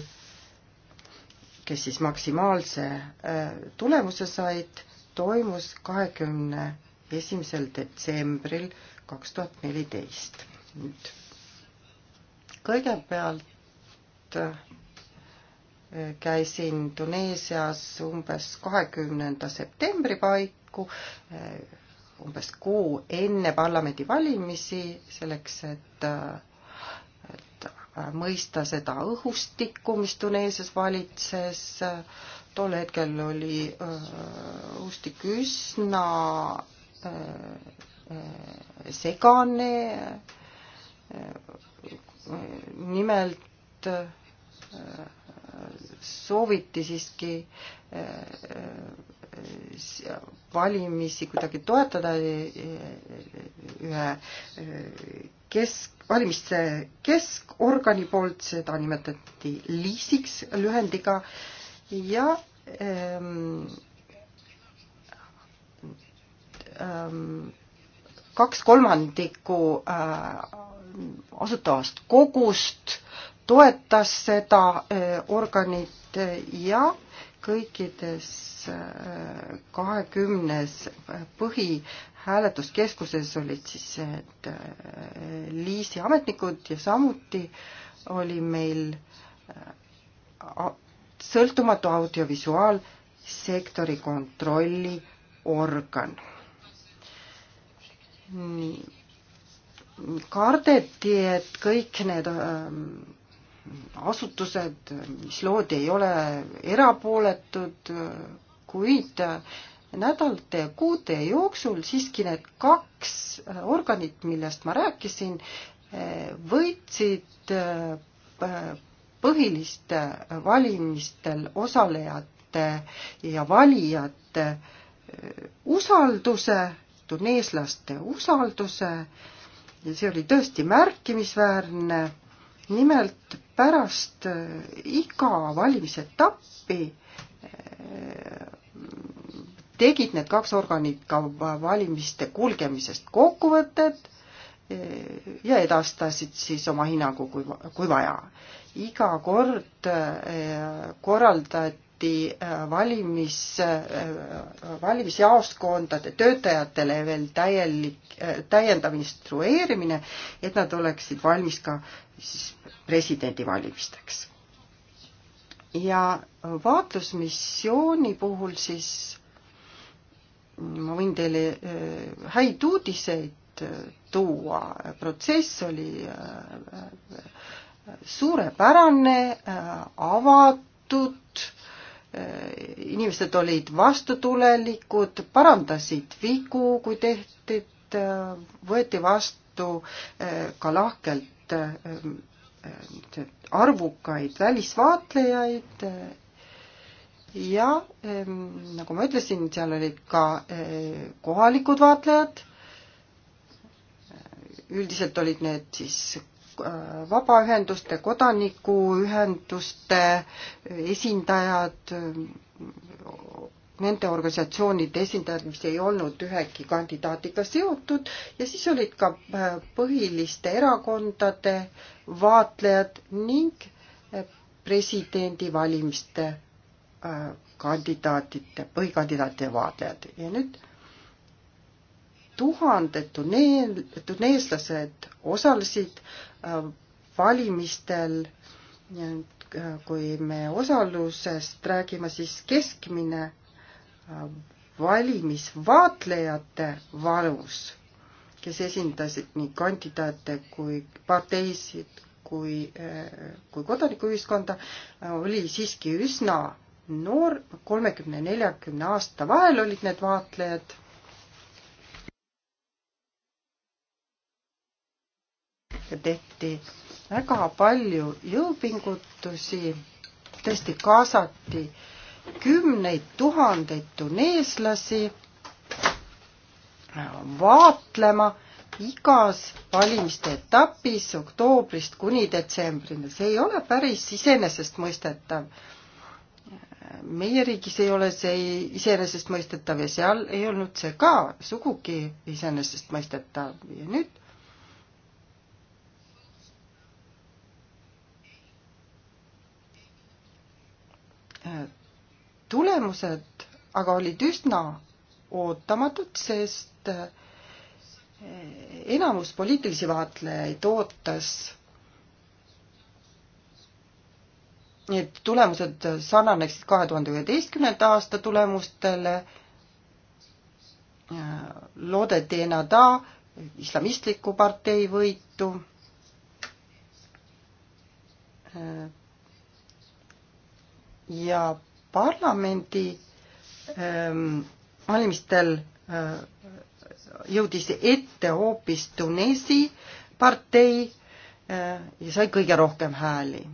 kes siis maksimaalse äh, tulemuse said, toimus kahekümne esimesel detsembril kaks tuhat neliteist. nüüd kõigepealt äh, käisin Tuneesias umbes kahekümnenda septembri paiku, äh, umbes kuu enne parlamendivalimisi, selleks et, äh, et mõista seda õhustikku, mis Tuneesias valitses. tol hetkel oli õhustik üsna segane nimelt äh, sooviti siiski äh, valimisi kuidagi toetada äh, ühe kesk, valimiste keskorgani poolt, seda nimetati liisiks lühendiga ja ähm, ähm, kaks kolmandikku äh, asutavast kogust toetas seda eh, organit eh, ja kõikides eh, kahekümnes põhihääletuskeskuses olid siis need liisi ametnikud ja samuti oli meil sõltumatu audiovisuaalsektori kontrolliorgan. nii kardeti, et kõik need ähm, asutused, mis loodi, ei ole erapooletud, kuid nädalate ja kuude jooksul siiski need kaks organit, millest ma rääkisin, võitsid äh, põhiliste valimistel osalejate ja valijate äh, usalduse, tuneeslaste usalduse äh, see oli tõesti märkimisväärne. nimelt pärast eh, iga valimisetappi eh, tegid need kaks organit ka valimiste kulgemisest kokkuvõtted eh, ja edastasid siis oma hinnangu, kui, kui vaja. iga kord korraldati saadeti äh, valimis, äh, valimisjaoskondade töötajatele veel täielik, äh, täiendav instrueerimine, et nad oleksid valmis ka siis presidendivalimisteks. ja vaatlusmissiooni puhul siis ma võin teile häid uudiseid tuua, protsess oli suurepärane, avatud, inimesed olid vastutulelikud, parandasid vigu, kui tehti, äh, võeti vastu äh, ka lahkelt äh, arvukaid välisvaatlejaid ja ähm, nagu ma ütlesin, seal olid ka kohalikud vaatlejad, üldiselt olid need siis Äh, vabaühenduste, kodanikuühenduste esindajad, nende organisatsioonide esindajad, mis ei olnud ühegi kandidaadiga seotud ja siis olid ka äh, põhiliste erakondade vaatlejad ning äh, presidendivalimiste kandidaatide, põhikandidaatide vaatlejad ja nüüd tuhanded tuneel, tuneeslased osalesid äh, valimistel. Äh, kui me osalusest räägime, siis keskmine äh, valimisvaatlejate vanus, kes esindasid nii kandidaate kui parteisid kui, kui kodanikuühiskonda, oli siiski üsna noor, kolmekümne, neljakümne aasta vahel olid need vaatlejad tehti väga palju jõupingutusi, tõesti kaasati kümneid tuhandeid tuneeslasi vaatlema igas valimiste etapis oktoobrist kuni detsembrini. see ei ole päris iseenesestmõistetav. meie riigis ei ole see iseenesestmõistetav ja seal ei olnud see ka sugugi iseenesestmõistetav ja nüüd tulemused aga olid üsna ootamatud, sest eh, enamus poliitilisi vaatlejaid ootas, et tulemused sarnaneksid kahe tuhande üheteistkümnenda aasta tulemustele. loodeti Enada islamistliku partei võitu ja parlamendi ähm, valimistel äh, jõudis ette hoopis Tunesi partei äh, ja sai kõige rohkem hääli.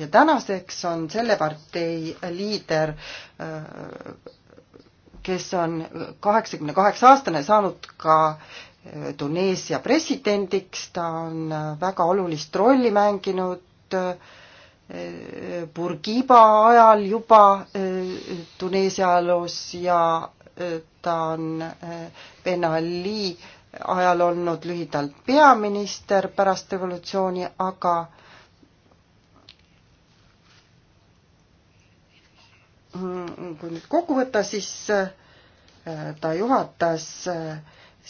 ja tänaseks on selle partei liider, äh, kes on kaheksakümne kaheksa aastane, saanud ka Tuneesia presidendiks, ta on väga olulist rolli mänginud äh, Burgiba ajal juba eh, Tuneesia ajaloos ja eh, ta on eh, Ben Ali ajal olnud lühidalt peaminister pärast revolutsiooni, aga mm, kui nüüd kokku võtta, siis ta juhatas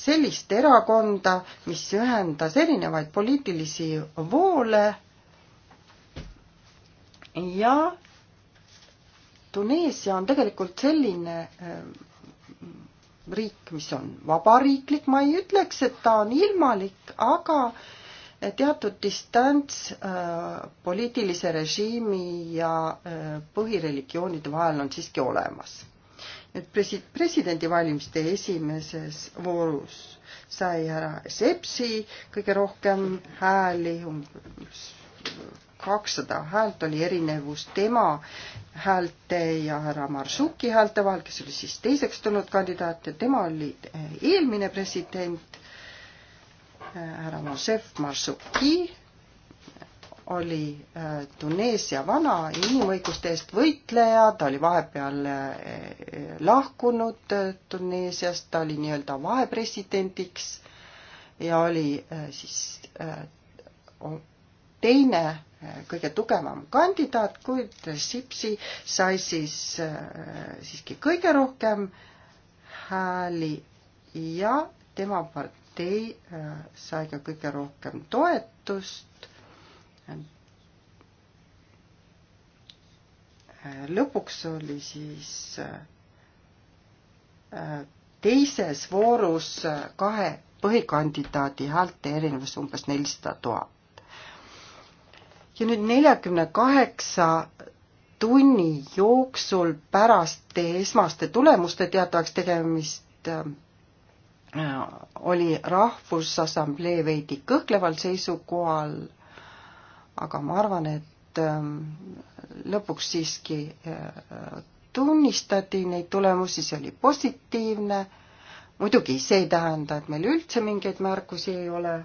sellist erakonda, mis ühendas erinevaid poliitilisi voole ja Tuneesia on tegelikult selline eh, riik, mis on vabariiklik, ma ei ütleks, et ta on ilmalik, aga teatud distants äh, poliitilise režiimi ja äh, põhireligioonide vahel on siiski olemas. nüüd presi-, presidendivalimiste esimeses voorus sai härra Sepsi kõige rohkem hääli, umbes kakssada häält oli erinevus tema häälte ja härra Maršuki häälte vahel, kes oli siis teiseks tulnud kandidaat ja tema oli eh, eelmine president. Eh, härra Mošev Maršuki oli eh, Tuneesia vana inimõiguste eest võitleja, ta oli vahepeal lahkunud Tuneesiast, ta oli nii-öelda vahepresidendiks ja oli siis teine äh, kõige tugevam kandidaat, kuid Sipsi sai siis äh, siiski kõige rohkem hääli ja tema partei äh, sai ka kõige rohkem toetust. lõpuks oli siis teises voorus kahe põhikandidaadi häälte erinevus umbes nelisada tuhat ja nüüd neljakümne kaheksa tunni jooksul pärast esmaste tulemuste teatavaks tegemist äh, oli Rahvusassamblee veidi kõhkleval seisukohal, aga ma arvan, et äh, lõpuks siiski äh, tunnistati neid tulemusi, see oli positiivne. muidugi see ei tähenda, et meil üldse mingeid märkusi ei ole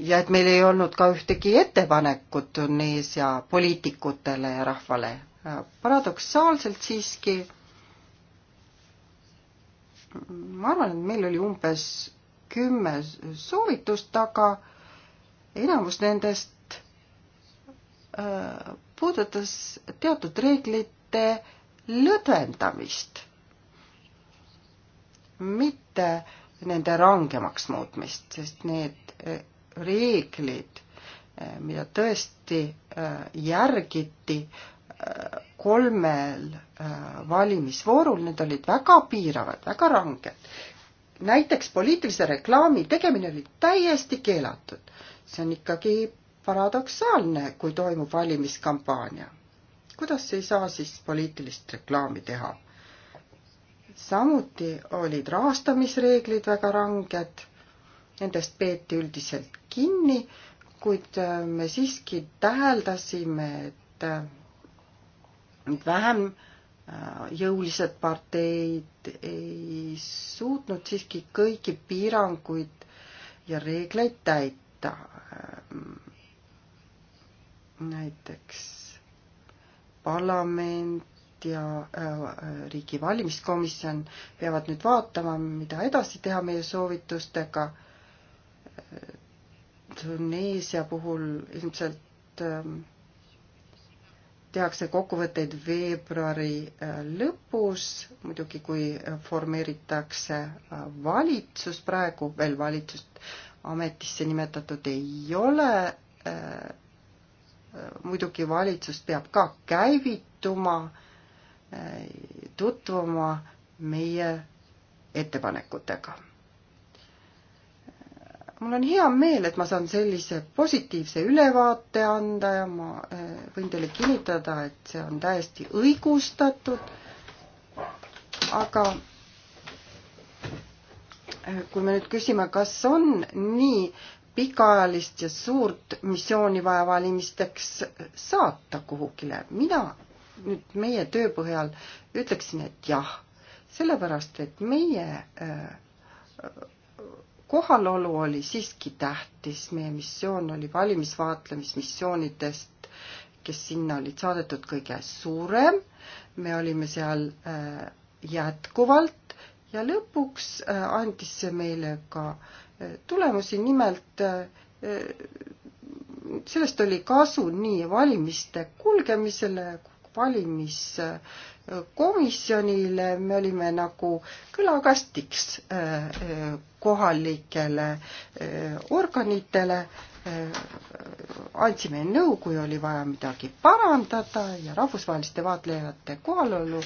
ja et meil ei olnud ka ühtegi ettepanekut Tuneesia poliitikutele ja rahvale. paradoksaalselt siiski ma arvan, et meil oli umbes kümme soovitust, aga enamus nendest äh, puudutas teatud reeglite lõdvendamist, mitte äh, nende rangemaks muutmist, sest need eh, reeglid, eh, mida tõesti eh, järgiti kolmel valimisvoorul, need olid väga piiravad, väga ranged. näiteks poliitilise reklaami tegemine oli täiesti keelatud. see on ikkagi paradoksaalne, kui toimub valimiskampaania. kuidas ei saa siis poliitilist reklaami teha? samuti olid rahastamisreeglid väga ranged, nendest peeti üldiselt kinni, kuid äh, me siiski täheldasime, et äh, vähem äh, jõulised parteid ei suutnud siiski kõiki piiranguid ja reegleid täita. näiteks parlament, ja äh, riigi valimiskomisjon peavad nüüd vaatama, mida edasi teha meie soovitustega. Tuneesia puhul ilmselt ähm, tehakse kokkuvõtteid veebruari äh, lõpus, muidugi kui formeeritakse äh, valitsus, praegu veel valitsust ametisse nimetatud ei ole. muidugi valitsus peab ka käivituma tutvuma meie ettepanekutega. mul on hea meel, et ma saan sellise positiivse ülevaate anda ja ma eh, võin teile kinnitada, et see on täiesti õigustatud, aga eh, kui me nüüd küsime, kas on nii pikaajalist ja suurt missiooni vaja valimisteks saata kuhugile, mina nüüd meie töö põhjal ütleksin, et jah, sellepärast et meie äh, kohalolu oli siiski tähtis, meie missioon oli valimisvaatlemismissioonidest, kes sinna olid saadetud, kõige suurem. me olime seal äh, jätkuvalt ja lõpuks äh, andis see meile ka tulemusi, nimelt sellest oli kasu nii valimiste kulgemisele valimiskomisjonile, me olime nagu kõlakastiks äh, äh, kohalikele äh, organitele, andsime nõu, kui oli vaja midagi parandada ja rahvusvaheliste vaatlejate kohalolu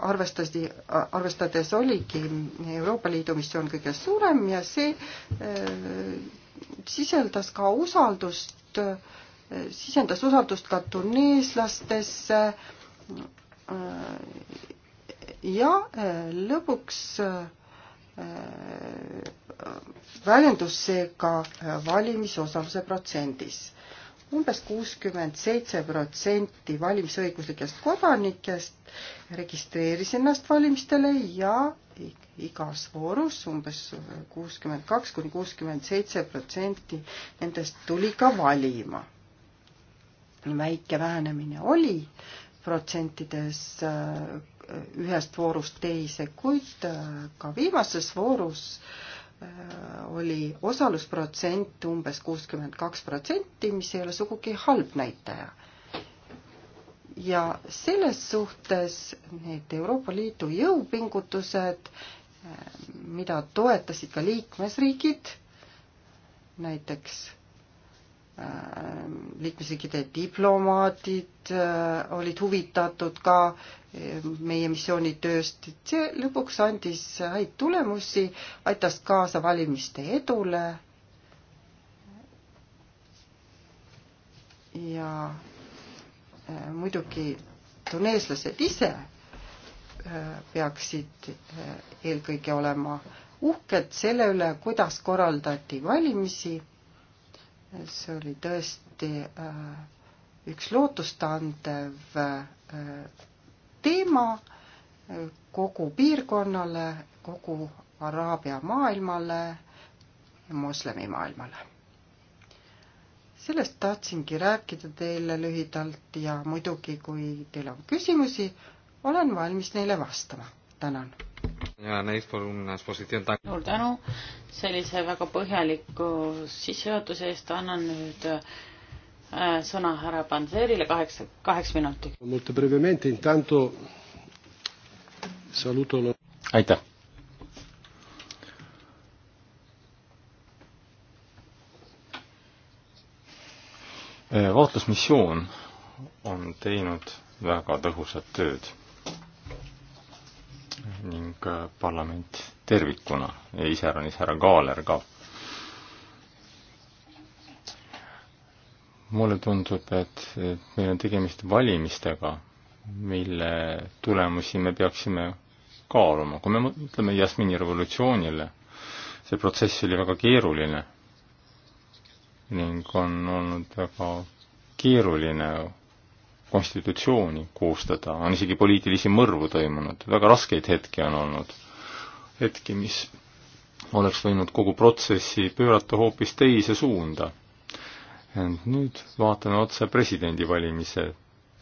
arvestati, arvestades oligi Euroopa Liidu missioon kõige suurem ja see sisaldas ka usaldust äh, sisendas usaldust ka tuneeslastesse. ja lõpuks äh, väljendus see ka valimisosaluse protsendis umbes kuuskümmend seitse protsenti valimisõiguslikest kodanikest registreeris ennast valimistele ja igas voorus umbes kuuskümmend kaks kuni kuuskümmend seitse protsenti nendest tuli ka valima väike vähenemine oli protsentides äh, ühest voorust teise, kuid äh, ka viimases voorus äh, oli osalusprotsent umbes kuuskümmend kaks protsenti, mis ei ole sugugi halb näitaja. ja selles suhtes need Euroopa Liidu jõupingutused, mida toetasid ka liikmesriigid, näiteks Äh, liikmesriikide diplomaadid äh, olid huvitatud ka äh, meie missioonitööst, et see lõpuks andis häid tulemusi, aitas kaasa valimiste edule. ja muidugi tuneeslased ise peaksid eelkõige olema uhked selle üle, kuidas korraldati valimisi see oli tõesti äh, üks lootustandev äh, teema äh, kogu piirkonnale, kogu Araabia maailmale ja moslemi maailmale. sellest tahtsingi rääkida teile lühidalt ja muidugi, kui teil on küsimusi, olen valmis neile vastama. tänan suur tänu sellise väga põhjaliku sissejuhatuse eest, annan nüüd äh, sõna härra Panserile kaheksa, kaheks minutiks. aitäh. Äh, vaatlusmissioon on teinud väga tõhusat tööd ning äh, parlament tervikuna ja iseäranis härra Kaaler ka. mulle tundub, et meil on tegemist valimistega, mille tulemusi me peaksime kaaluma, kui me mõtleme Jasmini revolutsioonile, see protsess oli väga keeruline ning on olnud väga keeruline konstitutsiooni koostada, on isegi poliitilisi mõrvu toimunud, väga raskeid hetki on olnud. hetki, mis oleks võinud kogu protsessi pöörata hoopis teise suunda. ent nüüd vaatame otsa presidendivalimise,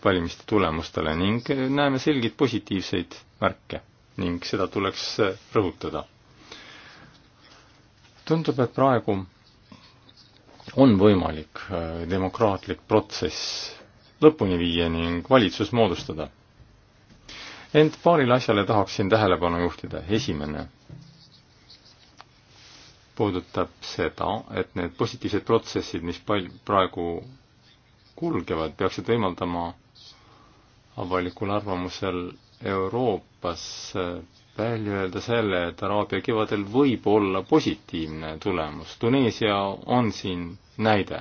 valimiste tulemustele ning näeme selgeid positiivseid märke ning seda tuleks rõhutada. tundub, et praegu on võimalik demokraatlik protsess lõpuni viia ning valitsus moodustada. ent paarile asjale tahaksin tähelepanu juhtida. esimene puudutab seda, et need positiivsed protsessid, mis pal-, praegu kulgevad, peaksid võimaldama avalikul arvamusel Euroopas välja öelda selle, et Araabia kevadel võib olla positiivne tulemus. Tuneesia on siin näide.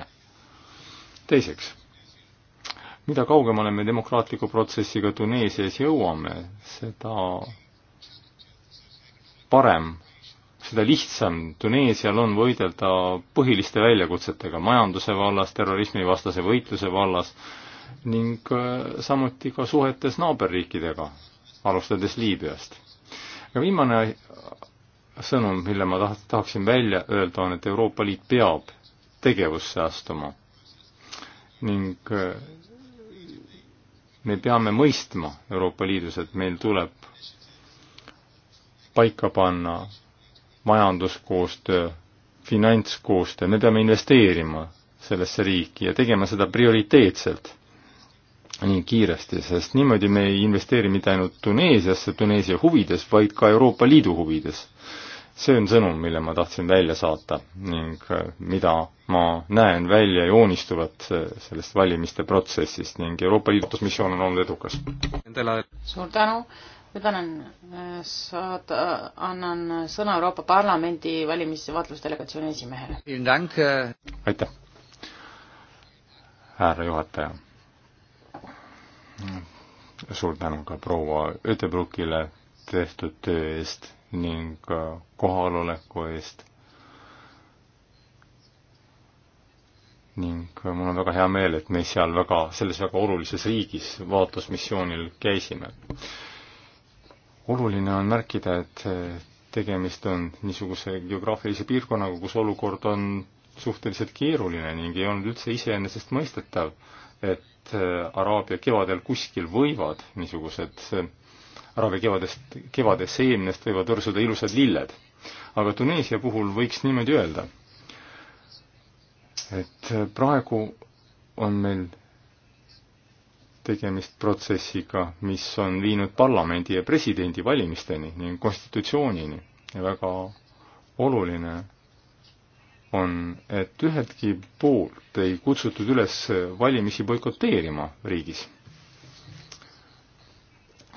teiseks mida kaugemale me demokraatliku protsessiga Tuneesias jõuame, seda parem, seda lihtsam Tuneesial on võidelda põhiliste väljakutsetega majanduse vallas, terrorismivastase võitluse vallas ning äh, samuti ka suhetes naaberriikidega, alustades Liibüast. ja viimane sõnum, mille ma taht-, tahaksin välja öelda, on, et Euroopa Liit peab tegevusse astuma ning äh, me peame mõistma Euroopa Liidus, et meil tuleb paika panna majanduskoostöö, finantskoostöö, me peame investeerima sellesse riiki ja tegema seda prioriteetselt nii kiiresti, sest niimoodi me ei investeeri mitte ainult Tuneesiasse, Tuneesia huvides, vaid ka Euroopa Liidu huvides see on sõnum, mille ma tahtsin välja saata ning äh, mida ma näen välja joonistuvat äh, sellest valimiste protsessist ning Euroopa liitumismissioon on olnud edukas. suur tänu, nüüd annan äh, saada, annan sõna Euroopa Parlamendi valimis- ja vaatlusdelegatsiooni esimehele. aitäh, härra juhataja. suur tänu ka proua Ötebrukile tehtud töö eest ning äh, kohaloleku eest. ning äh, mul on väga hea meel, et me seal väga, selles väga olulises riigis vaatlusmissioonil käisime. oluline on märkida, et äh, tegemist on niisuguse geograafilise piirkonnaga, kus olukord on suhteliselt keeruline ning ei olnud üldse iseenesestmõistetav, et Araabia kevadel kuskil võivad niisugused arabikevadest, kevadesse seemnest võivad võrsuda ilusad lilled. aga Tuneesia puhul võiks niimoodi öelda, et praegu on meil tegemist protsessiga, mis on viinud parlamendi ja presidendi valimisteni ning konstitutsioonini ja väga oluline on, et üheltki poolt ei kutsutud üles valimisi boikoteerima riigis.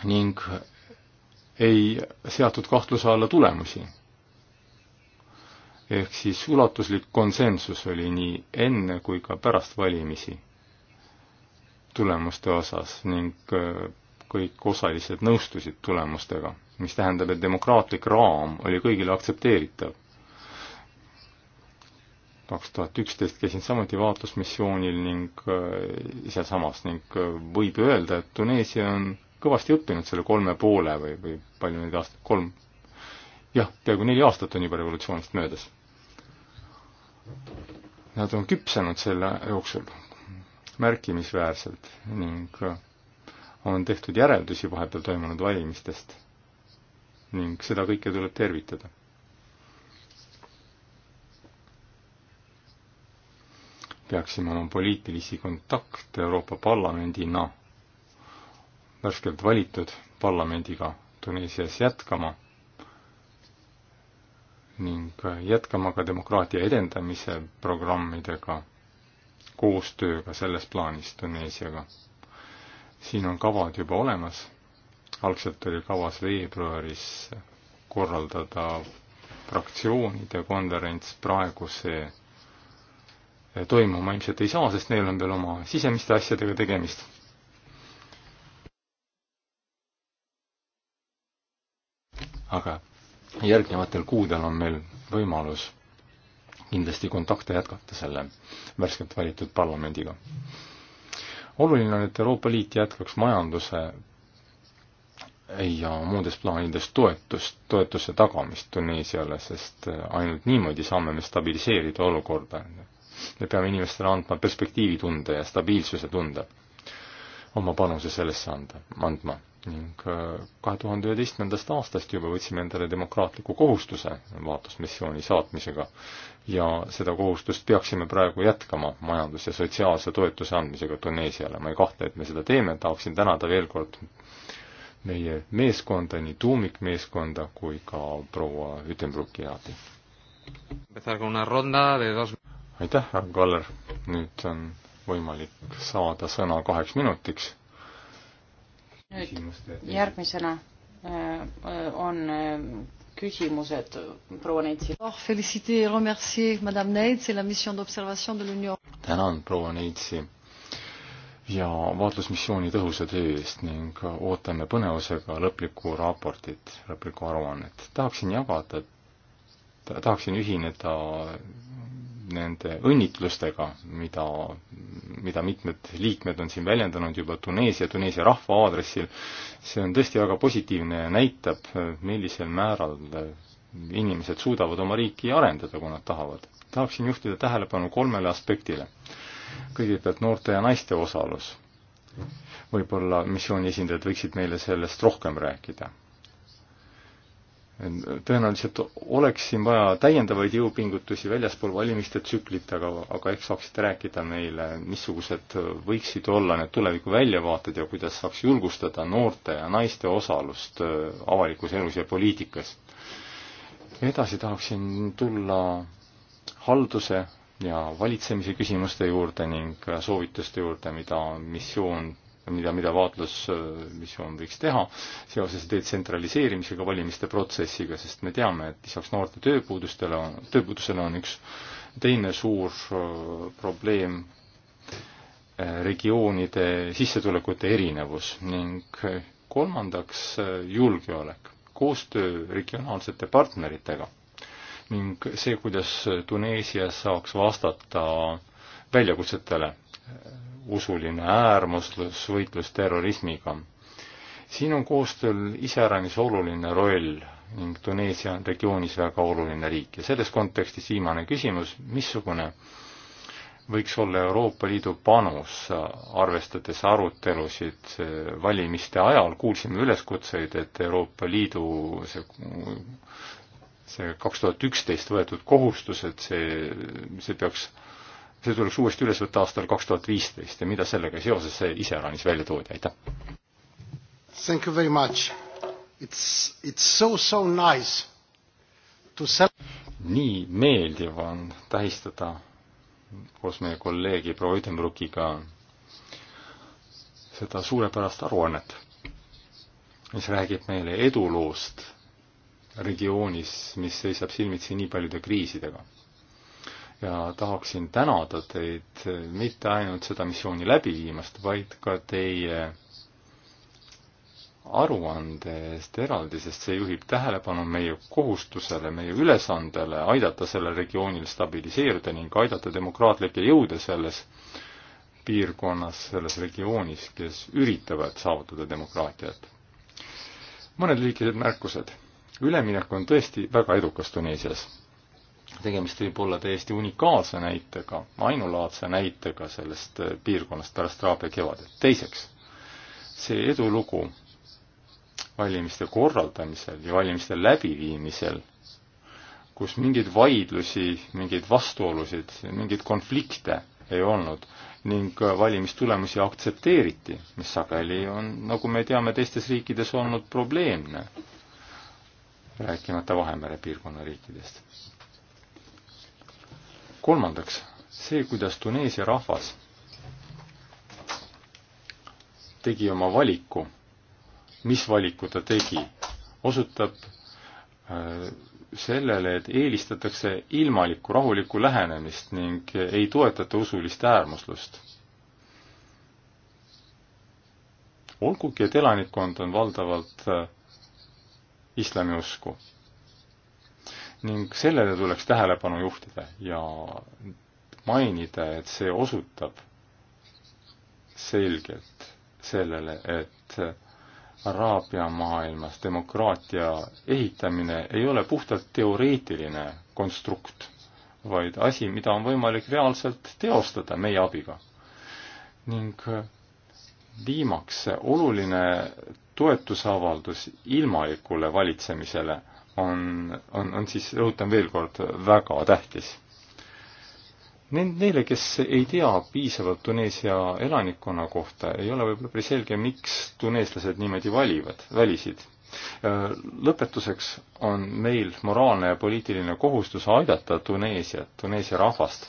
ning ei seatud kahtluse alla tulemusi. ehk siis ulatuslik konsensus oli nii enne kui ka pärast valimisi tulemuste osas ning äh, kõik osalised nõustusid tulemustega, mis tähendab, et demokraatlik raam oli kõigile aktsepteeritav. kaks tuhat üksteist käisin samuti vaatlusmissioonil ning äh, sealsamas ning äh, võib öelda, et Tuneesia on kõvasti õppinud selle kolme poole või, või palju neid aastaid, kolm, jah, peaaegu neli aastat on juba revolutsioonist möödas. Nad on küpsenud selle jooksul märkimisväärselt ning äh, on tehtud järeldusi vahepeal toimunud valimistest ning seda kõike tuleb tervitada. peaksime oma poliitilisi kontakte Euroopa Parlamendina värskelt valitud parlamendiga Tuneesias jätkama ning jätkama ka demokraatia edendamise programmidega, koostööga selles plaanis Tuneesiaga. siin on kavad juba olemas, algselt oli kavas veebruaris korraldada fraktsioonide konverents, praegu see toimuma ilmselt ei saa, sest neil on veel oma sisemiste asjadega tegemist aga järgnevatel kuudel on meil võimalus kindlasti kontakte jätkata selle värskelt valitud parlamendiga. oluline on, et Euroopa Liit jätkaks majanduse ja muudes plaanides toetust, toetuse tagamist Tuneesiale, sest ainult niimoodi saame me stabiliseerida olukorda. me peame inimestele andma perspektiivitunde ja stabiilsuse tunde, oma panuse sellesse anda, andma ning äh, kahe tuhande üheteistkümnendast aastast juba võtsime endale demokraatliku kohustuse vaatlusmissiooni saatmisega ja seda kohustust peaksime praegu jätkama majandus- ja sotsiaalse toetuse andmisega Tuneesiale. ma ei kahtle, et me seda teeme, tahaksin tänada veel kord meie meeskonda, nii tuumikmeeskonda kui ka proua Ütenbruki headi. aitäh, härra Kaller, nüüd on võimalik saada sõna kaheks minutiks nüüd järgmisena äh, on äh, küsimused proua Neitsi. tänan proua Neitsi ja vaatlusmissiooni tõhusa töö eest ning ootame põnevusega lõplikku raportit, lõplikku aruannet. tahaksin jagada, tahaksin ühineda nende õnnitlustega, mida, mida mitmed liikmed on siin väljendanud juba Tuneesia, Tuneesia rahva aadressil. see on tõesti väga positiivne ja näitab, millisel määral inimesed suudavad oma riiki arendada, kui nad tahavad. tahaksin juhtida tähelepanu kolmele aspektile. kõigepealt noorte ja naiste osalus. võib-olla missiooni esindajad võiksid meile sellest rohkem rääkida tõenäoliselt oleks siin vaja täiendavaid jõupingutusi väljaspool valimiste tsüklit, aga, aga ehk saaksite rääkida meile, missugused võiksid olla need tuleviku väljavaated ja kuidas saaks julgustada noorte ja naiste osalust äh, avalikus elus ja poliitikas. edasi tahaksin tulla halduse ja valitsemise küsimuste juurde ning äh, soovituste juurde, mida missioon mida, mida vaatlusmissioon äh, võiks teha seoses detsentraliseerimisega valimiste protsessiga, sest me teame, et lisaks noorte tööpuudustele, tööpuudusele on üks teine suur äh, probleem äh, regioonide sissetulekute erinevus ning kolmandaks julgeolek, koostöö regionaalsete partneritega ning see, kuidas Tuneesia saaks vastata väljakutsetele usuline äärmuslus, võitlus terrorismiga. siin on koostööl iseäranis oluline roll ning Tuneesia on regioonis väga oluline riik ja selles kontekstis viimane küsimus, missugune võiks olla Euroopa Liidu panus, arvestades arutelusid eh, valimiste ajal, kuulsime üleskutseid, et Euroopa Liidu see, see kaks tuhat üksteist võetud kohustused, see, see peaks see tuleks uuesti üles võtta aastal kaks tuhat viisteist ja mida sellega seoses iseäranis välja toodi, aitäh! Thank you very much. It's, it's so, so nice to sell nii meeldiv on tähistada koos meie kolleegi proua Üdenbrukiga seda suurepärast aruannet, mis räägib meile eduloost regioonis, mis seisab silmitsi nii paljude kriisidega ja tahaksin tänada teid mitte ainult seda missiooni läbiviimast, vaid ka teie aruande eest eraldi, sest see juhib tähelepanu meie kohustusele, meie ülesandele aidata sellel regioonil stabiliseeruda ning aidata demokraatlikke jõude selles piirkonnas, selles regioonis, kes üritavad saavutada demokraatiat. mõned lühikesed märkused. üleminek on tõesti väga edukas Tuneesias tegemist võib olla täiesti unikaalse näitega, ainulaadse näitega sellest äh, piirkonnast pärast Araabia kevadet. teiseks, see edulugu valimiste korraldamisel ja valimiste läbiviimisel, kus mingeid vaidlusi, mingeid vastuolusid, mingeid konflikte ei olnud ning äh, valimistulemusi aktsepteeriti, mis sageli on, nagu me teame, teistes riikides olnud probleemne, rääkimata Vahemere piirkonna riikidest kolmandaks, see, kuidas Tuneesia rahvas tegi oma valiku, mis valiku ta tegi, osutab äh, sellele, et eelistatakse ilmalikku rahulikku lähenemist ning ei toetata usulist äärmuslust. olgugi, et elanikkond on valdavalt äh, islamiusku ning sellele tuleks tähelepanu juhtida ja mainida, et see osutab selgelt sellele, et Araabia maailmas demokraatia ehitamine ei ole puhtalt teoreetiline konstrukt, vaid asi, mida on võimalik reaalselt teostada meie abiga. ning viimaks oluline toetusavaldus ilmalikule valitsemisele on, on, on siis, rõhutan veel kord, väga tähtis. Neile, kes ei tea piisavalt Tuneesia elanikkonna kohta, ei ole võib-olla päris selge, miks tuneeslased niimoodi valivad, välisid. Äh, lõpetuseks on meil moraalne ja poliitiline kohustus aidata Tuneesiat, Tuneesia rahvast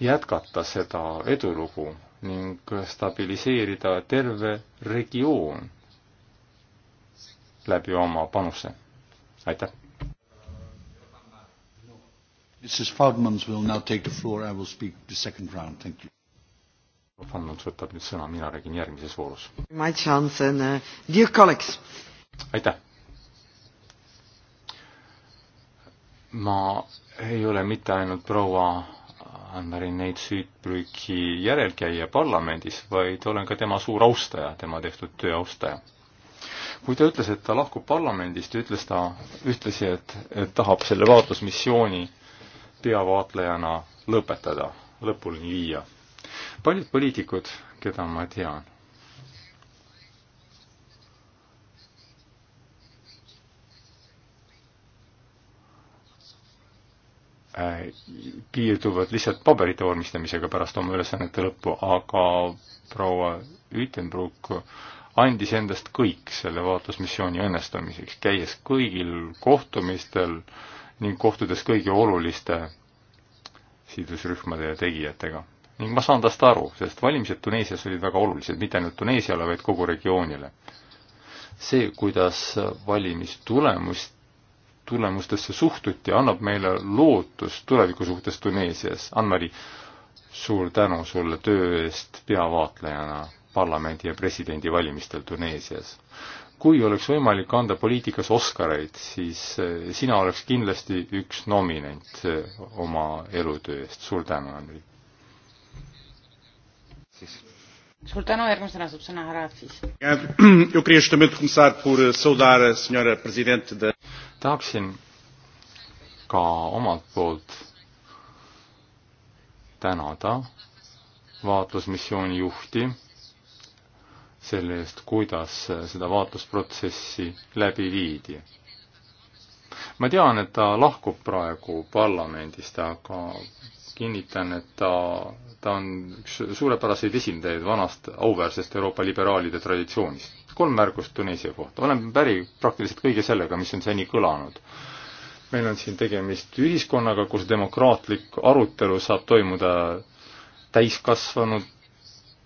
jätkata seda edulugu ning stabiliseerida terve regioon läbi oma panuse. aitäh! Mrs. Faudmans will now take the floor. I will speak the second round. Thank you. Faudmans võtab nüüd sõna, mina räägin järgmises voorus. My chance and uh, dear colleagues. aitäh. ma ei ole mitte ainult proua Annari neid süüdprüki järelkäija parlamendis, vaid olen ka tema suur austaja, tema tehtud töö austaja kui ta ütles, et ta lahkub parlamendist, ütles ta ühtlasi, et, et tahab selle vaatlusmissiooni peavaatlejana lõpetada, lõpuni viia. paljud poliitikud, keda ma tean, äh, piirduvad lihtsalt paberite vormistamisega pärast oma ülesannete lõppu, aga proua Ütenbruck andis endast kõik selle vaatlusmissiooni õnnestumiseks, käies kõigil kohtumistel ning kohtudes kõigi oluliste sidusrühmade ja tegijatega. ning ma saan tast aru, sest valimised Tuneesias olid väga olulised, mitte ainult Tuneesiale, vaid kogu regioonile. see, kuidas valimistulemust tulemustesse suhtuti, annab meile lootust tuleviku suhtes Tuneesias. Ann-Mari, suur tänu sulle töö eest peavaatlejana parlamendi ja presidendi valimistel Tuneesias. kui oleks võimalik anda poliitikas Oscareid, siis eh, sina oleks kindlasti üks nominent eh, oma elutöö eest. suur tänu, Andri. suur tänu, järgmisena saab sõna härra Atsis. tahaksin ka omalt poolt tänada vaatlusmissiooni juhti selle eest, kuidas seda vaatlusprotsessi läbi viidi. ma tean, et ta lahkub praegu parlamendist, aga kinnitan, et ta, ta on üks suurepäraseid esindajaid vanast auväärsest Euroopa liberaalide traditsioonist. kolm märkust Tuneesia kohta. olen päri praktiliselt kõige sellega, mis on seni kõlanud meil on siin tegemist ühiskonnaga, kus demokraatlik arutelu saab toimuda täiskasvanud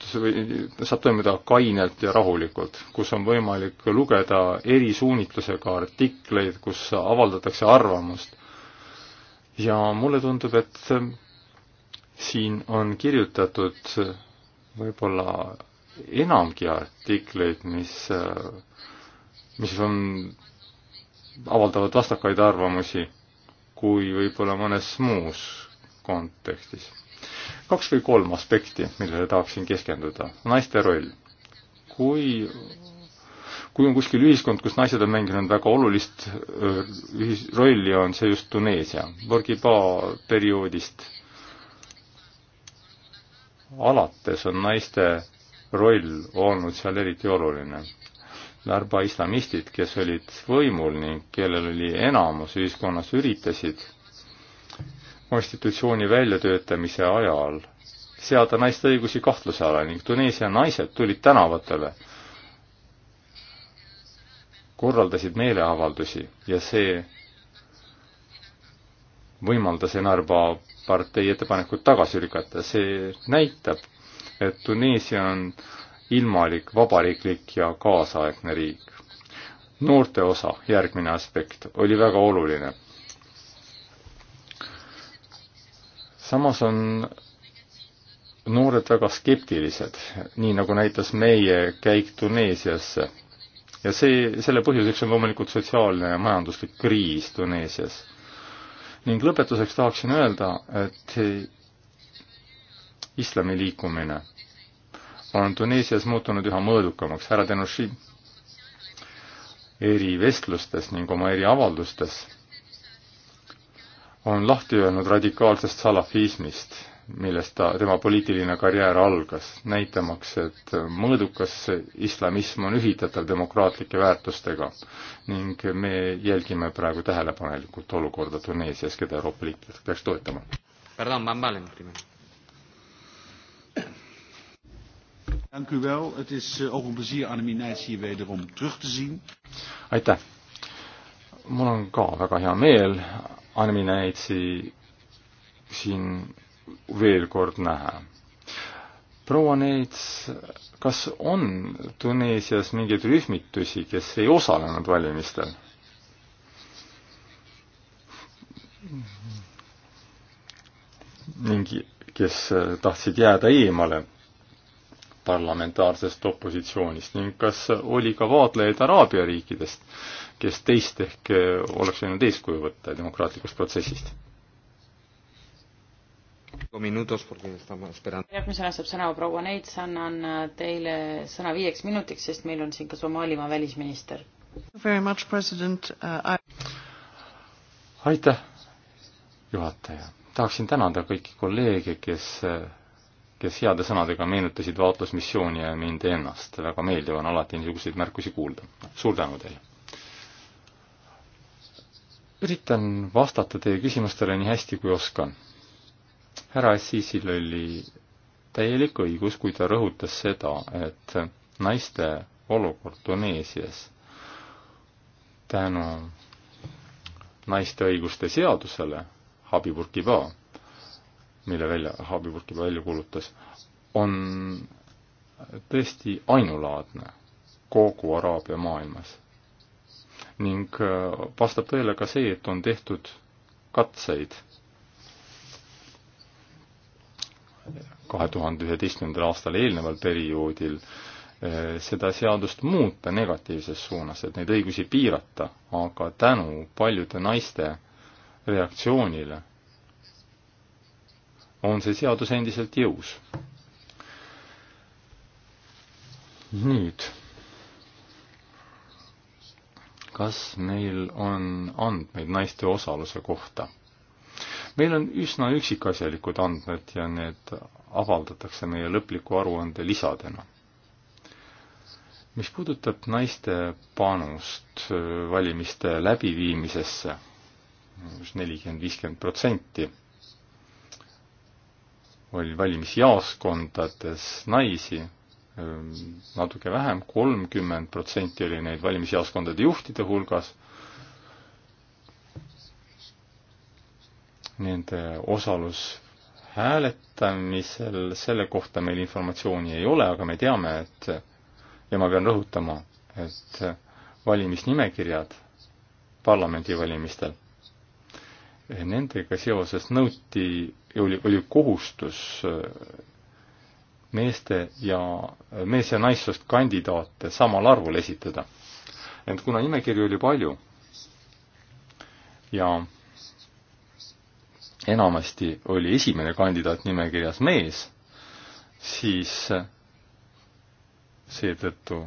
see või saab toimuda kainelt ja rahulikult, kus on võimalik lugeda erisuunitlusega artikleid, kus avaldatakse arvamust. ja mulle tundub, et siin on kirjutatud võib-olla enamgi artikleid, mis, mis on, avaldavad vastakaid arvamusi kui võib-olla mõnes muus kontekstis kaks või kolm aspekti, millele tahaksin keskenduda. naiste roll. kui, kui on kuskil ühiskond, kus naised on mänginud väga olulist ühis-, rolli, on see just Tuneesia. Burgiba perioodist alates on naiste roll olnud seal eriti oluline. Narva islamistid, kes olid võimul ning kellel oli enamus ühiskonnas, üritasid konstitutsiooni väljatöötamise ajal seada naiste õigusi kahtluse alla ning Tuneesia naised tulid tänavatele, korraldasid meeleavaldusi ja see võimaldas Enarva partei ettepanekut tagasi lükata. see näitab, et Tuneesia on ilmalik, vabariiklik ja kaasaegne riik. noorte osa, järgmine aspekt, oli väga oluline samas on noored väga skeptilised, nii nagu näitas meie käik Tuneesiasse. ja see, selle põhjuseks on loomulikult sotsiaalne ja majanduslik kriis Tuneesias. ning lõpetuseks tahaksin öelda, et islami liikumine on Tuneesias muutunud üha mõõdukamaks. härra Denoshi erivestlustes ning oma eriavaldustes on lahti öelnud radikaalsest salafismist, millest ta, tema poliitiline karjäär algas, näitamaks, et mõõdukas islamism on ühitatav demokraatlike väärtustega ning me jälgime praegu tähelepanelikult olukorda Tuneesias, keda Euroopa Liit peaks toetama. Dank u wel. Het is eh, ook een plezier Annemie Nijs hier wederom terug te zien. Aitäh. Mul on ka väga hea meel animinaidsi siin veel kord näha. proua Neits, kas on Tuneesias mingeid rühmitusi, kes ei osalenud valimistel? ning kes tahtsid jääda eemale parlamentaarsest opositsioonist ning kas oli ka vaatlejaid Araabia riikidest, kes teist ehk eh, oleks võinud eeskuju võtta demokraatlikust protsessist. järgmisena saab sõna proua Neits, annan eh, teile sõna viieks minutiks, sest meil on siin ka Somaalimaa välisminister. Uh, aitäh, juhataja. tahaksin tänada kõiki kolleege, kes kes heade sõnadega meenutasid vaatlusmissiooni ja mind ennast. väga meeldiv on alati niisuguseid märkusi kuulda. suur tänu teile! üritan vastata teie küsimustele nii hästi, kui oskan. härra Assisil oli täielik õigus, kui ta rõhutas seda, et naiste olukord Tuneesias tänu naiste õiguste seadusele, Habiburgiba, mille välja, Habiburgiba välja kuulutas, on tõesti ainulaadne kogu Araabia maailmas ning äh, vastab tõele ka see, et on tehtud katseid kahe tuhande üheteistkümnendal aastal eelneval perioodil äh, seda seadust muuta negatiivses suunas, et neid õigusi piirata, aga tänu paljude naiste reaktsioonile on see seadus endiselt jõus. nüüd kas neil on andmeid naiste osaluse kohta. meil on üsna üksikasjalikud andmed ja need avaldatakse meie lõpliku aruande lisadena. mis puudutab naiste panust äh, valimiste läbiviimisesse, umbes nelikümmend, viiskümmend protsenti, oli valimisjaoskondades naisi Ehm, natuke vähem, kolmkümmend protsenti oli neid valimisjaoskondade juhtide hulgas. Nende osalus hääletamisel, selle kohta meil informatsiooni ei ole, aga me teame, et ja ma pean rõhutama, et valimisnimekirjad parlamendivalimistel, nendega seoses nõuti, oli, oli kohustus meeste ja, mees- ja naissoost kandidaate samal arvul esitada. ent kuna nimekirju oli palju ja enamasti oli esimene kandidaat nimekirjas mees, siis seetõttu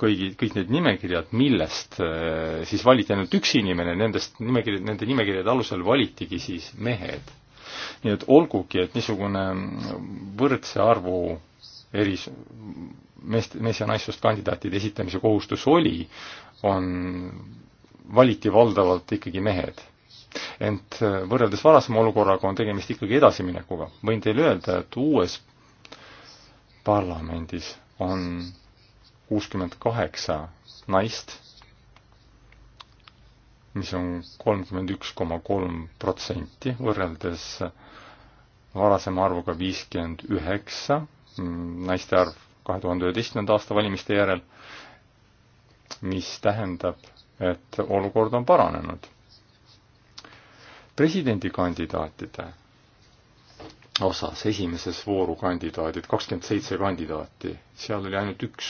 kõigi, kõik need nimekirjad, millest eh, siis valiti ainult üks inimene, nendest nimekirjad, nende nimekirjade alusel valitigi siis mehed nii et olgugi, et niisugune võrdse arvu eris-, meest, mees- ja naissoost kandidaatide esitamise kohustus oli, on, valiti valdavalt ikkagi mehed. ent äh, võrreldes varasema olukorraga on tegemist ikkagi edasiminekuga. võin teile öelda, et uues parlamendis on kuuskümmend kaheksa naist mis on kolmkümmend üks koma kolm protsenti võrreldes varasema arvuga viiskümmend üheksa, mm, naiste arv kahe tuhande üheteistkümnenda aasta valimiste järel, mis tähendab, et olukord on paranenud. presidendikandidaatide osas esimeses vooru kandidaadid, kakskümmend seitse kandidaati, seal oli ainult üks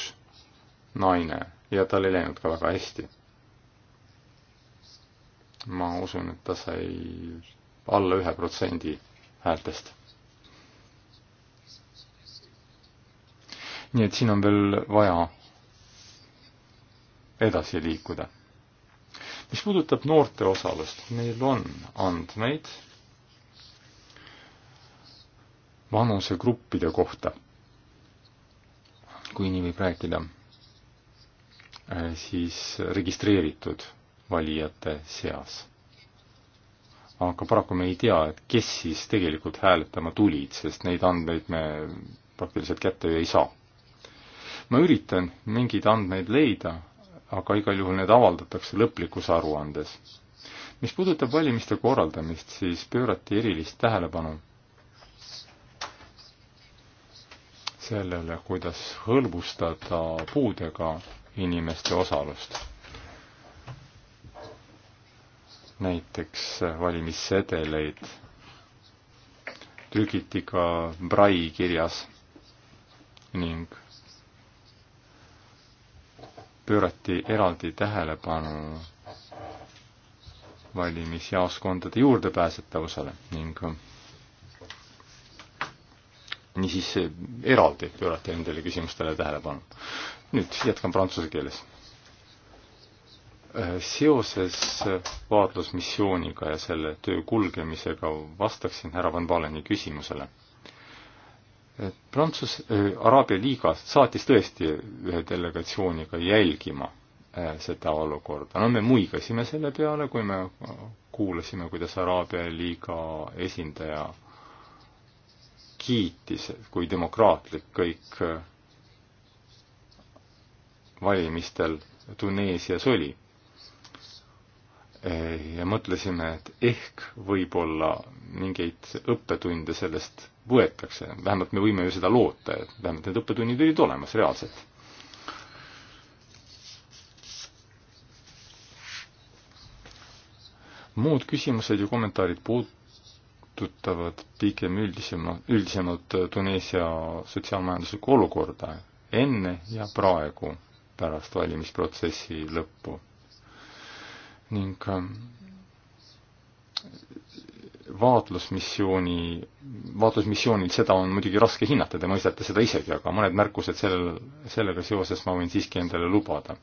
naine ja tal ei läinud ka väga hästi ma usun, et ta sai alla ühe protsendi häältest. nii et siin on veel vaja edasi liikuda. mis puudutab noorte osalust, meil on andmeid vanusegruppide kohta, kui nii võib rääkida, eh, siis registreeritud valijate seas. aga paraku me ei tea, et kes siis tegelikult hääletama tulid, sest neid andmeid me praktiliselt kätte ju ei saa. ma üritan mingeid andmeid leida, aga igal juhul need avaldatakse lõplikus aruandes. mis puudutab valimiste korraldamist, siis pöörati erilist tähelepanu sellele, kuidas hõlbustada puudega inimeste osalust näiteks valimissedeleid trügiti ka Brai kirjas ning pöörati eraldi tähelepanu valimisjaoskondade juurdepääsetavusele ning niisiis eraldi pöörati nendele küsimustele tähelepanu. nüüd jätkan prantsuse keeles seoses vaatlusmissiooniga ja selle töö kulgemisega vastaksin härra Van Valeni küsimusele. Prantsus äh,, Araabia liiga saatis tõesti ühe delegatsiooni ka jälgima äh, seda olukorda. no me muigasime selle peale, kui me kuulasime, kuidas Araabia liiga esindaja kiitis, kui demokraatlik kõik äh, valimistel Tuneesias oli Äh, ja mõtlesime, et ehk võib-olla mingeid õppetunde sellest võetakse, vähemalt me võime ju seda loota, et vähemalt need õppetunnid olid olemas reaalselt. muud küsimused ja kommentaarid puudutavad pigem üldisema, üldisemalt Tuneesia sotsiaalmajanduslikku olukorda enne ja praegu pärast valimisprotsessi lõppu ning ähm, vaatlusmissiooni, vaatlusmissioonil seda on muidugi raske hinnata, te mõistate seda isegi, aga mõned märkused sellel, sellega seoses ma võin siiski endale lubada.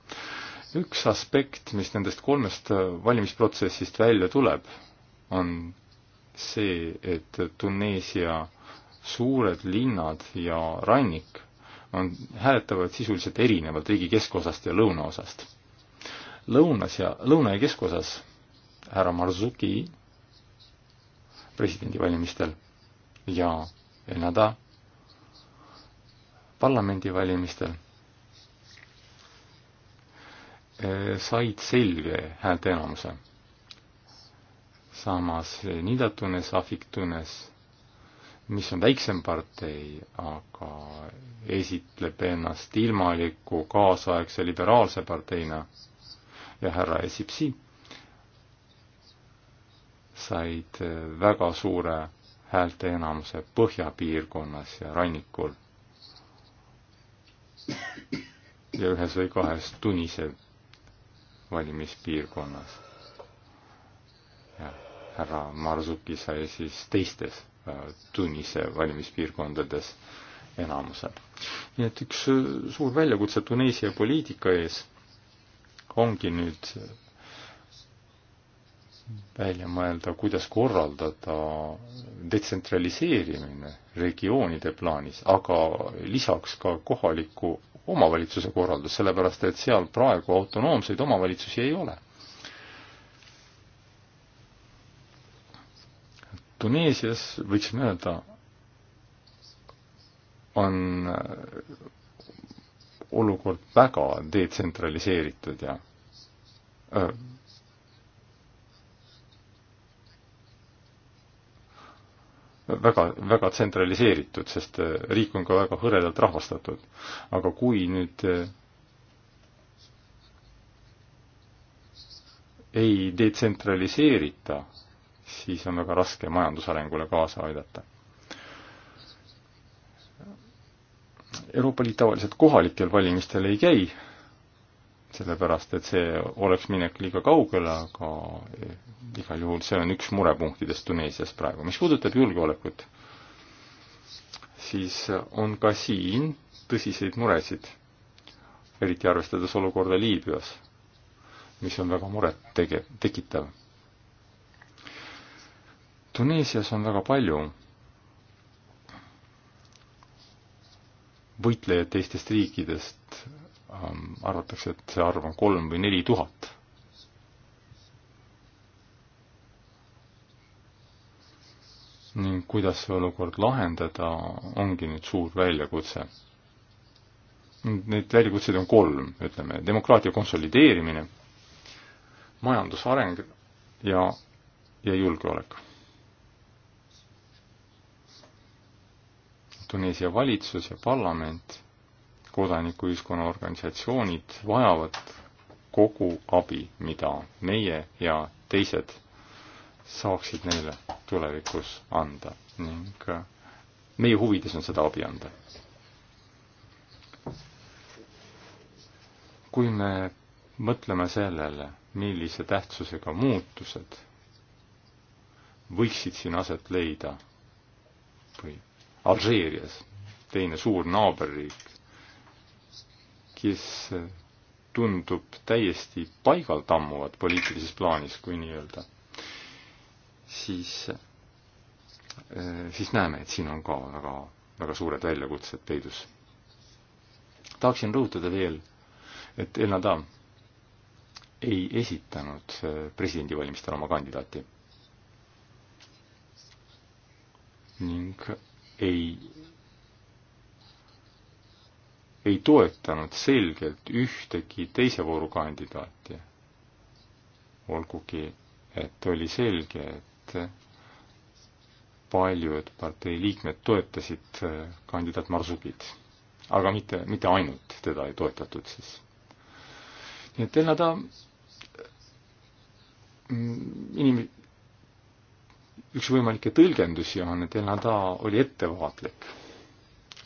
üks aspekt, mis nendest kolmest äh, valimisprotsessist välja tuleb, on see, et Tuneesia suured linnad ja rannik on, hääletavad sisuliselt erinevalt riigi keskosast ja lõunaosast lõunas ja, lõuna ja keskosas härra Marzuki presidendivalimistel ja Elnada parlamendivalimistel eh, said selge häälteenamuse. samas Nidatunes, Afiktunes, mis on väiksem partei, aga esitleb ennast ilmaliku kaasaegse liberaalse parteina ja härra Esipsi said eh, väga suure häälteenamuse põhjapiirkonnas ja rannikul ja ühes või kahes Tunise valimispiirkonnas. ja härra Marzuki sai siis teistes eh, Tunise valimispiirkondades enamuse. nii et üks eh, suur väljakutse Tuneesia poliitika ees ongi nüüd välja mõelda, kuidas korraldada detsentraliseerimine regioonide plaanis, aga lisaks ka kohaliku omavalitsuse korraldus, sellepärast et seal praegu autonoomseid omavalitsusi ei ole. Tuneesias võiksime öelda, on olukord väga detsentraliseeritud ja öö, väga, väga tsentraliseeritud, sest riik on ka väga hõredalt rahvastatud. aga kui nüüd ei detsentraliseerita, siis on väga raske majandusarengule kaasa aidata. Euroopa Liit tavaliselt kohalikel valimistel ei käi, sellepärast et see oleks minek liiga kaugele, aga eh, igal juhul see on üks murepunktidest Tuneesias praegu. mis puudutab julgeolekut, siis on ka siin tõsiseid muresid, eriti arvestades olukorda Liibüas, mis on väga muret tege-, tekitav. Tuneesias on väga palju võitlejaid teistest riikidest, ähm, arvatakse, et see arv on kolm või neli tuhat. ning kuidas see olukord lahendada, ongi nüüd suur väljakutse. Neid väljakutseid on kolm, ütleme, demokraatia konsolideerimine, majandusareng ja, ja julgeolek Tuneesia valitsus ja parlament, kodanikuühiskonna organisatsioonid vajavad kogu abi, mida meie ja teised saaksid neile tulevikus anda ning äh, meie huvides on seda abi anda. kui me mõtleme sellele, millise tähtsusega muutused võiksid siin aset leida Alžeerias, teine suur naaberriik, kes tundub täiesti paigalt ammuvat poliitilises plaanis, kui nii-öelda, siis, siis näeme, et siin on ka väga, väga suured väljakutsed peidus. tahaksin rõhutada veel, et El Nadam ei esitanud presidendivalimistel oma kandidaati ning ei, ei toetanud selgelt ühtegi teise vooru kandidaati. olgugi, et oli selge, et paljud partei liikmed toetasid äh, kandidaat Marsugit, aga mitte, mitte ainult teda ei toetatud siis. nii et Elnada mm, inim-, üks võimalikke tõlgendusi on, et Elnada oli ettevaatlik,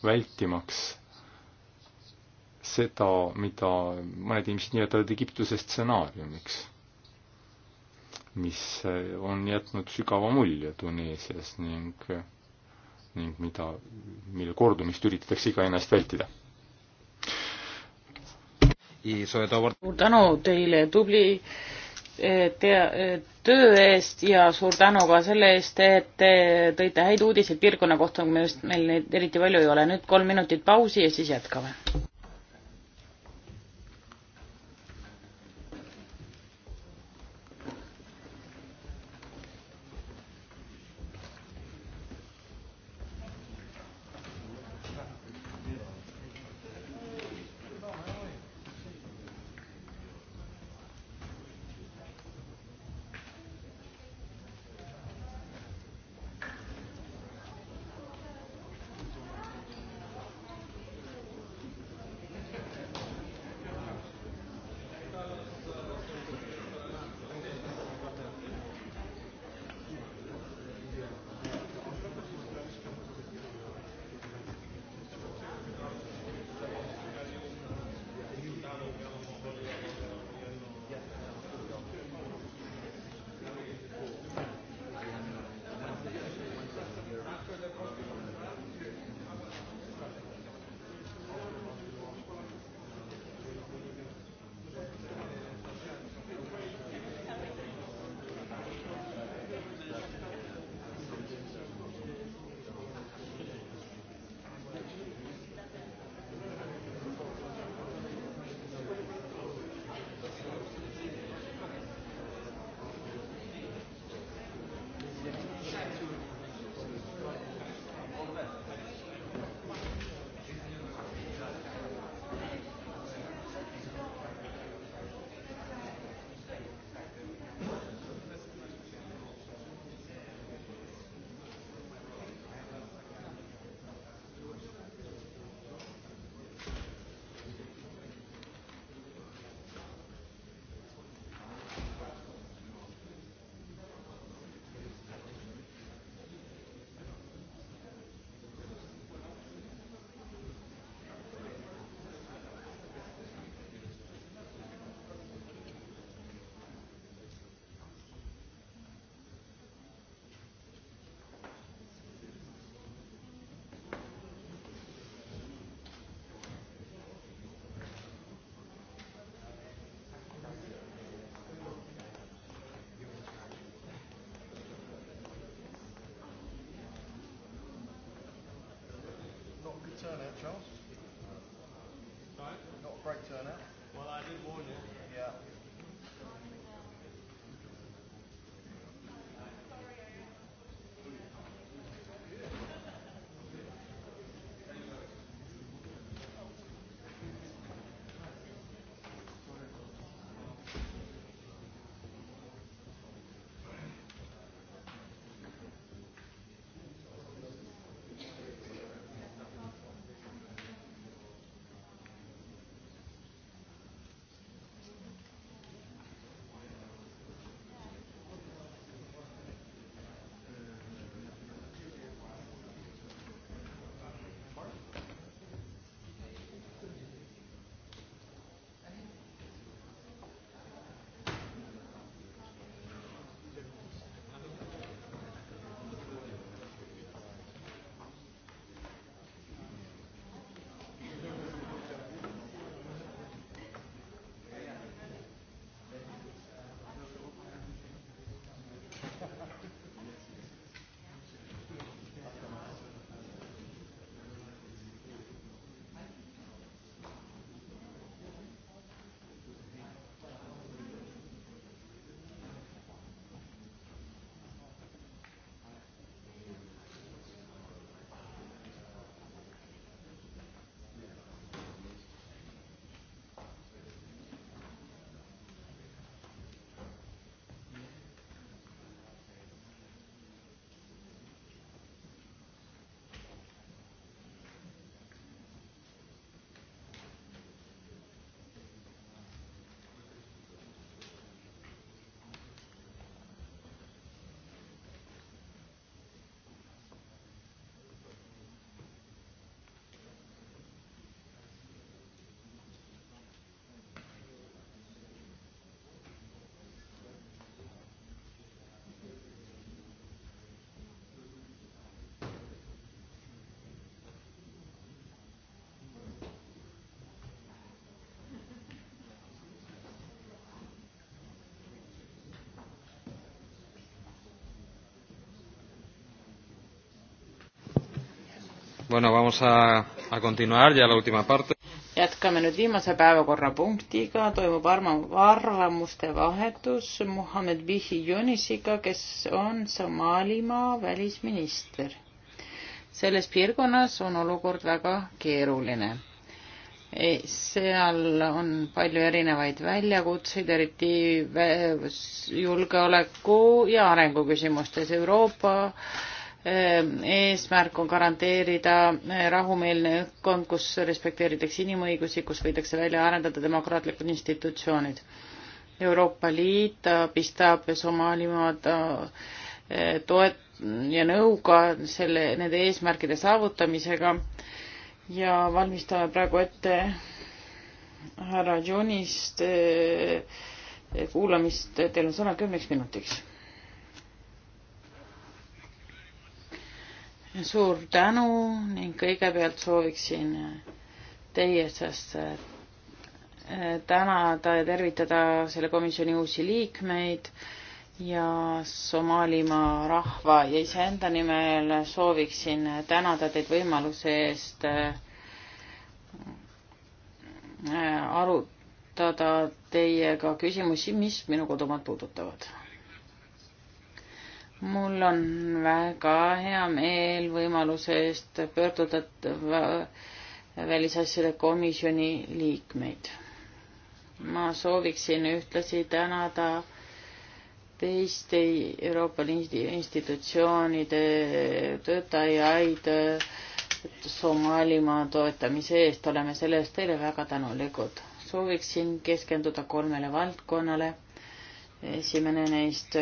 vältimaks seda, mida mõned inimesed nimetavad Egiptuse stsenaariumiks, mis on jätnud sügava mulje Tuneesias ning, ning mida, mille kordumist üritatakse iga ennast vältida. suur tänu teile tubli Eh, tea-, eh, töö eest ja suur tänu ka selle eest, et te tõite häid uudiseid piirkonna kohta, millest meil neid eriti palju ei ole. nüüd kolm minutit pausi ja siis jätkame. Bueno, vamos a, a continuar ya la última parte. jätkame nüüd viimase päevakorrapunktiga, toimub arma-, arvamuste vahetus Muhamed Bihi Yunisiga, kes on Somaalimaa välisminister. selles piirkonnas on olukord väga keeruline. E, seal on palju erinevaid väljakutseid, eriti julgeoleku ja arenguküsimustes Euroopa äh, Ehm, eesmärk on garanteerida eh, rahumeelne õhkkond, kus respekteeritakse inimõigusi, kus võidakse välja arendada demokraatlikud institutsioonid. Euroopa Liit abistab Somaalimaad eh, toet- ja nõuga selle, nende eesmärkide saavutamisega ja valmistame praegu ette härra Junist eh, kuulamist, teil on sõna kümneks minutiks suur tänu ning kõigepealt sooviksin teie seast äh, tänada ja tervitada selle komisjoni uusi liikmeid ja Somaalimaa rahva ja iseenda nimel sooviksin tänada teid võimaluse eest äh, arutada teiega küsimusi, mis minu kodumaad puudutavad mul on väga hea meel võimaluse eest pöörduda välisasjade komisjoni liikmeid. ma sooviksin ühtlasi tänada teiste Euroopa Liidu institutsioonide töötajaid Somaalimaa toetamise eest, oleme selle eest teile väga tänulikud. sooviksin keskenduda kolmele valdkonnale. esimene neist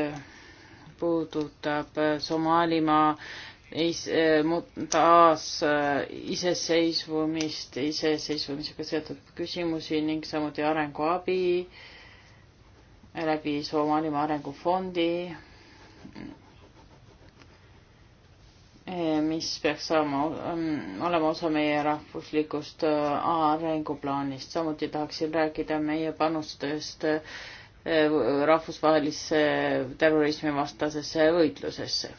puudutab äh, Somaalimaa is-, äh, taas äh, iseseisvumist, iseseisvumisega seotud küsimusi ning samuti arenguabi läbi Somaalimaa Arengufondi, mis peaks saama, ähm, olema osa meie rahvuslikust arenguplaanist. samuti tahaksin rääkida meie panustest äh, Eh, rahvusvahelisse terrorismivastasesse võitlusesse.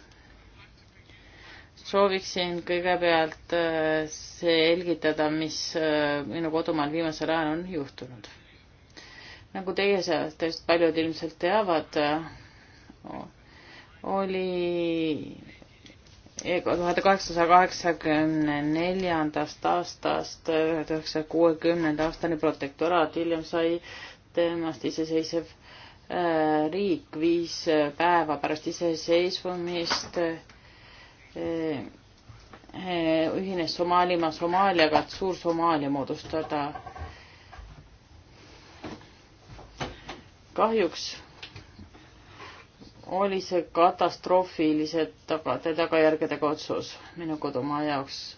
sooviksin kõigepealt eh, selgitada, mis eh, minu kodumaal viimasel ajal on juhtunud. nagu teie seast paljud ilmselt teavad, oli tuhande kaheksasaja kaheksakümne neljandast aastast üheksasaja kuuekümnenda aastani protektoraat, hiljem sai temast iseseisev äh, riik viis äh, päeva pärast iseseisvumist äh, ühines Somaalimaa Somaaliaga, et Suur-Somaalia moodustada. kahjuks oli see katastroofilise taga, tagajärgedega otsus minu kodumaa jaoks.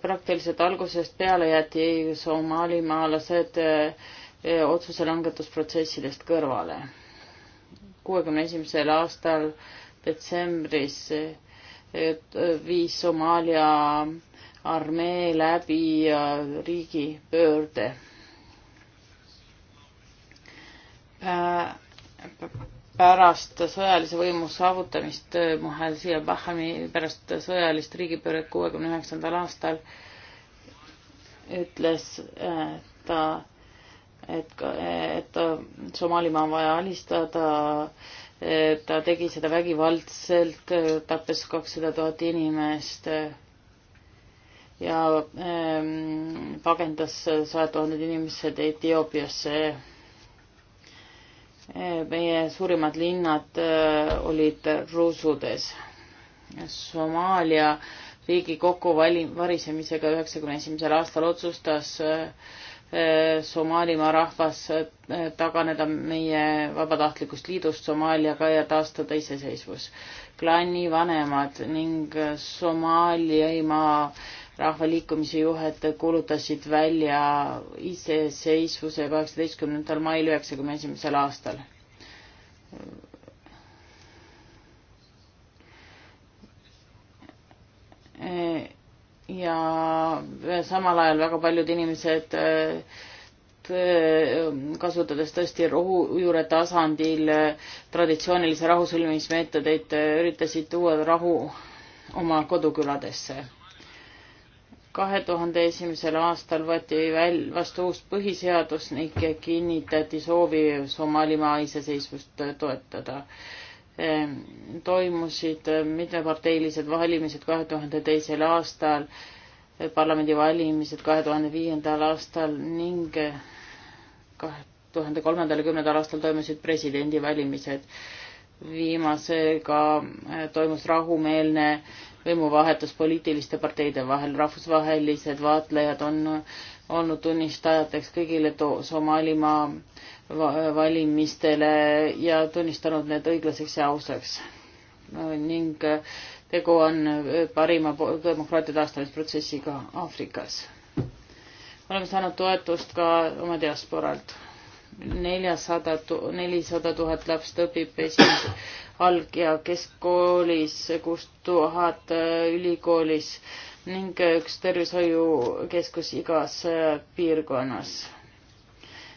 praktiliselt algusest peale jäeti soomaalimaalased äh, Eh, otsuse langetusprotsessidest kõrvale. kuuekümne esimesel aastal detsembris eh, viis Somaalia armee läbi eh, riigipöörde. pärast sõjalise võimu saavutamist Muhazi ja Bahami pärast sõjalist riigipööret kuuekümne üheksandal aastal ütles ta et, et Somaalimaa on vaja alistada. ta tegi seda vägivaldselt, tappes kakssada tuhat inimest ja ähm, pagendas sajad tuhanded inimesed Etioopiasse. Ehm, meie suurimad linnad äh, olid ruusudes. Somaalia riigi kokkuvali-, varisemisega üheksakümne esimesel aastal otsustas äh, Äh, Somaalimaa rahvas äh, taganeda meie vabatahtlikust liidust Somaaliaga ja taastada iseseisvus. klanni vanemad ning Somaalimaa rahvaliikumise juhed kuulutasid välja iseseisvuse kaheksateistkümnendal mail üheksakümne esimesel aastal äh, ja samal ajal väga paljud inimesed äh, kasutades tõesti rohujuure tasandil äh, traditsioonilise rahusõlmimismeetodeid äh, üritasid tuua rahu oma koduküladesse. kahe tuhande esimesel aastal võeti väl-, vastu uus põhiseadus ning kinnitati soovi Somaalimaa iseseisvust toetada Ehm, toimusid ehm, mitmeparteilised valimised kahe tuhande teisel aastal, ehm, parlamendivalimised kahe tuhande viiendal aastal ning kahe tuhande kolmandal ja kümnendal aastal toimusid presidendivalimised. viimasega toimus rahumeelne võimuvahetus poliitiliste parteide vahel, rahvusvahelised vaatlejad on olnud tunnistajateks kõigile Somaalimaa valimistele ja tunnistanud need õiglaseks ja ausaks ning äh, tegu on äh, parima demokraatia taastamisprotsessiga Aafrikas. oleme saanud toetust ka oma diasporalt. neljasada, nelisada tuhat last õpib esimeses alg- ja keskkoolis, kuus tuhat äh, ülikoolis ning üks tervishoiukeskus igas äh, piirkonnas.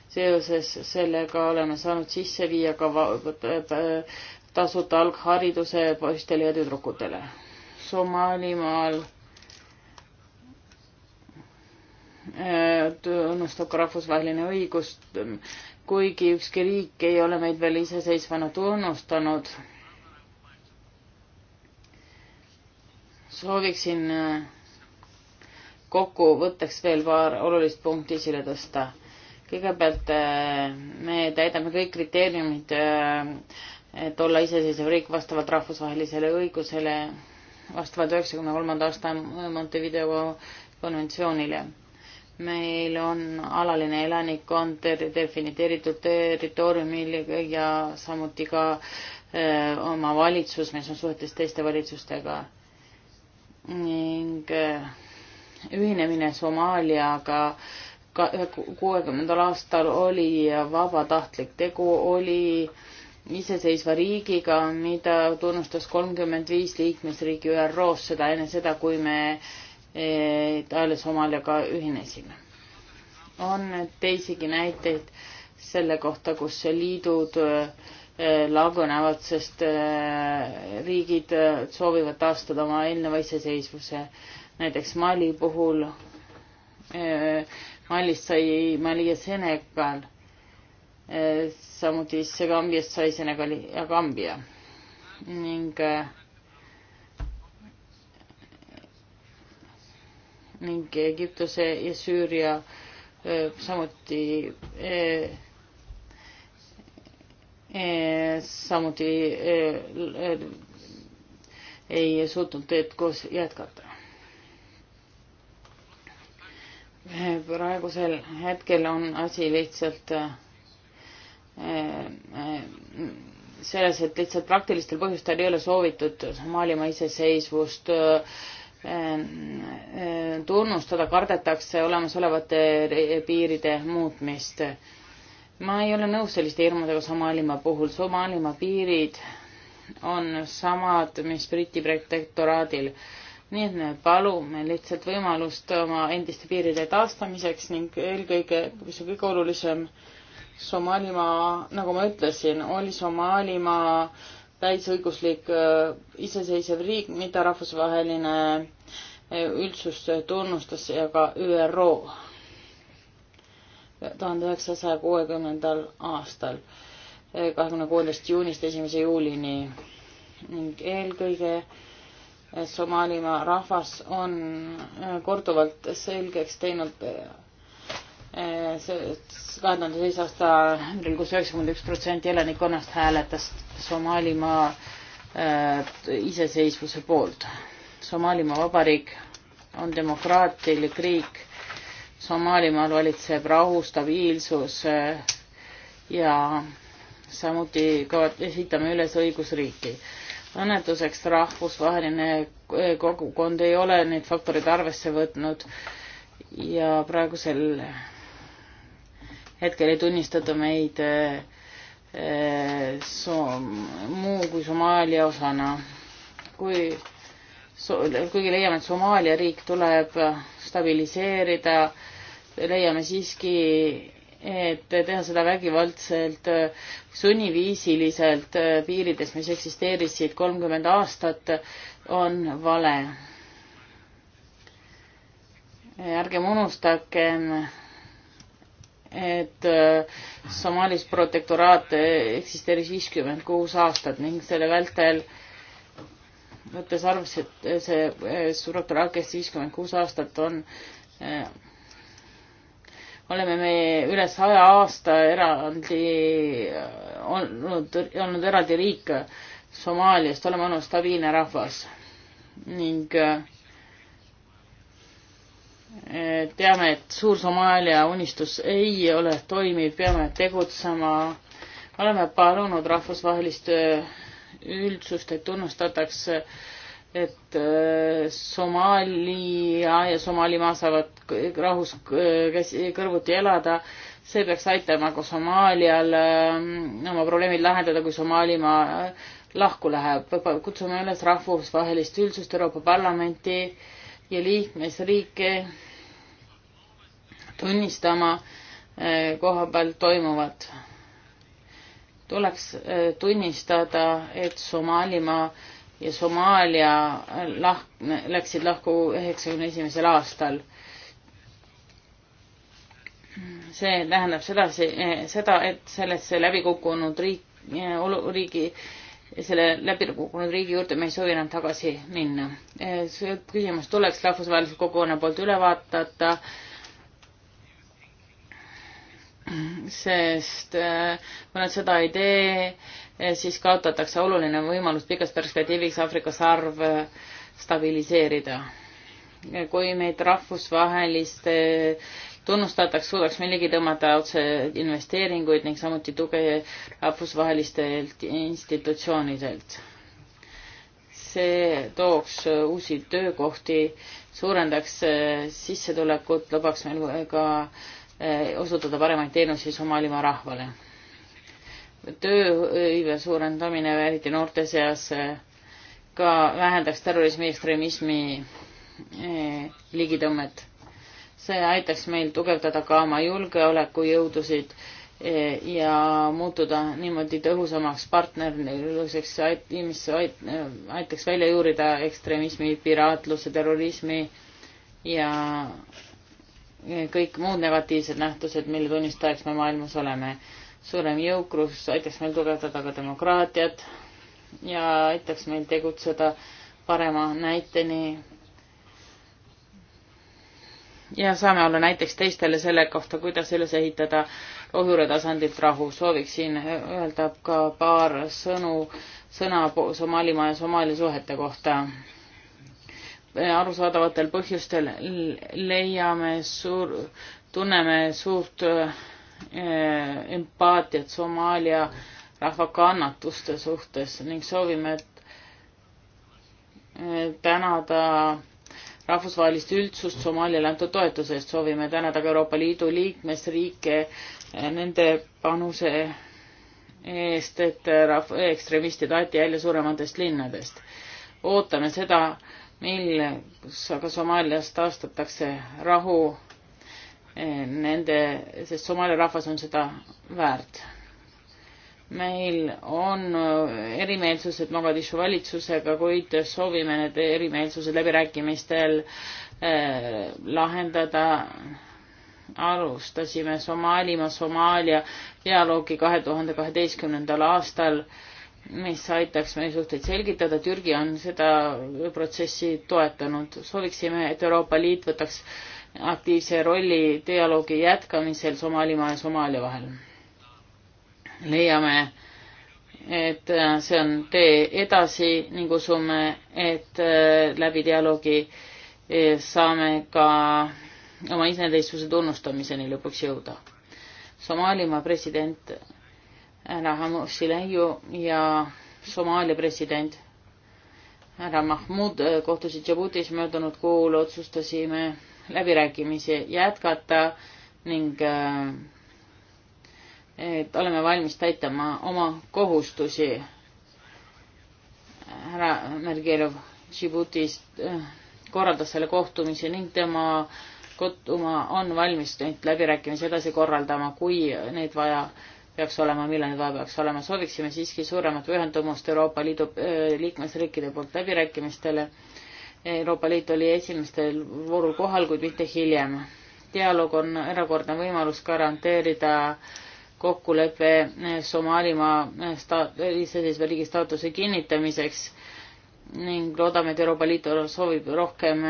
seoses sellega oleme saanud sisse viia ka äh, äh, tasuta alghariduse poistele ja tüdrukutele. Somaalimaal tunnustab ka rahvusvaheline õigus, ähm, kuigi ükski riik ei ole meid veel iseseisvana tunnustanud. sooviksin kokkuvõtteks veel paar olulist punkti esile tõsta. kõigepealt äh, me täidame kõik kriteeriumid, äh, et olla iseseisev riik vastavalt rahvusvahelisele õigusele, vastavalt üheksakümne kolmanda aasta Montevideo konventsioonile. meil on alaline elanikkond defineeritud territooriumil ja samuti ka äh, oma valitsus, mis on suhetes teiste valitsustega ning ühinemine Somaaliaga kuuekümnendal aastal oli vabatahtlik tegu, oli iseseisva riigiga, mida tunnustas kolmkümmend viis liikmesriigi ÜRO-s, seda enne seda, kui me e, Itaalia Somaaliaga ühinesime. on teisigi näiteid selle kohta, kus liidud e, lagunevad, sest e, riigid soovivad taastada oma eelneva iseseisvuse näiteks Mali puhul, eh, Malist sai Mali ja Senegal, eh, samuti siis Gambiast sai Senegali ja Gambia ning eh, ning Egiptuse ja Süüria samuti samuti ei suutnud teed koos jätkata. praegusel hetkel on asi lihtsalt äh, äh, selles, et lihtsalt praktilistel põhjustel ei ole soovitud Maalimaa iseseisvust äh, tunnustada, kardetakse olemasolevate piiride muutmist. ma ei ole nõus selliste hirmudega Somaalimaa puhul, Somaalimaa piirid on samad, mis Briti protektoraadil nii et me palume lihtsalt võimalust oma endiste piiride taastamiseks ning eelkõige, mis on kõige olulisem, Somaalimaa, nagu ma ütlesin, oli Somaalimaa täisõiguslik äh, iseseisev riik, mida rahvusvaheline äh, üldsus tunnustas ja ka ÜRO tuhande üheksasaja kuuekümnendal aastal, äh, kahekümne kuuendast juunist esimese juulini ning eelkõige Somaalimaa rahvas on äh, korduvalt selgeks teinud äh, kahe tuhande teise aasta ümbril, kus üheksakümmend üks protsenti elanikkonnast hääletas Somaalimaa äh, iseseisvuse poolt. Somaalimaa Vabariik on demokraatlik riik. Somaalimaal valitseb rahu, stabiilsus ja samuti ka esitame üles õigusriiki õnnetuseks rahvusvaheline eh, kogukond ei ole neid faktoreid arvesse võtnud ja praegusel hetkel ei tunnistata meid eh, so-, muu kui Somaalia osana. kui so-, kuigi leiame, et Somaalia riik tuleb stabiliseerida, leiame siiski, et teha seda vägivaldselt, sunniviisiliselt piirides, mis eksisteerisid kolmkümmend aastat, on vale. ärgem unustagem, et Somaalis protektoraat eksisteeris viiskümmend kuus aastat ning selle vältel võttes arvesse, et see eh, protektoraat kestis viiskümmend kuus aastat, on eh, oleme me üle saja aasta eraldi olnud, olnud eraldi riik Somaaliast, oleme olnud stabiilne rahvas ning eh, teame, et Suur-Somaalia unistus ei ole toimiv, peame tegutsema. oleme palunud rahvusvahelist eh, üldsust, et tunnustatakse äh, et äh, Somaalia ja Somaalimaa saavad rahus käsi, kõrvuti elada. see peaks aitama ka Somaalial ähm, oma probleemid lahendada, kui Somaalimaa äh, lahku läheb. kutsume üles rahvusvahelist üldsust, Euroopa Parlamenti ja liikmesriike tunnistama äh, koha peal toimuvat. tuleks tunnistada, et Somaalimaa ja Somaalia lah-, läksid lahku üheksakümne esimesel aastal. see tähendab sedasi, seda, et sellesse läbi kukkunud riik, riigi, selle läbi kukkunud riigi juurde me ei soovi enam tagasi minna. see küsimus tuleks rahvusvahelise kogukonna poolt üle vaadata sest äh, kui nad seda ei tee, äh, siis kaotatakse oluline võimalus pikas perspektiivis Aafrika sarv äh, stabiliseerida. kui meid rahvusvahelist tunnustataks, suudaks me ligi tõmmata otse investeeringuid ning samuti tuge rahvusvahelistelt institutsioonidelt. see tooks uusi töökohti, suurendaks sissetulekut, lubaks meil ka äh, Eh, osutada paremaid teenuseid Somaalimaa rahvale. tööhõive suurendamine, eriti noorte seas, eh, ka vähendaks terrorismi, ekstremismi eh, ligitõmmet. see aitaks meil tugevdada ka oma julgeolekujõudusid ja muutuda niimoodi tõhusamaks partnerluseks, mis aitaks välja juurida ekstremismi, piraatluse, terrorismi ja kõik muud negatiivsed nähtused, mille tunnistajaks me maailmas oleme. suurem jõukus aitaks meil tugevdada ka demokraatiat ja aitaks meil tegutseda parema näiteni. ja saame olla näiteks teistele selle kohta, kuidas üles ehitada rohujuure tasandilt rahu. sooviksin öelda ka paar sõnu, sõna Somaalimaa ja Somaalia suhete kohta arusaadavatel põhjustel leiame suur, tunneme suurt eh, empaatiat Somaalia rahva kannatuste suhtes ning soovime eh, tänada rahvusvahelist üldsust Somaaliale antud toetuse eest, soovime tänada ka Euroopa Liidu liikmesriike eh, nende panuse eest, et rahv-, ekstremistid aeti välja suurematest linnadest. ootame seda, mil, kus aga Somaalias taastatakse rahu eh, nende, sest Somaalia rahvas on seda väärt. meil on eh, erimeelsused Mogadishu valitsusega, kuid soovime need erimeelsused läbirääkimistel eh, lahendada alustasime Somaalimaa Somaalia dialoogi kahe tuhande kaheteistkümnendal aastal mis aitaks meie suhteid selgitada. Türgi on seda protsessi toetanud. sooviksime, et Euroopa Liit võtaks aktiivse rolli dialoogi jätkamisel Somaalimaa ja Somaalia vahel. leiame, et äh, see on tee edasi ning usume, et äh, läbi dialoogi äh, saame ka oma iseteistvuse tunnustamiseni lõpuks jõuda. Somaalimaa president härra Hamusi Leiu ja Somaalia president härra Mahmud äh, kohtusid Djiboutis möödunud kuul, otsustasime läbirääkimisi jätkata ning äh, et oleme valmis täitma oma kohustusi. härra Mergelov Djiboutist äh, korraldas selle kohtumise ning tema kodumaa on valmis neid läbirääkimisi edasi korraldama, kui neid vaja peaks olema, milline ta peaks olema, sooviksime siiski suuremat pühendumust Euroopa Liidu äh, liikmesriikide poolt läbirääkimistele. Euroopa Liit oli esimestel voorul kohal, kuid mitte hiljem. dialoog on erakordne võimalus garanteerida kokkulepe äh, Somaalimaa äh, staat-, iseseisva riigi staatuse kinnitamiseks ning loodame, et Euroopa Liit soovib rohkem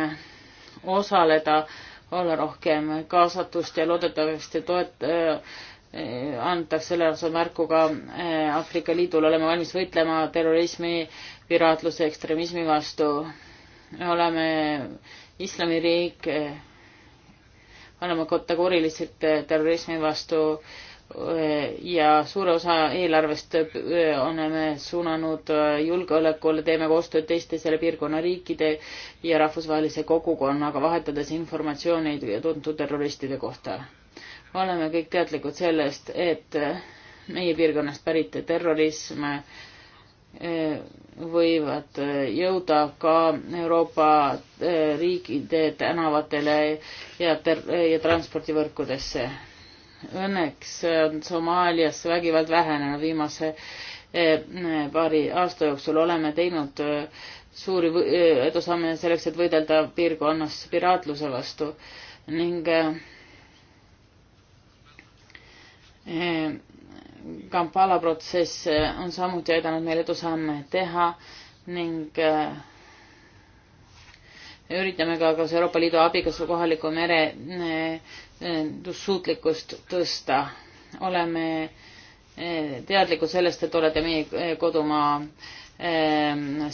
osaleda, olla rohkem kaasatust ja loodetavasti toet-, Eh, antakse selle osa märku ka eh, Aafrika Liidul, oleme valmis võitlema terrorismi, piraatluse, ekstremismi vastu. me oleme islamiriik, eh, oleme kategooriliselt terrorismi vastu ja suure osa eelarvest oleme suunanud julgeolekule, teeme koostööd teiste selle piirkonna riikide ja rahvusvahelise kogukonnaga, vahetades informatsiooni tuntud terroristide kohta oleme kõik teadlikud sellest, et eh, meie piirkonnast pärit terrorism eh, võivad eh, jõuda ka Euroopa riikide tänavatele ja, ja transpordivõrkudesse. Õnneks on Somaalias vägivald vähenenud viimase paari aasta jooksul oleme teinud suuri edusamme selleks, et võidelda piirkonnas piraatluse vastu ning Eh, Kampala protsess eh, on samuti aidanud meil edusamme teha ning eh, üritame ka koos Euroopa Liidu abiga su kohaliku mere suutlikkust tõsta. oleme teadlikud sellest, et olete meie kodumaa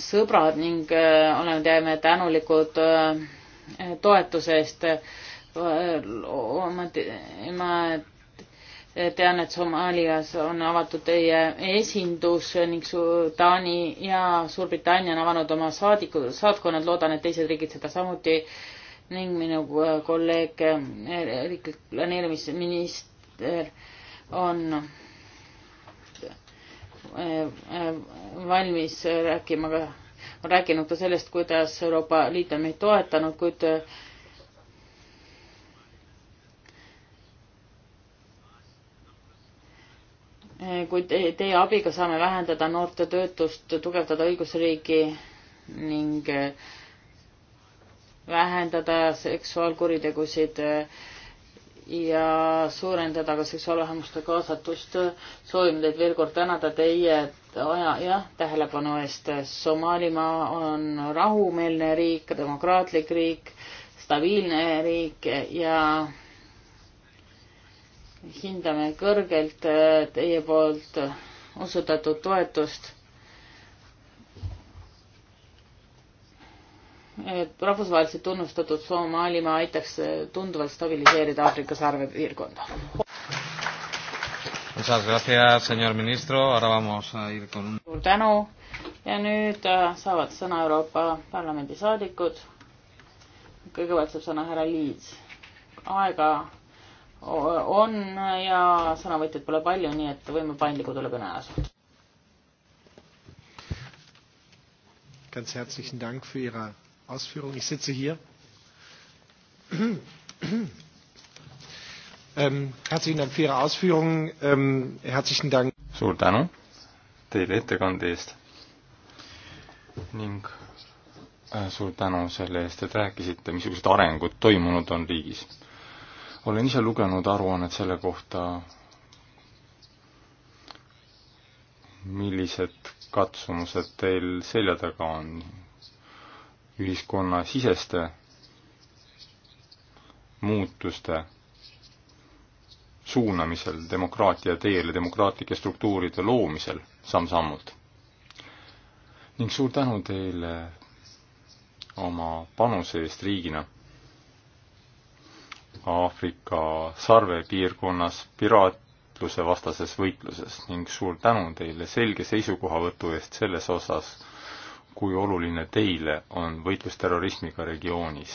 sõbrad ning oleme, teame tänulikud toetuse eest. ma tean, et Somaalias on avatud teie esindus ning su Taani ja Suurbritannia on avanud oma saadikud, saatkonnad, loodan, et teised riigid seda samuti ning minu äh, kolleeg äh, riiklik planeerimisminister on äh, valmis rääkima ka, on rääkinud ka sellest, kuidas Euroopa Liit on meid toetanud, kuid kuid teie abiga saame vähendada noorte töötust, tugevdada õigusriigi ning vähendada seksuaalkuritegusid ja suurendada ka seksuaalvähemuste kaasatust. soovime teid veel kord tänada teie aja ja tähelepanu eest. Somaalimaa on rahumeelne riik, demokraatlik riik, stabiilne riik ja hindame kõrgelt äh, teie poolt osutatud toetust. et rahvusvaheliselt tunnustatud Somaalimaa aitaks äh, tunduvalt stabiliseerida Aafrika sarve piirkonda. suur tänu ja nüüd äh, saavad sõna Euroopa Parlamendi saadikud. kõigepealt saab sõna härra Liits. aega on ja sõnavõtjaid pole palju, nii et võime paindlikud olla kõneajas. Ganz herzlichen Dank für Ihre Ausführung. Ich sitze hier. ähm, herzlichen Dank für Ihre Ausführungen. Ähm, herzlichen Dank. Suur tänu teile ettekande eest ning äh, suur tänu selle eest, et rääkisite, missugused arengud toimunud on riigis olen ise lugenud aruannet selle kohta, millised katsumused teil selja taga on ühiskonnasiseste muutuste suunamisel demokraatia teel ja demokraatlike struktuuride loomisel samm-sammult. ning suur tänu teile oma panuse eest riigina Aafrika sarvepiirkonnas piraatluse vastases võitluses ning suur tänu teile selge seisukohavõtu eest selles osas, kui oluline teile on võitlus terrorismiga regioonis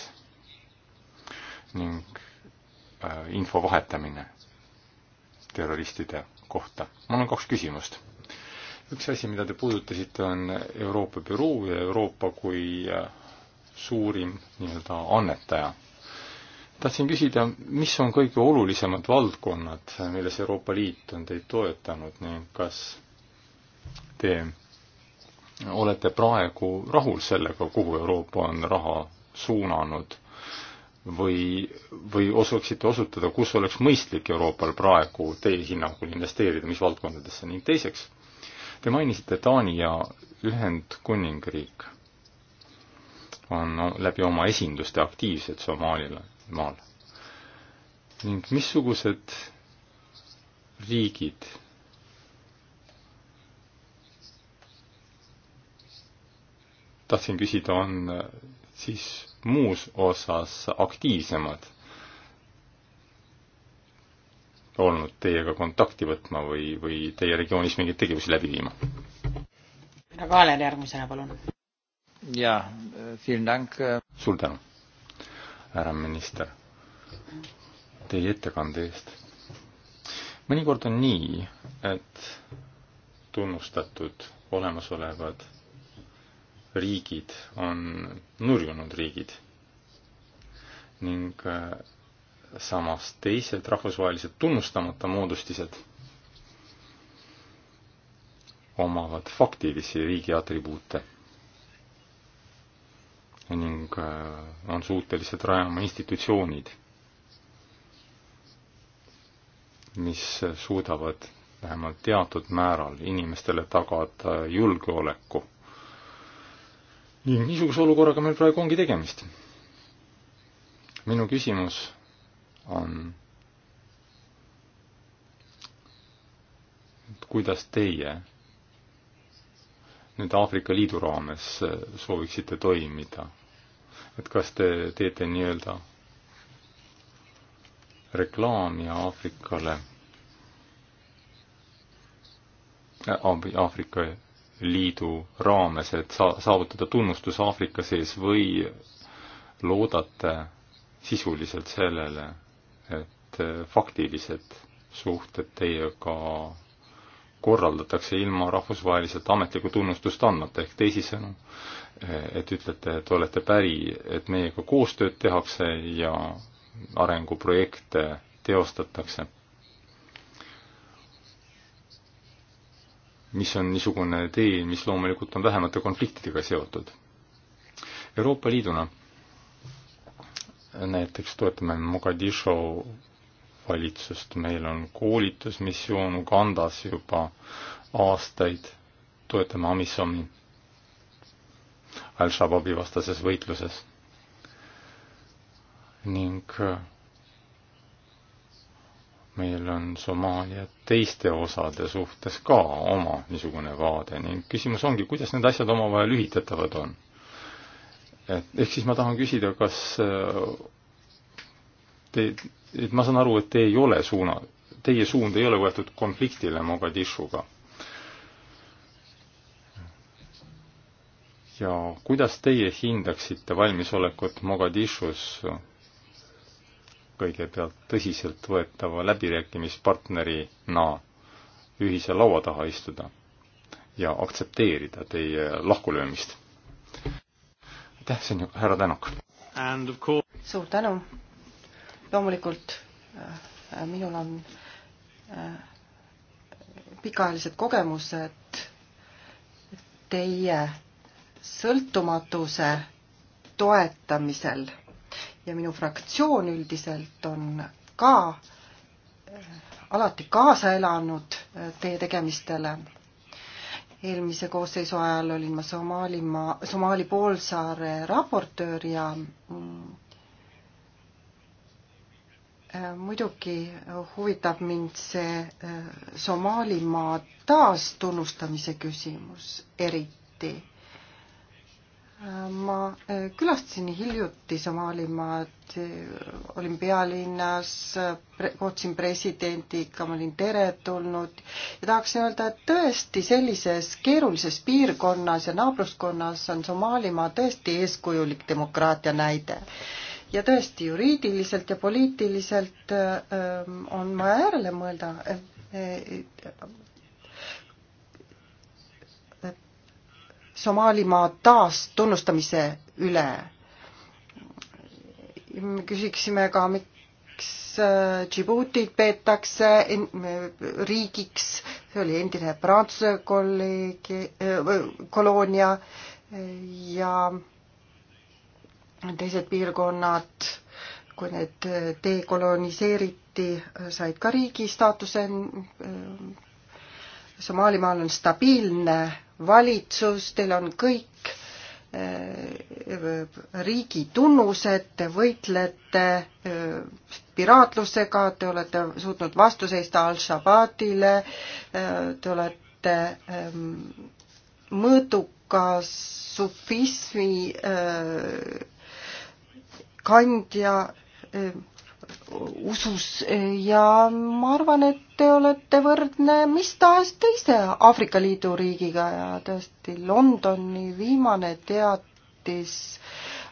ning äh, info vahetamine terroristide kohta. mul on kaks küsimust üks asi, mida te puudutasite, on Euroopa büroo ja Euroopa kui äh, suurim nii-öelda annetaja tahtsin küsida, mis on kõige olulisemad valdkonnad, milles Euroopa Liit on teid toetanud ning kas te olete praegu rahul sellega, kuhu Euroopa on raha suunanud või, või osaksite osutada, kus oleks mõistlik Euroopal praegu teie hinnangul investeerida, mis valdkondadesse ning teiseks, te mainisite Taani ja Ühendkuningriik on läbi oma esinduste aktiivsed Somaalile maal. ning missugused riigid tahtsin küsida, on siis muus osas aktiivsemad olnud teiega kontakti võtma või, või teie regioonis mingeid tegevusi läbi viima? härra Kaaler järgmisena, palun. jaa, vielen dank. suur tänu härra minister, teie ettekande eest. mõnikord on nii, et tunnustatud olemasolevad riigid on nurjunud riigid ning äh, samas teised rahvusvaheliselt tunnustamata moodustised omavad faktilisi riigi atribuute ning äh, on suutelised rajama institutsioonid, mis suudavad vähemalt teatud määral inimestele tagada julgeoleku. ning niisuguse olukorraga meil praegu ongi tegemist. minu küsimus on, kuidas teie nüüd Aafrika Liidu raames sooviksite toimida et kas te teete nii-öelda reklaami Aafrikale, Aafrika Liidu raames, et saa-, saavutada tunnustus Aafrika sees või loodate sisuliselt sellele, et faktilised suhted teiega korraldatakse ilma rahvusvaheliselt ametlikku tunnustust andmata, ehk teisisõnu, et ütlete, et olete päri, et meiega koostööd tehakse ja arenguprojekte teostatakse. mis on niisugune tee, mis loomulikult on vähemate konfliktidega seotud. Euroopa Liiduna näiteks toetame Mogadisho valitsust, meil on koolitusmissioon Ugandas juba aastaid, toetame Amisomi Al-Shabaabi vastases võitluses. ning äh, meil on Somaalia teiste osade suhtes ka oma niisugune vaade ning küsimus ongi, kuidas need asjad omavahel ühitatavad on. et ehk siis ma tahan küsida, kas äh, te, et ma saan aru, et te ei ole suuna, teie suund ei ole võetud konfliktile Mogadishuga ja kuidas teie hindaksite valmisolekut Mogadishus kõigepealt tõsiseltvõetava läbirääkimispartnerina ühise laua taha istuda ja aktsepteerida teie lahkulöömist? aitäh, see on ju härra Tänak. suur tänu. loomulikult äh, minul on äh, pikaajalised kogemused teie sõltumatuse toetamisel ja minu fraktsioon üldiselt on ka äh, alati kaasa elanud äh, teie tegemistele. eelmise koosseisu ajal olin ma Somaalimaa, Somaali poolsaare raportöör ja mm, äh, muidugi huvitab mind see Somaalimaa taastunustamise küsimus eriti ma äh, külastasin hiljuti Somaalimaad, äh, olin pealinnas, kohtusin presidendiga, ma olin teretulnud ja tahaksin öelda, et tõesti sellises keerulises piirkonnas ja naabruskonnas on Somaalimaa tõesti eeskujulik demokraatia näide. ja tõesti juriidiliselt ja poliitiliselt äh, on vaja järele mõelda, Somaalimaa taastunnustamise üle. me küsiksime ka, miks äh, Djiboutit peetakse riigiks, see oli endine Prantsuse kolleegi, äh, koloonia äh, ja teised piirkonnad, kui need dekoloniseeriti, said ka riigi staatuse Somaalimaal on stabiilne valitsus, teil on kõik eh, riigi tunnused, te võitlete eh, piraatlusega, te olete suutnud vastu seista Al-Shabaabile, eh, te olete mõõdukas sufismi kandja usus ja ma arvan, et te olete võrdne mis tahes teise Aafrika Liidu riigiga ja tõesti Londoni viimane teatis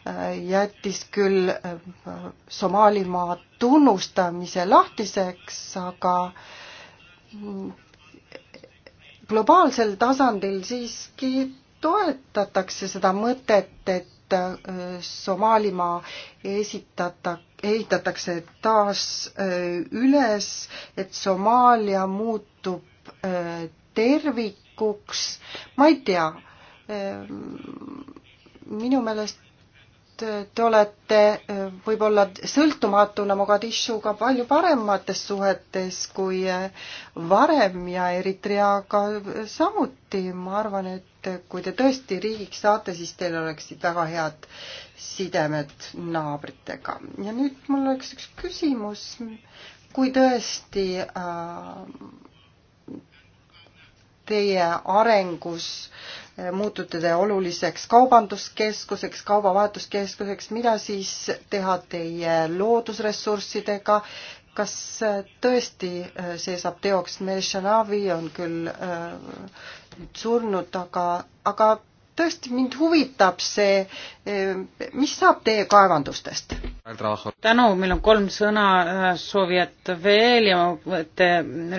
äh, jättis küll äh, Somaalimaa tunnustamise lahtiseks, aga mm, globaalsel tasandil siiski toetatakse seda mõtet, et äh, Somaalimaa esitatakse ehitatakse taas äh, üles, et Somaalia muutub äh, tervikuks, ma ei tea, äh, minu meelest te olete äh, võib-olla sõltumatuna Mogadishuga palju paremates suhetes kui äh, varem ja Eritreaga samuti. ma arvan, et kui te tõesti riigiks saate, siis teil oleksid väga head sidemed naabritega. ja nüüd mul oleks üks küsimus. kui tõesti äh, teie arengus muutute te oluliseks kaubanduskeskuseks, kaubavahetuskeskuseks, mida siis teha teie loodusressurssidega, kas äh, tõesti äh, see saab teoks, Mershanavi on küll äh, nüüd surnud, aga, aga tõesti mind huvitab see, mis saab teie kaevandustest? tänu, meil on kolm sõna soovijat veel ja et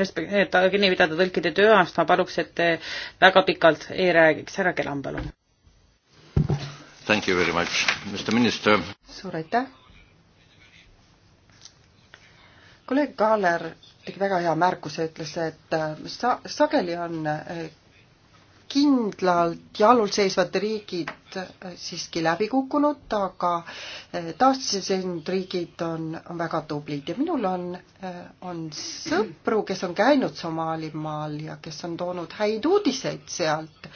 respekt-, et kinni pidada tõlkide tööaast, ma paluks, et te väga pikalt ei räägiks, härra Kelam, palun. Thank you very much, Mr Minister. suur aitäh. kolleeg Kaaler tegi väga hea märkuse, ütles, et sa-, sageli on kindlalt jalul seisvad riigid äh, siiski läbi kukkunud, aga äh, taasiseseisvunud riigid on, on väga tublid ja minul on, äh, on sõpru, kes on käinud Somaalimaal ja kes on toonud häid uudiseid sealt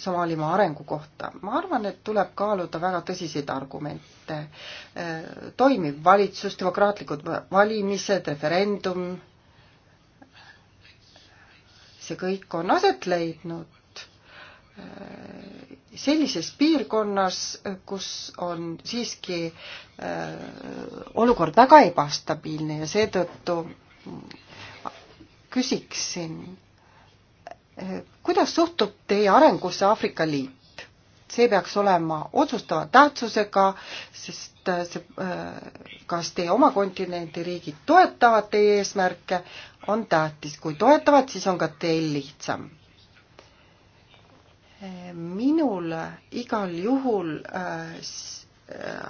Somaalimaa arengu kohta. ma arvan, et tuleb kaaluda väga tõsiseid argumente. toimiv valitsus, demokraatlikud valimised, referendum, see kõik on aset leidnud Äh, sellises piirkonnas, kus on siiski äh, olukord väga ebastabiilne ja seetõttu küsiksin, äh, kuidas suhtub teie arengusse Aafrika Liit? see peaks olema otsustava tähtsusega, sest see, kas teie oma kontinendi riigid toetavad teie eesmärke, on tähtis. kui toetavad, siis on ka teil lihtsam minul igal juhul äh, äh,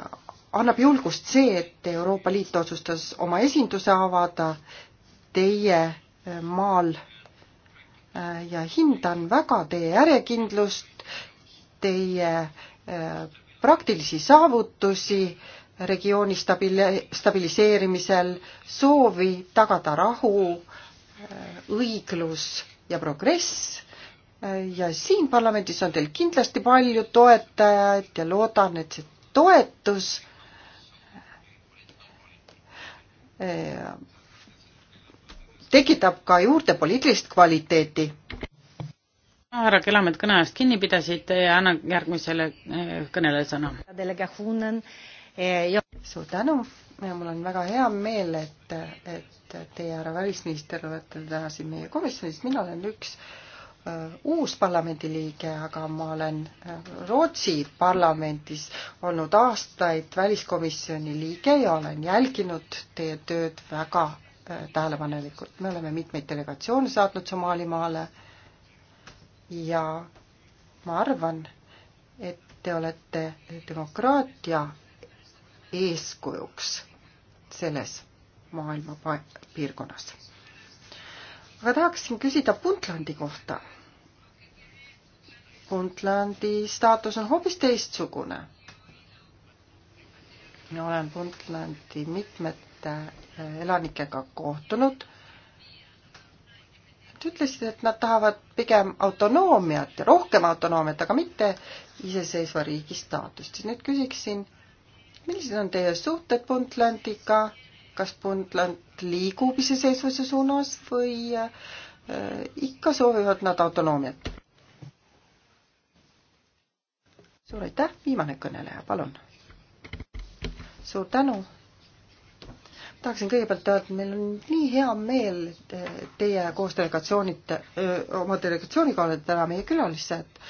annab julgust see, et Euroopa Liit otsustas oma esinduse avada teie äh, maal ja hindan väga teie järjekindlust, teie praktilisi saavutusi regiooni stabili-, stabiliseerimisel, soovi tagada rahu, õiglus ja progress Äh, ja siin parlamendis on teil kindlasti palju toetajaid ja loodan, et see toetus äh, tekitab ka juurde poliitilist kvaliteeti. härra Kelamet, kõne ajast kinni pidasite ja annan järgmisele äh, kõnele sõna. suur tänu, mul on väga hea meel, et, et teie, härra välisminister, olete täna siin meie komisjonis, mina olen üks äh, Äh, uus parlamendiliige, aga ma olen äh, Rootsi parlamendis olnud aastaid väliskomisjoni liige ja olen jälginud teie tööd väga äh, tähelepanelikult. me oleme mitmeid delegatsioone saatnud Somaalimaale ja ma arvan, et te olete demokraatia eeskujuks selles maailma piirkonnas. aga tahaksin küsida Puntlandi kohta Puntlandi staatus on hoopis teistsugune. olen Puntlandi mitmete eh, elanikega kohtunud. Nad ütlesid, et nad tahavad pigem autonoomiat ja rohkem autonoomiat, aga mitte iseseisva riigi staatust. siis nüüd küsiksin, millised on teie suhted Puntlandiga, kas Puntland liigub iseseisvuse suunas või äh, ikka soovivad nad autonoomiat? suur aitäh, viimane kõneleja, palun. suur tänu. tahaksin kõigepealt öelda, et meil on nii hea meel teie koos delegatsioonid, oma delegatsiooniga olete täna meie külalised.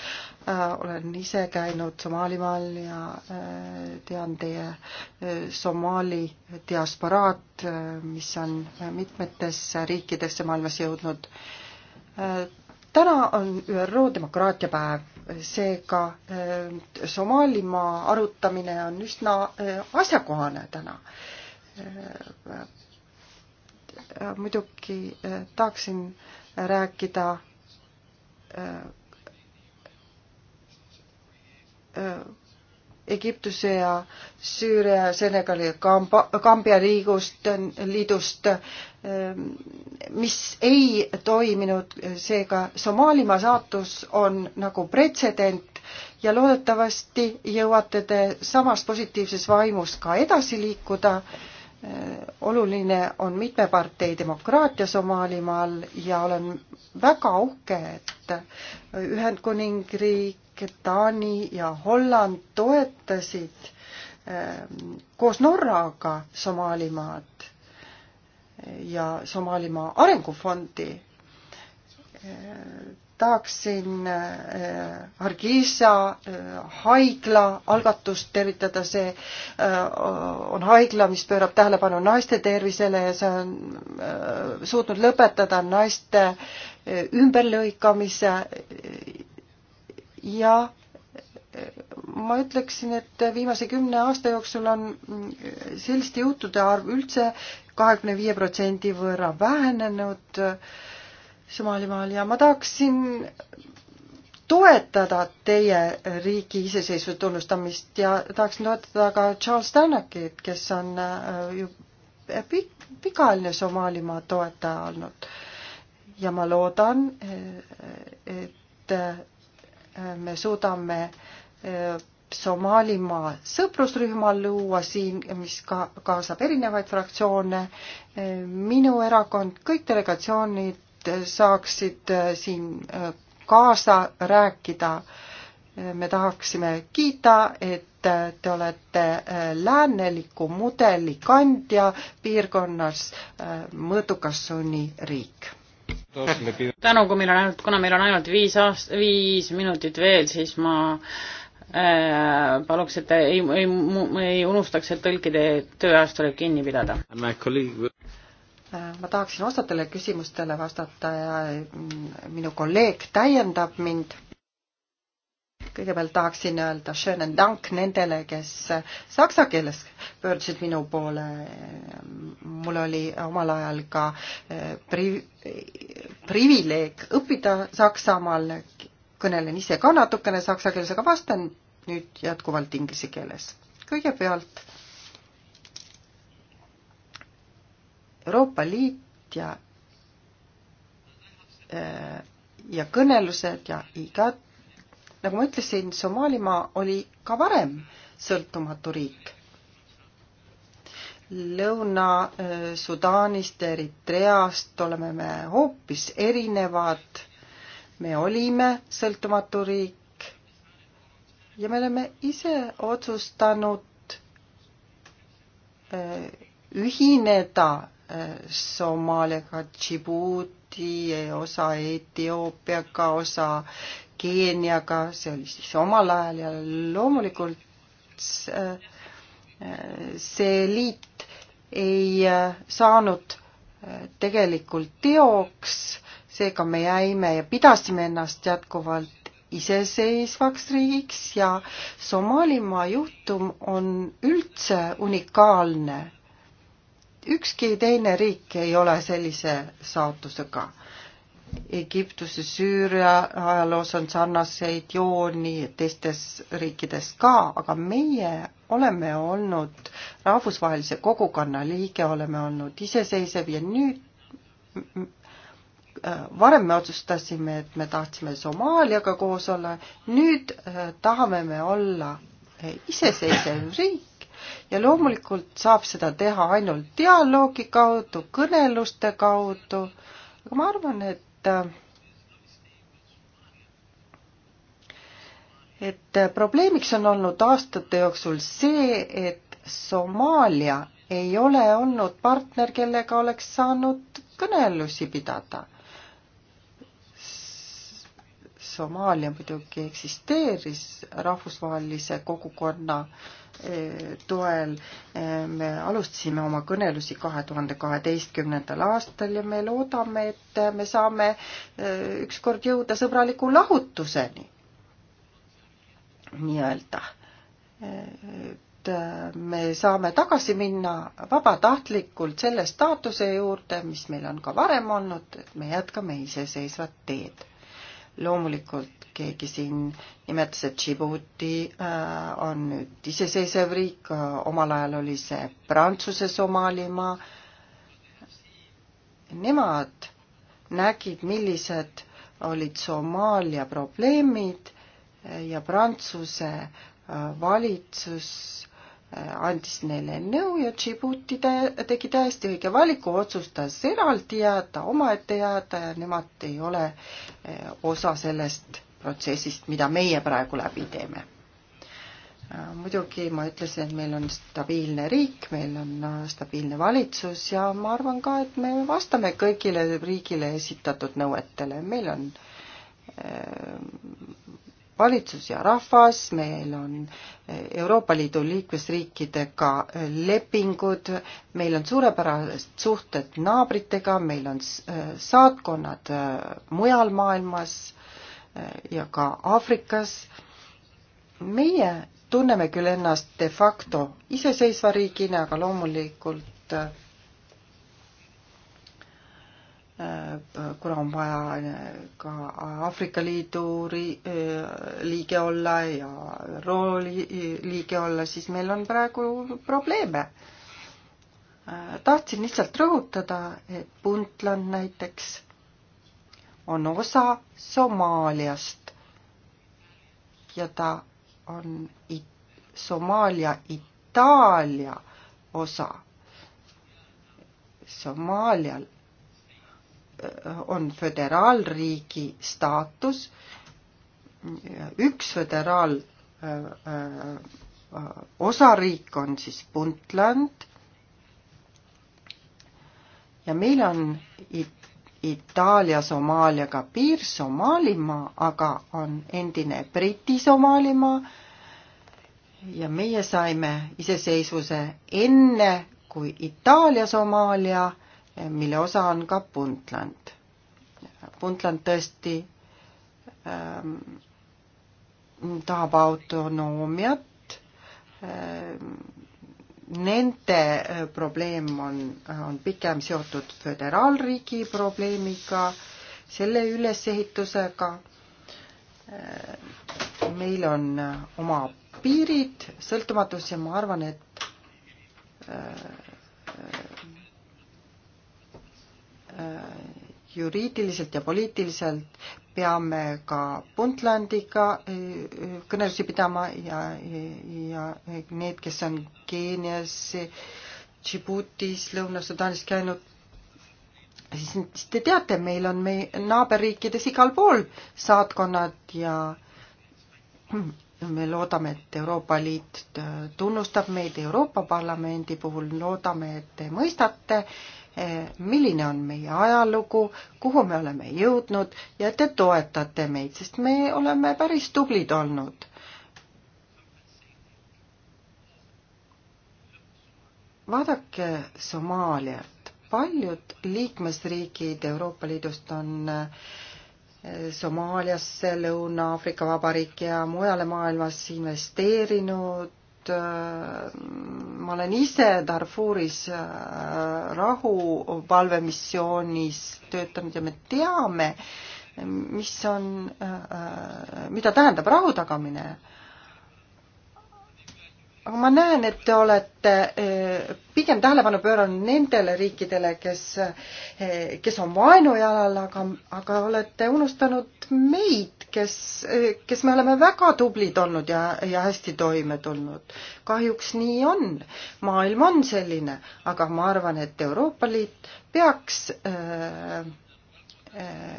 Äh, olen ise käinud Somaalimaal ja öö, äh, tean teie öö, äh, Somaali diasporaat, mis on mitmetesse riikidesse maailmas jõudnud. täna on ÜRO demokraatiapäev seega äh, Somaalimaa arutamine on üsna äh, asjakohane täna. Äh, muidugi tahaksin rääkida Egiptuse ja Süüria, Senegali Kamba, Kambja liigust, liidust, ähm, mis ei toiminud, seega Somaalimaa saatus on nagu pretsedent ja loodetavasti jõuate te samas positiivses vaimus ka edasi liikuda. Äh, oluline on mitme partei demokraatia Somaalimaal ja olen väga uhke, et Ühendkuningriik Slovakkia, Taani ja Holland toetasid ehm, koos Norraga Somaalimaad ja Somaalimaa Arengufondi. Ehm, tahaksin ehm, Hargisa haigla algatust tervitada, see on haigla, mis pöörab tähelepanu naiste tervisele ja see on suutnud lõpetada naiste ümberlõikamise ja eh, ma ütleksin, et viimase kümne aasta jooksul on mm, selliste juhtude arv üldse kahekümne viie protsendi võrra vähenenud eh, Somaalimaal ja ma tahaksin toetada teie riigi iseseisvuse tunnustamist ja tahaksin toetada ka Charles Tanakit, kes on eh, ju pikk, pikaajaline Somaalimaa toetaja olnud. ja ma loodan, et me suudame e, Somaalimaa sõprusrühma luua siin, mis ka kaasab erinevaid fraktsioone, e, minu erakond, kõik delegatsioonid saaksid e, siin kaasa rääkida. me tahaksime kiita, et te olete lääneliku mudeli kandja piirkonnas mõõdukas sunniriik tänu, kui meil on ainult, kuna meil on ainult viis aast-, viis minutit veel, siis ma äh, paluks, et ei, ei, ei unustaks, et tõlkide tööajast tuleb kinni pidada. Äh, ma tahaksin osadele küsimustele vastata ja mm, minu kolleeg täiendab mind kõigepealt tahaksin öelda schönen dank nendele, kes saksa keeles pöördusid minu poole. mul oli omal ajal ka eh, pri-, privileeg õppida Saksamaal, kõnelen ise ka natukene saksa keeles, aga vastan nüüd jätkuvalt inglise keeles. kõigepealt Euroopa Liit ja eh, ja kõnelused ja igat nagu ma ütlesin, Somaalimaa oli ka varem sõltumatu riik. Lõuna-Sudaanist, Eritreast oleme me hoopis erinevad. me olime sõltumatu riik ja me oleme ise otsustanud äh, ühineda äh, Somaaliaga, Djibouti, osa Etioopiaga, osa Keeniaga, see oli siis omal ajal ja loomulikult äh, äh, see liit ei äh, saanud tegelikult teoks, seega me jäime ja pidasime ennast jätkuvalt iseseisvaks riigiks ja Somaalimaa juhtum on üldse unikaalne. ükski teine riik ei ole sellise saatusega Egiptuse, Süüria ajaloos on sarnaseid jooni ja teistes riikides ka, aga meie oleme olnud rahvusvahelise kogukonna liige, oleme olnud iseseisev ja nüüd äh, varem me otsustasime, et me tahtsime Somaaliaga koos olla, nüüd äh, tahame me olla äh, iseseisev riik ja loomulikult saab seda teha ainult dialoogi kaudu, kõneluste kaudu, aga ma arvan, et et probleemiks on olnud aastate jooksul see, et Somaalia ei ole olnud partner, kellega oleks saanud kõnelusi pidada. Somaalia muidugi eksisteeris rahvusvahelise kogukonna äh, toel me alustasime oma kõnelusi kahe tuhande kaheteistkümnendal aastal ja me loodame, et me saame e, ükskord jõuda sõbraliku lahutuseni nii-öelda. E, et e, me saame tagasi minna vabatahtlikult selle staatuse juurde, mis meil on ka varem olnud, et me jätkame iseseisvat teed. loomulikult keegi siin nimetas, et Djibouti äh, on nüüd iseseisev riik, äh, omal ajal oli see Prantsuse Somaalimaa. Nemad nägid, millised olid Somaalia probleemid äh, ja Prantsuse valitsus andis neile nõu ja Djibouti tegi täiesti õige valiku, otsustas eraldi jääda, omaette jääda ja nemad ei ole osa sellest protsessist, mida meie praegu läbi teeme. Äh, muidugi ma ütlesin, et meil on stabiilne riik, meil on äh, stabiilne valitsus ja ma arvan ka, et me vastame kõigile riigile esitatud nõuetele, meil on äh, valitsus ja rahvas, meil on Euroopa Liidu liikmesriikidega lepingud, meil on suurepärased suhted naabritega, meil on saatkonnad mujal maailmas, ja ka Aafrikas. meie tunneme küll ennast de facto iseseisva riigina, aga loomulikult äh, kuna on vaja äh, ka Aafrika Liidu äh, liige olla ja ÜRO liige olla, siis meil on praegu probleeme. tahtsin lihtsalt rõhutada, et Puntland näiteks on osa Somaaliast ja ta on It Somaalia Itaalia osa. Somaalial äh, on föderaalriigi staatus, üks föderaal äh, äh, osariik on siis Puntland ja meil on It Itaalia Somaaliaga piir, Somaalimaa aga on endine Briti Somaalimaa ja meie saime iseseisvuse enne kui Itaalia Somaalia, mille osa on ka Puntland. Puntland tõesti ähm, tahab autonoomiat ähm, nende äh, probleem on, äh, on pigem seotud föderaalriigi probleemiga, selle ülesehitusega. Äh, meil on oma piirid, sõltumatus ja ma arvan, et juriidiliselt ja poliitiliselt peame ka Puntlandiga eh, kõnelusi pidama ja, ja need, kes on Keenias, Džibutis, Lõuna-Sudaanis käinud, siis, siis te teate, meil on meie naaberriikides igal pool saatkonnad ja me loodame, et Euroopa Liit tunnustab meid Euroopa Parlamendi puhul, loodame, et te mõistate, milline on meie ajalugu, kuhu me oleme jõudnud ja te toetate meid, sest me oleme päris tublid olnud. vaadake Somaaliat, paljud liikmesriigid Euroopa Liidust on eh, Somaaliasse, Lõuna-Aafrika Vabariiki ja mujale maailmas investeerinud Äh, ma olen ise Darfuris äh, rahuvalvemissioonis töötanud ja me teame, mis on, äh, mida tähendab rahu tagamine aga ma näen, et te olete eh, pigem tähelepanu pööranud nendele riikidele, kes, eh, kes on vaenujalal, aga, aga olete unustanud meid, kes, eh, kes me oleme väga tublid olnud ja, ja hästi toime tulnud. kahjuks nii on. maailm on selline, aga ma arvan, et Euroopa Liit peaks äh, äh,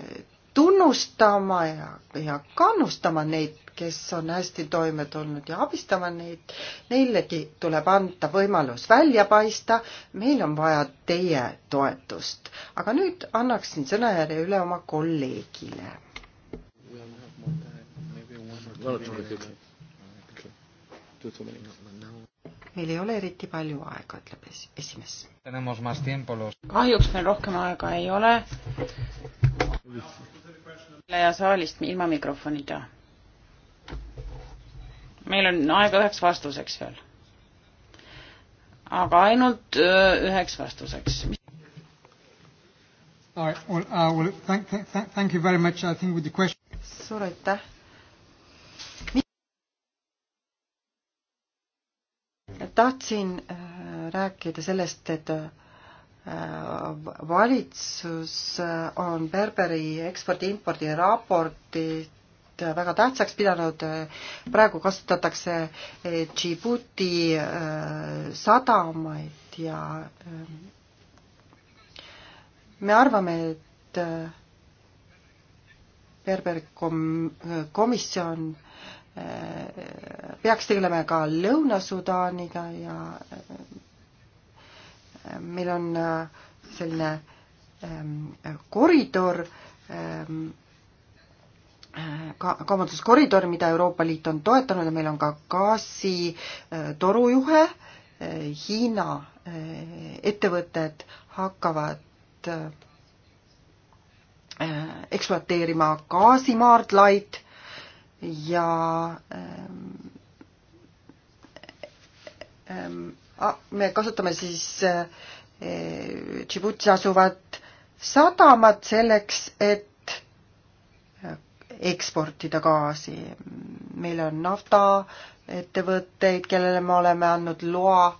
tunnustama ja, ja kannustama neid, kes on hästi toime tulnud ja abistama neid. Neilegi tuleb anda võimalus välja paista. meil on vaja teie toetust. aga nüüd annaksin sõnajärje üle oma kolleegile. meil ei ole eriti palju aega, ütleb esimees. kahjuks meil rohkem aega ei ole ja saalist ilma mikrofonita. meil on aega üheks vastuseks veel. aga ainult öö, äh, üheks vastuseks. suur aitäh. tahtsin äh, rääkida sellest, et Äh, valitsus äh, on Berberi ekspordi-impordi raportit äh, väga tähtsaks pidanud. praegu kasutatakse Djibouti sadamaid ja me arvame, et Berberi kom-, komisjon peaks tegelema ka Lõuna-Sudaaniga ja meil on äh, selline ähm, koridor, ähm, ka-, kaubanduskoridor, mida Euroopa Liit on toetanud ja meil on ka gaasitorujuhe, äh, äh, Hiina ettevõtted hakkavad ekspluateerima gaasimaardlaid ja ähm, ähm, Ah, me kasutame siis eh, eh, Djiboutis asuvat sadamat selleks, et eh, eksportida gaasi. meil on naftaettevõtteid, kellele me oleme andnud loa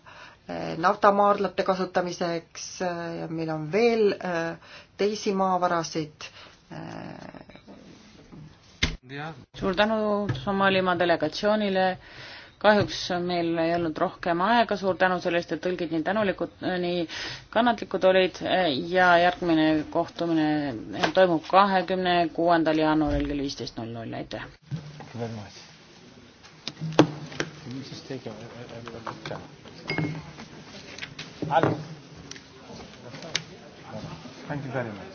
naftamaardlate kasutamiseks ja meil on veel teisi maavarasid. suur tänu Somaalimaa delegatsioonile kahjuks meil ei olnud rohkem aega, suur tänu selle eest, et tõlgid nii tänulikud, äh, nii kannatlikud olid ja järgmine kohtumine toimub kahekümne kuuendal jaanuaril kell viisteist null null, aitäh! Thank you very much.